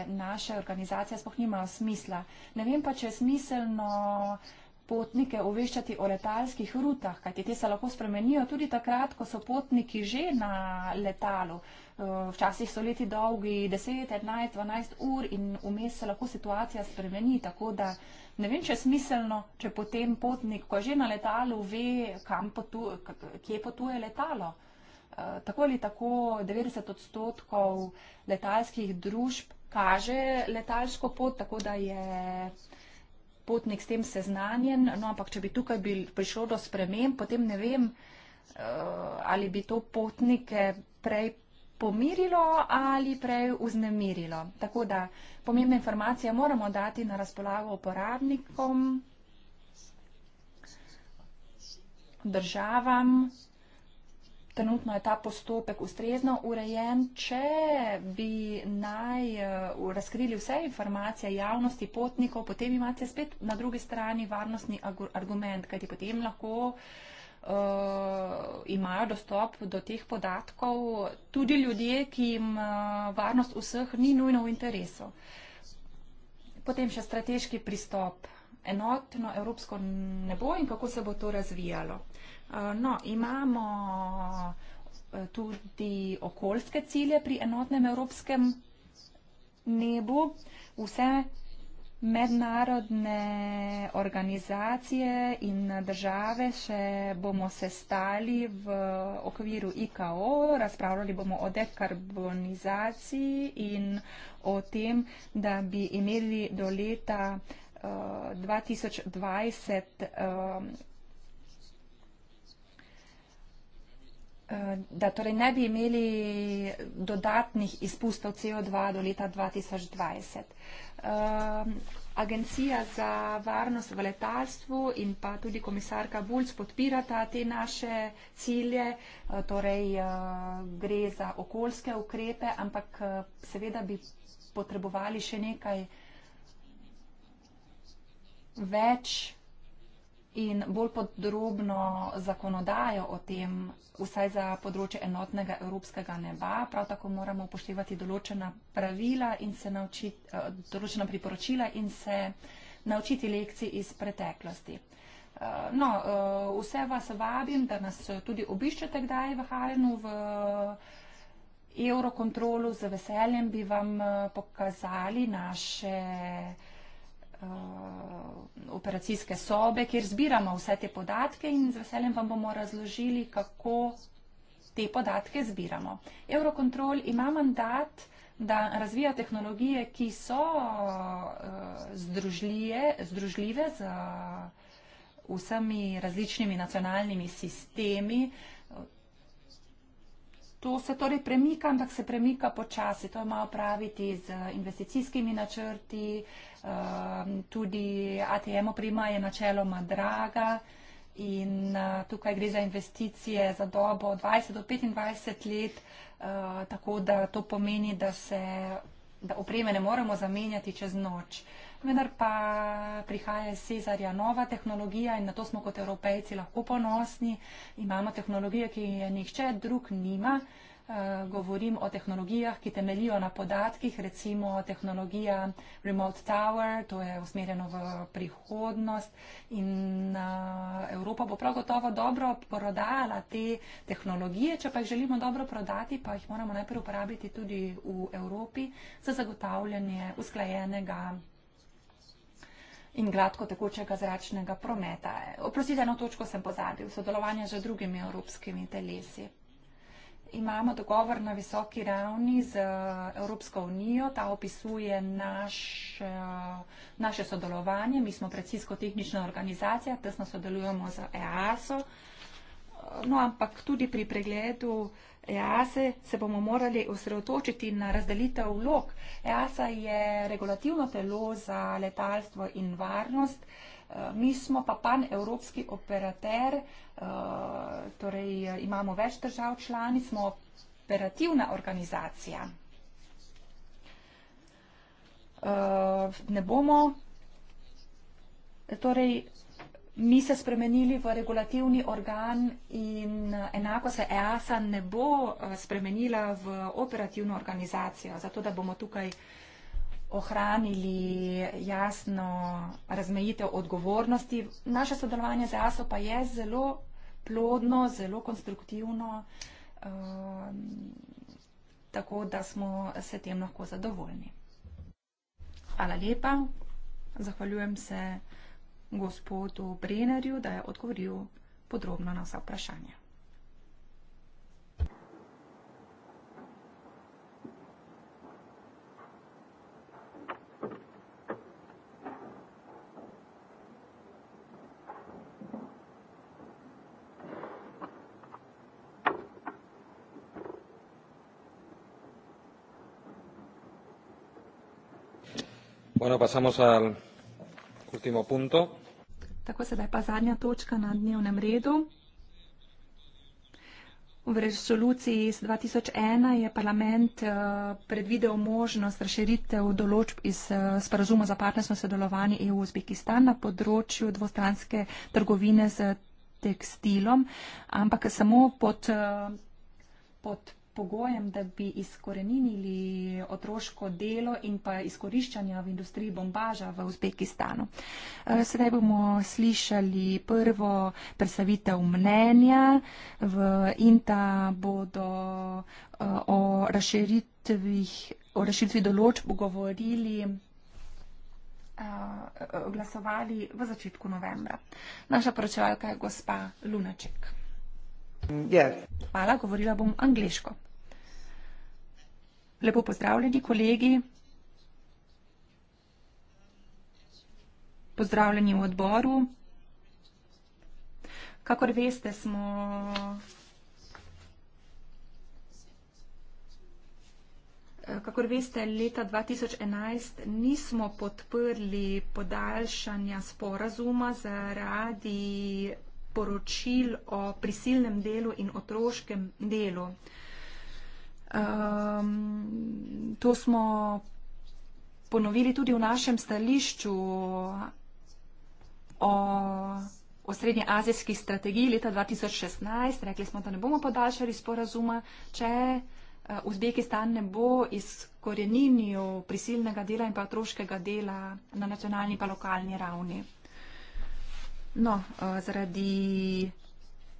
naše organizacije spoh nimajo smisla. Ne vem pa, če je smiselno potnike oveščati o letalskih rutah, kajti te se lahko spremenijo tudi takrat, ko so potniki že na letalu. Eh, včasih so leti dolgi 10, 11, 12 ur in vmes se lahko situacija spremeni, tako da ne vem, če je smiselno, če potem potnik, ko je že na letalu, ve, potu, kje potuje letalo. Eh, tako ali tako 90 odstotkov letalskih družb kaže letalsko pot, tako da je potnik s tem seznanjen. No, ampak če bi tukaj bil, prišlo do sprememb, potem ne vem, eh, ali bi to potnike prej pomirilo ali prej uznemirilo. Tako da pomembne informacije moramo dati na razpolago uporabnikom, državam trenutno je ta postopek ustrezno urejen. Če bi naj eh, razkrili vse informacije javnosti potnikov, potem imate spet na drugi strani varnostni argument, kajti potem lahko uh, imajo dostop do teh podatkov tudi ljudje, ki jim uh, varnost vseh ni nujno v interesu. Potem še strateški pristop. Enotno evropsko ne bo in kako se bo to razvijalo. Uh, Eh, no, imamo eh, tudi okoljske cilje pri enotnem evropskem nebu. Vse mednarodne organizacije in države še bomo se stali v okviru IKO, razpravljali bomo o dekarbonizaciji in o tem, da bi imeli do leta 2020 eh, Eh, da torej ne bi imeli dodatnih izpustov CO2 do leta 2020. Ehm, agencija za varnost v letalstvu in pa tudi komisarka Bulc podpirata te naše cilje, eh, torej eh, gre za okoljske ukrepe, ampak seveda bi potrebovali še nekaj več in bolj podrobno zakonodajo o tem, vsaj za področje enotnega evropskega neba. Prav tako moramo upoštevati določena pravila in se naučiti, eh, določena priporočila in se naučiti lekcij iz preteklosti. Eh, no, eh, vse vas vabim, da nas tudi obiščete kdaj v Harenu v Eurokontrolu. Z veseljem bi vam pokazali naše Eh, operacijske sobe, kjer zbiramo vse te podatke in z veseljem vam bomo razložili, kako te podatke zbiramo. Eurocontrol ima mandat, da razvija tehnologije, ki so eh, združljive z eh, vsemi različnimi nacionalnimi sistemi, To se torej premika, ampak se premika počasi. To ima opraviti z eh, investicijskimi načrti, eh, tudi ATM oprema je načeloma draga in eh, tukaj gre za investicije za dobo 20 do 25 let, tako da to pomeni, da, se, da opreme ne moremo zamenjati čez noč vendar pa prihaja iz Cezarja nova tehnologija in na to smo kot evropejci lahko ponosni. Imamo tehnologije, ki je nihče drug nima. Eh, govorim o tehnologijah, ki temelijo na podatkih, recimo tehnologija Remote Tower, to je usmerjeno v prihodnost in eh, Evropa bo prav gotovo dobro prodala te tehnologije, če pa jih želimo dobro prodati, pa jih moramo najprej uporabiti tudi v Evropi za zagotavljanje usklajenega in gladko tekočega zračnega prometa. Oprostite, eno točko sem pozabil, sodelovanje z drugimi evropskimi telesi. Imamo dogovor na visoki ravni z eh, Evropsko unijo, ta opisuje naš, eh, naše sodelovanje. Mi smo predsisko-tehnična organizacija, tesno sodelujemo z EASO, no ampak tudi pri pregledu EASA e se bomo morali osredotočiti na razdelitev vlog. EASA je regulativno telo za letalstvo in varnost, e, mi smo pa pan evropski operater, e, torej imamo več držav člani, smo operativna organizacija. Ne bomo, torej mi se spremenili v regulativni organ in eh, enako se EASA ne bo eh, spremenila v operativno organizacijo, zato da bomo tukaj ohranili jasno razmejitev odgovornosti. Naše sodelovanje z EASO pa je zelo plodno, zelo konstruktivno, eh, tako da smo se tem lahko zadovoljni. Hvala lepa. Zahvaljujem se gospodu Brenerju, da je odgovoril podrobno na vsa vprašanja. Bueno, pasamos al último punto. Tako sedaj pa zadnja točka na dnevnem redu. V resoluciji iz 2001 je parlament eh, predvidel možnost razširitev določb iz eh, sporazuma za partnerstvo sodelovanje EU Uzbekistan na področju dvostranske trgovine z tekstilom, ampak samo pod, eh, pod pogojem, da bi izkoreninili otroško delo in pa izkoriščanja v industriji bombaža v Uzbekistanu. E, sedaj bomo slišali prvo predstavitev mnenja v INTA bodo e, o razširitvih, o razširitvi določb govorili e, glasovali v začetku novembra. Naša poročevalka je gospa Lunaček. Yeah. Ja. Hvala, govorila bom angliško. Lepo pozdravljeni, kolegi. Pozdravljeni v odboru. Kakor veste, smo kakor veste, leta dva tisoč enajst nismo podprli podaljšanja sporazuma zaradi poročil o prisilnem delu in otroškem delu. Um, to smo ponovili tudi v našem stališču o, o srednji azijski strategiji leta 2016. Rekli smo, da ne bomo podaljšali sporazuma, če e, Uzbekistan ne bo izkoreninil prisilnega dela in pa otroškega dela na nacionalni pa lokalni ravni. No, e, zaradi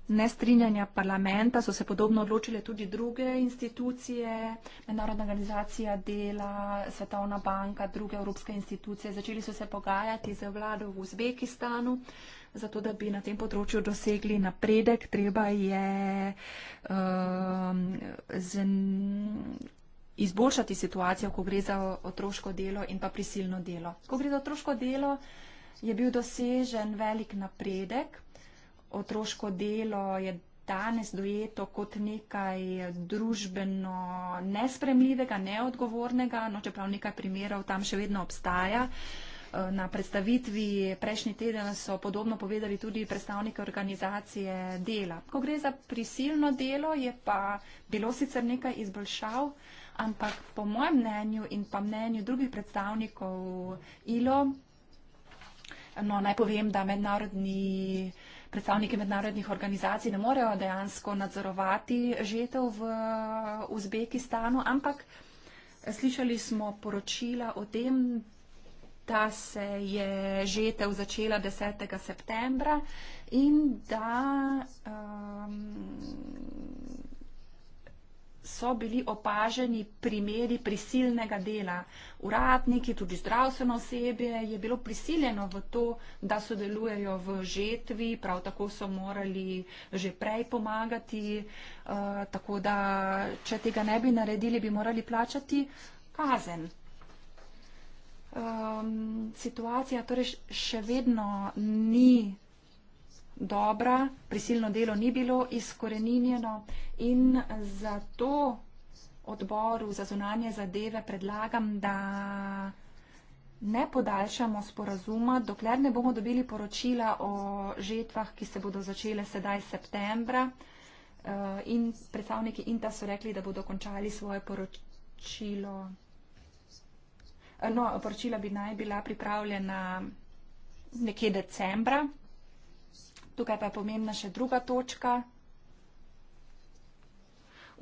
nestrinjanja parlamenta so se podobno odločile tudi druge institucije, Mednarodna organizacija dela, Svetovna banka, druge evropske institucije. Začeli so se pogajati z vlado v Uzbekistanu, zato da bi na tem področju dosegli napredek, treba je um, z, izboljšati situacijo, ko gre za otroško delo in pa prisilno delo. Ko gre za otroško delo, je bil dosežen velik napredek otroško delo je danes dojeto kot nekaj družbeno nespremljivega, neodgovornega, no čeprav nekaj primerov tam še vedno obstaja. E, na predstavitvi prejšnji teden so podobno povedali tudi predstavniki organizacije dela. Ko gre za prisilno delo, je pa bilo sicer nekaj izboljšav, ampak po mojem mnenju in pa mnenju drugih predstavnikov ILO, no naj povem, da mednarodni predstavniki mednarodnih organizacij ne morejo dejansko nadzorovati žetev v Uzbekistanu, ampak slišali smo poročila o tem, da se je žetev začela 10. septembra in da. Um, so bili opaženi primeri prisilnega dela. Uradniki, tudi zdravstveno osebje je bilo prisiljeno v to, da sodelujejo v žetvi, prav tako so morali že prej pomagati, eh, tako da če tega ne bi naredili, bi morali plačati kazen. Ehm, situacija torej še vedno ni dobra, prisilno delo ni bilo izkoreninjeno in zato odboru za zunanje zadeve predlagam, da ne podaljšamo sporazuma, dokler ne bomo dobili poročila o žetvah, ki se bodo začele sedaj septembra eh, in predstavniki INTA so rekli, da bodo končali svoje poročilo. Eh, no, poročila bi naj bila pripravljena nekje decembra, Tukaj pa je pomembna še druga točka.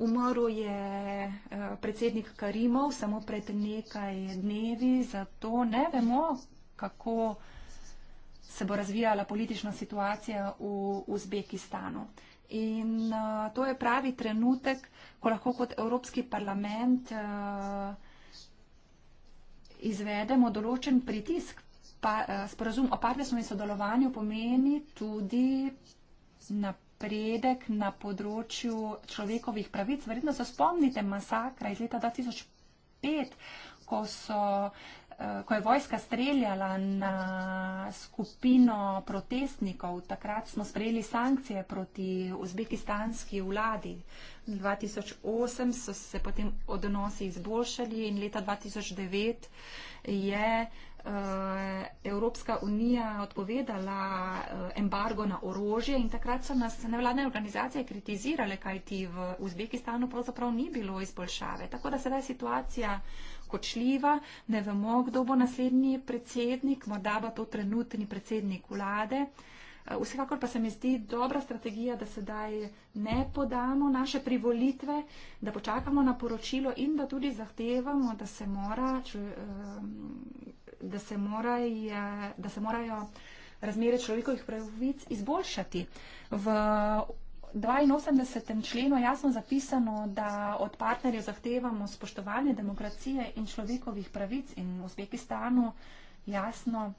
Umrl je eh, predsednik Karimov samo pred nekaj dnevi, zato ne vemo, kako se bo razvijala politična situacija v Uzbekistanu. In uh, to je pravi trenutek, ko lahko kot Evropski parlament uh, izvedemo določen pritisk Eh, sporozum o partnerstvu in sodelovanju pomeni tudi napredek na področju človekovih pravic. Verjetno se spomnite masakra iz leta 2005, ko, so, eh, ko je vojska streljala na skupino protestnikov. Takrat smo sprejeli sankcije proti uzbekistanski vladi. 2008 so se potem odnosi izboljšali in leta 2009 je Eh, Evropska unija odpovedala eh, embargo na orožje in takrat so nas nevladne organizacije kritizirale, kaj ti v Uzbekistanu pravzaprav ni bilo izboljšave. Tako da sedaj je situacija kočljiva, ne vemo, kdo bo naslednji predsednik, morda pa to trenutni predsednik vlade. Eh, vsekakor pa se mi zdi dobra strategija, da sedaj ne podamo naše privolitve, da počakamo na poročilo in da tudi zahtevamo, da se mora. Če, um, da se, moraje, eh, da se morajo razmere človekovih pravic izboljšati. V 82. členu jasno zapisano, da od partnerjev zahtevamo spoštovanje demokracije in človekovih pravic in v Uzbekistanu jasno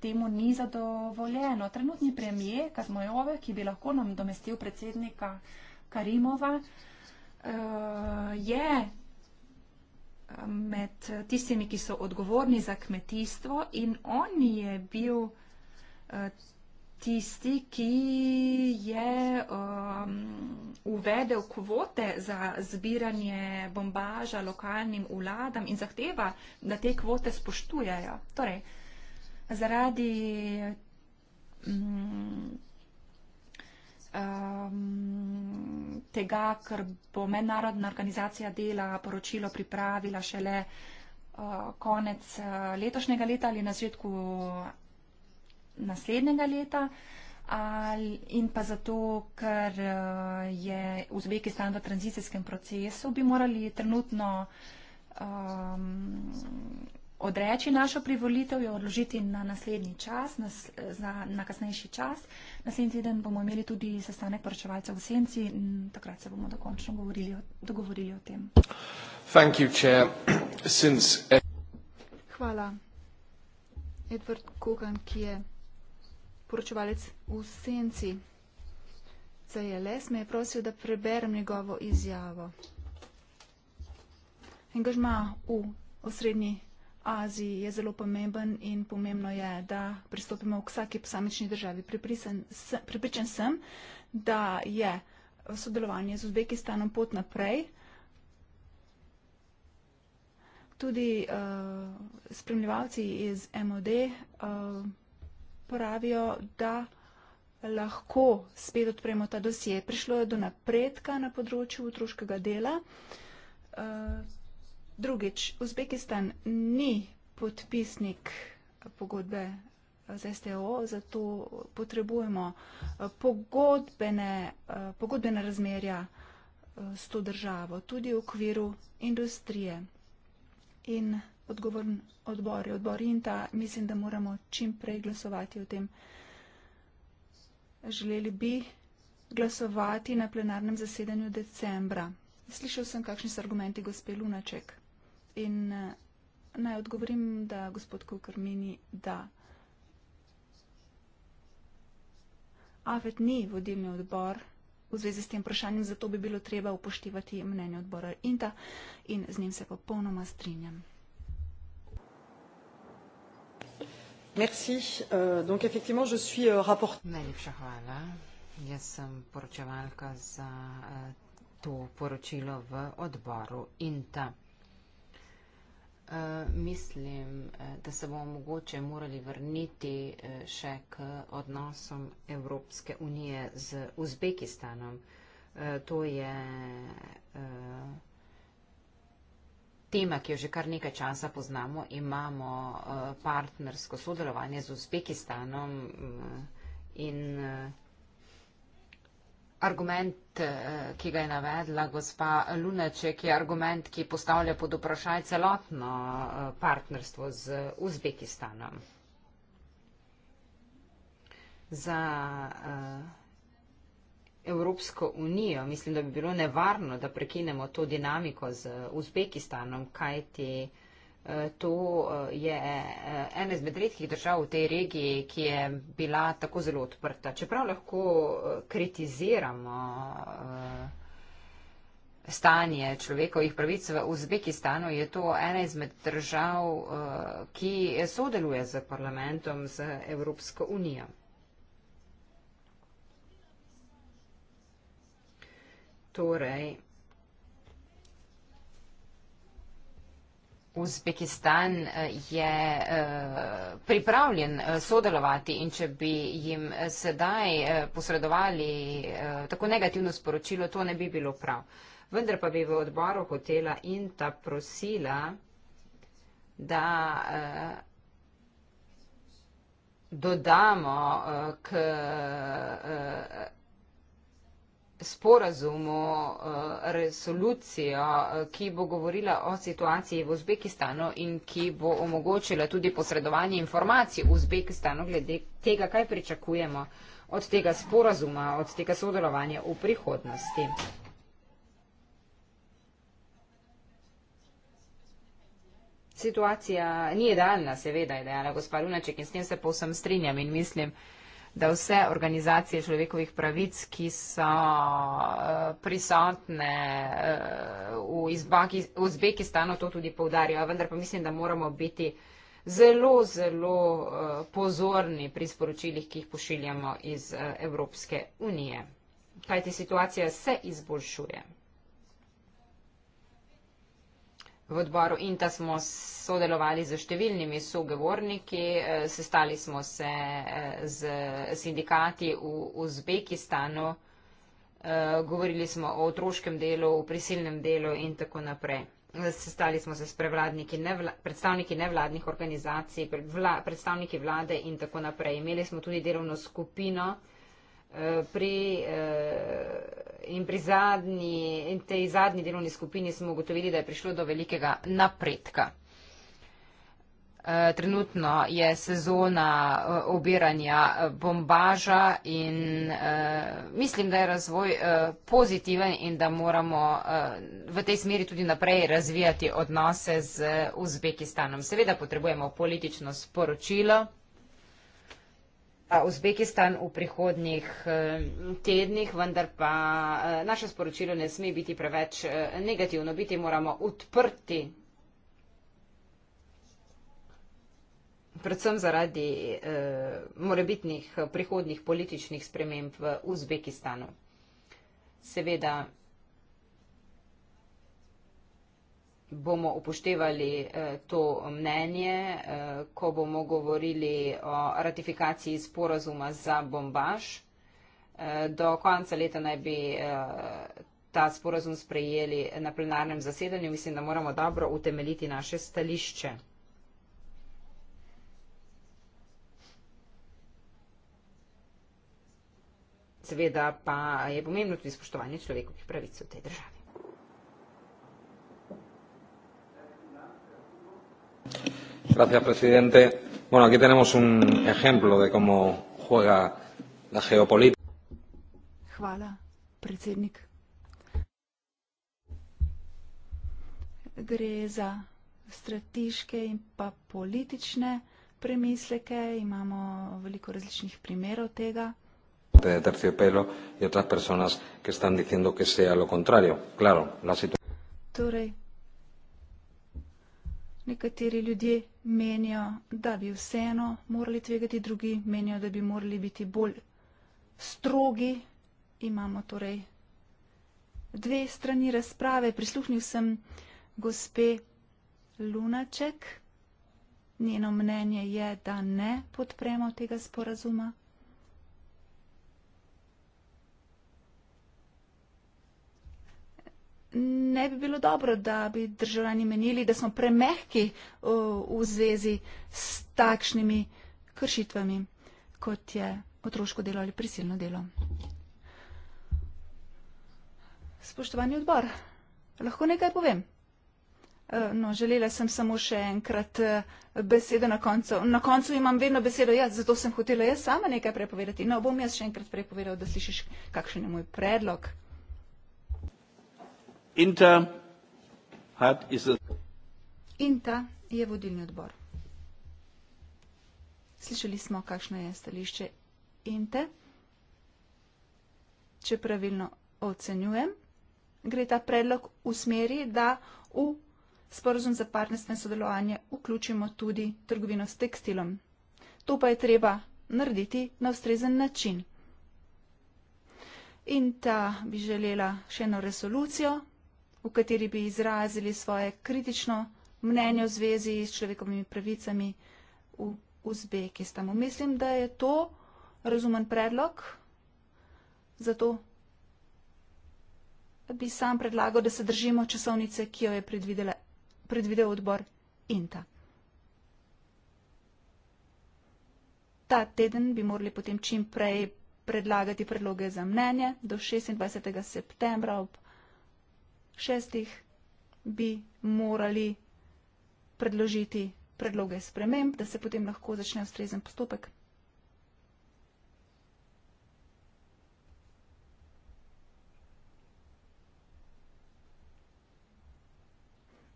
temu ni zadovoljeno. Trenutni premije Kazmojove, ki bi lahko nam domestil predsednika Karimova, eh, je med tistimi, ki so odgovorni za kmetijstvo in on je bil eh, tisti, ki je um, uvedel kvote za zbiranje bombaža lokalnim vladam in zahteva, da te kvote spoštujejo. Torej, zaradi um, um, tega, ker bo mednarodna organizacija dela poročilo pripravila šele uh, konec uh, letošnjega leta ali na začetku eh, naslednjega leta. Ali, in pa zato, ker uh, je Uzbekistan v tranzicijskem procesu, bi morali trenutno. Um, odreči našo privolitev, jo odložiti na naslednji čas, na, za, na kasnejši čas. Naslednji teden bomo imeli tudi sestanek poročevalcev v Senci in takrat se bomo dokončno govorili, dogovorili o tem. You, Since... E- Hvala. Edward Kogan, ki je poročevalec v Senci, za JLS e me je prosil, da preberem njegovo izjavo. Engažma v osrednji Aziji je zelo pomemben in pomembno je, da pristopimo v vsaki posamični državi. Pripričan sem, da je sodelovanje z Uzbekistanom pot naprej. Tudi uh, spremljevalci iz MOD uh, eh, pravijo, da lahko spet odpremo ta dosje. Prišlo je do napredka na področju otroškega dela. Uh, Drugič, Uzbekistan ni podpisnik pogodbe z STO, zato potrebujemo eh, pogodbene, eh, pogodbene razmerja eh, s to državo, tudi v okviru industrije. In odgovorn odbor je odbor INTA, mislim, da moramo čim prej glasovati o tem. Želeli bi glasovati na plenarnem zasedanju decembra. Slišal sem, kakšni so argumenti gospe Lunaček. In eh, naj odgovorim, da gospod Kukr meni, da AFET ni vodilni odbor v zvezi s tem vprašanjem, zato bi bilo treba upoštevati mnenje odbora INTA in z njim se popolnoma strinjam. Merci. Uh, donc effectivement, je suis uh, rapporteur. Najlepša hvala. Jaz sem poročevalka za uh, to poročilo v odboru INTA. Eh, mislim, eh, da se bomo mogoče morali vrniti eh, še k odnosom Evropske unije z Uzbekistanom. To je tema, ki jo že kar nekaj časa poznamo. Imamo partnersko sodelovanje z Uzbekistanom mm, in argument eh, ki ga je navedla gospa Lunaček, je argument, ki postavlja pod vprašaj celotno eh, partnerstvo z Uzbekistanom. Za uh, Evropsko unijo mislim, da bi bilo nevarno, da prekinemo to dinamiko z Uzbekistanom, kajti uh, To eh, je eh, ena izmed redkih držav v tej regiji, ki je bila tako zelo odprta. Čeprav lahko eh, kritiziramo stanje človekovih pravic v Uzbekistanu, je to ena izmed držav, ki sodeluje z parlamentom, z Evropsko unijo. Torej, Uzbekistan eh, je eh, pripravljen eh, sodelovati in če bi jim sedaj posredovali tako negativno sporočilo, to ne bi bilo prav. Vendar pa bi v odboru hotela in ta prosila, da dodamo k sporazumu, eh, resolucijo, eh, ki bo govorila o situaciji v Uzbekistanu in ki bo omogočila tudi posredovanje informacij v Uzbekistanu glede tega, kaj pričakujemo od tega sporazuma, od tega sodelovanja v prihodnosti. Situacija ni idealna, seveda je dejala gospa Lunaček in s tem se povsem strinjam in mislim, da vse organizacije človekovih pravic, ki so eh, prisotne eh, v Uzbekistanu, to tudi povdarjajo. Vendar pa mislim, da moramo biti zelo, zelo eh, pozorni pri sporočilih, ki jih pošiljamo iz Evropske unije. Kajti situacija se izboljšuje. v odboru in da smo sodelovali z številnimi sogovorniki. Eh, sestali smo se eh, z sindikati v Uzbekistanu, eh, govorili smo o otroškem delu, o prisilnem delu in tako naprej. Sestali smo se s prevladniki, nevla, predstavniki nevladnih organizacij, vla, predstavniki vlade in tako naprej. Imeli smo tudi delovno skupino pri In pri zadnji, in tej zadnji delovni skupini smo ugotovili, da je prišlo do velikega napredka. E, trenutno je sezona e, obiranja e, bombaža in mislim, da je razvoj pozitiven in da moramo v tej smeri tudi naprej razvijati odnose z Uzbekistanom. Seveda potrebujemo politično sporočilo. Uzbekistan v prihodnih eh, tednih, vendar pa eh, naše sporočilo ne sme biti preveč eh, negativno, biti moramo odprti. predvsem zaradi eh, morebitnih prihodnih političnih sprememb v Uzbekistanu. Seveda bomo upoštevali eh, to mnenje, eh, ko bomo govorili o ratifikaciji sporazuma za bombaž. Eh, do konca leta naj bi ta sporazum sprejeli na plenarnem zasedanju. Mislim, da moramo dobro utemeliti naše stališče. Seveda pa je pomembno tudi spoštovanje človekovih pravic v tej državi. Gracias, presidente. Bueno, aquí tenemos un ejemplo de cómo juega la geopolítica. Hvala, predsednik. Gre za strateške in pa politične premisleke. Imamo veliko različnih primerov tega. De terciopelo y otras personas que están diciendo que sea lo contrario. Claro, la situación. Torej, Nekateri ljudje menijo, da bi vseeno morali tvegati, drugi menijo, da bi morali biti bolj strogi. Imamo torej dve strani razprave. Prisluhnil sem gospe Lunaček. Njeno mnenje je, da ne podpremo tega sporazuma. ne bi bilo dobro, da bi državljani menili, da smo premehki uh, v zvezi s takšnimi kršitvami, kot je otroško delo ali prisilno delo. Spoštovani odbor, lahko nekaj povem? Uh, no, želela sem samo še enkrat uh, besedo na koncu. Na koncu imam vedno besedo jaz, zato sem hotela jaz sama nekaj prepovedati. No, bom jaz še enkrat prepovedal, da slišiš, kakšen je moj predlog. Inter, hat, is a... Inter je vodilni odbor. Slišali smo, kakšno je stališče Inter. Če pravilno ocenjujem, gre ta predlog v smeri, da v sporozum za partnerstvo in sodelovanje vključimo tudi trgovino s tekstilom. To pa je treba narediti na ustrezen način. In ta bi želela še eno resolucijo, v kateri bi izrazili svoje kritično mnenje v zvezi s človekovimi pravicami v Uzbekistanu. Mislim, da je to razumen predlog, zato bi sam predlagal, da se držimo časovnice, ki jo je predvidel odbor INTA. Ta teden bi morali potem čim prej predlagati predloge za mnenje do 26. septembra ob šestih bi morali predložiti predloge sprememb, da se potem lahko začne ustrezen postopek.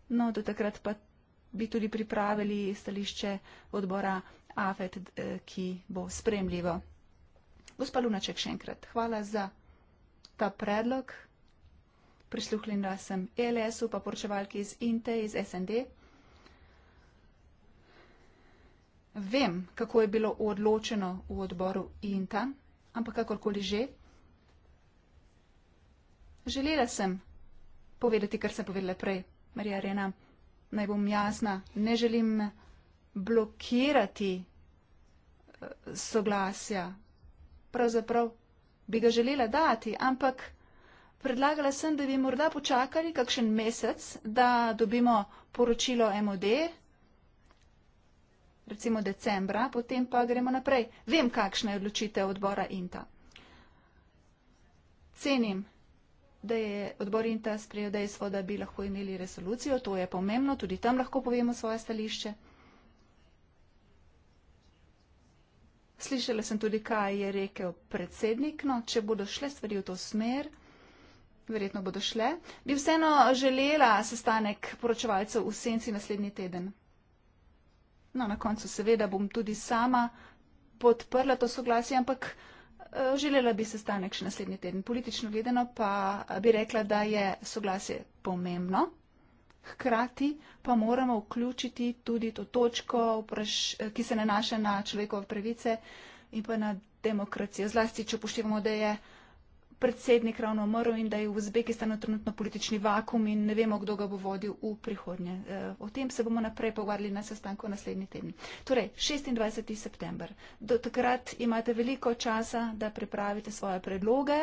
No, do takrat pa bi tudi pripravili stališče odbora AFET, eh, ki bo spremljivo. Gospa Lunaček, še enkrat hvala za ta predlog prisluhnila sem ELS-u, pa poročevalki iz INTE, iz SND. Vem, kako je bilo odločeno v odboru INTA, ampak kakorkoli že, želela sem povedati, kar sem povedala prej, Marija Rena, naj bom jasna, ne želim blokirati eh, soglasja. Pravzaprav bi ga želela dati, ampak predlagala sem, da bi morda počakali kakšen mesec, da dobimo poročilo MOD, recimo decembra, potem pa gremo naprej. Vem, kakšna je odločitev odbora INTA. Cenim, da je odbor INTA sprejel dejstvo, da bi lahko imeli resolucijo, to je pomembno, tudi tam lahko povemo svoje stališče. Slišala sem tudi, kaj je rekel predsednik, no, če bodo šle stvari v to smer, verjetno bodo šle. Bi vseeno želela sestanek poročevalcev v senci naslednji teden. No, na koncu seveda bom tudi sama podprla to soglasje, ampak e, želela bi sestanek še naslednji teden. Politično gledano pa bi rekla, da je soglasje pomembno. Hkrati pa moramo vključiti tudi to točko, ki se nanaša na človekove pravice in pa na demokracijo. Zlasti, če upoštevamo, da je predsednik ravno umrl in da je v Uzbekistanu trenutno politični vakum in ne vemo, kdo ga bo vodil v prihodnje. Eh, o tem se bomo naprej pogovarjali na sestanku naslednji teden. Torej, 26. september. Do takrat imate veliko časa, da pripravite svoje predloge.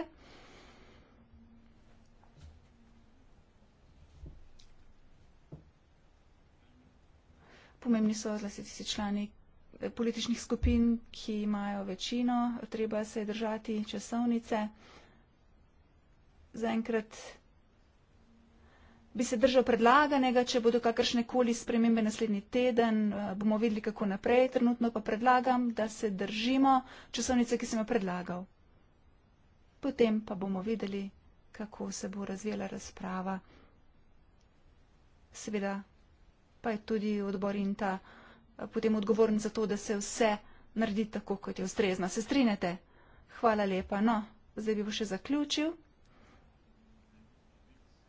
Pomembni so zlasti člani eh, političnih skupin, ki imajo večino. Treba se držati časovnice zaenkrat bi se držal predlaganega, če bodo kakršne koli spremembe naslednji teden, eh, bomo videli, kako naprej. Trenutno pa predlagam, da se držimo časovnice, ki sem jo predlagal. Potem pa bomo videli, kako se bo razvijala razprava. Seveda pa je tudi odbor in ta eh, potem odgovoren za to, da se vse naredi tako, kot je ustrezno. Se strinjate? Hvala lepa. No, zdaj bi bo še zaključil.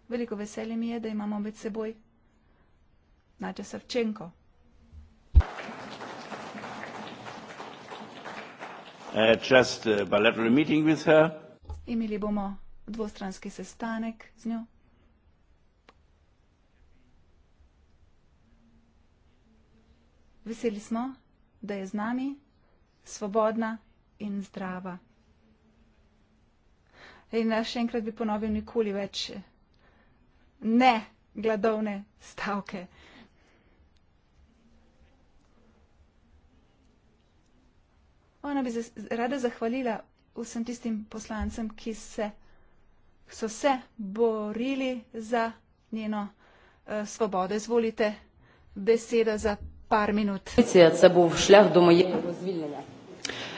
Veliko veselje mi je, da imamo med seboj Nadja Savčenko. Uh, Imeli bomo dvostranski sestanek z njo. Veseli smo, da je z nami svobodna in zdrava. In eh, še enkrat bi ponovil nikoli več vsega. Eh, ne gladovne stavke. Ona bi rada zahvalila vsem tistim poslancem, ki se, so se borili za njeno uh, svobodo. Izvolite beseda za par minut.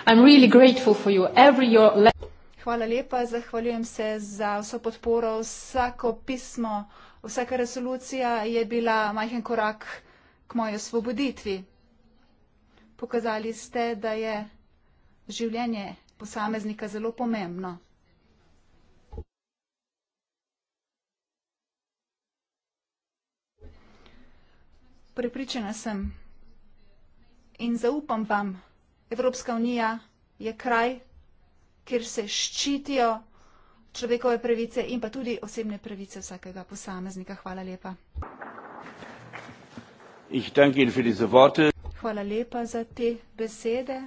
I'm really grateful for you. Every your hvala lepa, zahvaljujem se za vso podporo. Vsako pismo, vsaka resolucija je bila majhen korak k moji osvoboditvi. Pokazali ste, da je življenje posameznika zelo pomembno. Prepričana sem in zaupam vam, Evropska unija je kraj, kjer se ščitijo človekove pravice in pa tudi osebne pravice vsakega posameznika. Hvala lepa. Hvala lepa za te besede.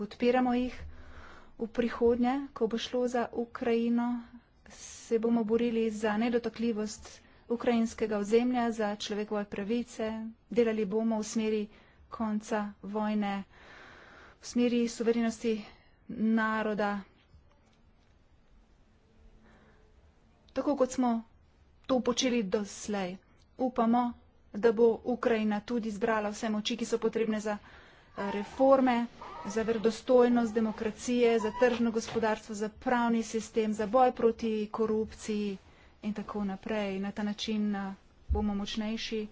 Podpiramo jih v prihodnje, ko bo šlo za Ukrajino. Se bomo borili za nedotakljivost ukrajinskega ozemlja, za človekove pravice. Delali bomo v smeri konca vojne, v smeri suverenosti naroda. Tako kot smo to počeli doslej, upamo, da bo Ukrajina tudi zbrala vse moči, ki so potrebne za eh, reforme, za verodostojnost demokracije, za tržno gospodarstvo, za pravni sistem, za boj proti korupciji in tako naprej. Na ta način eh, bomo močnejši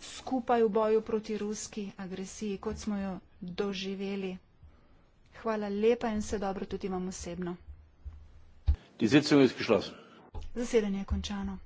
skupaj v boju proti ruski agresiji, kot smo jo doživeli. Hvala lepa in vse dobro tudi vam osebno. Zasedanje je končano.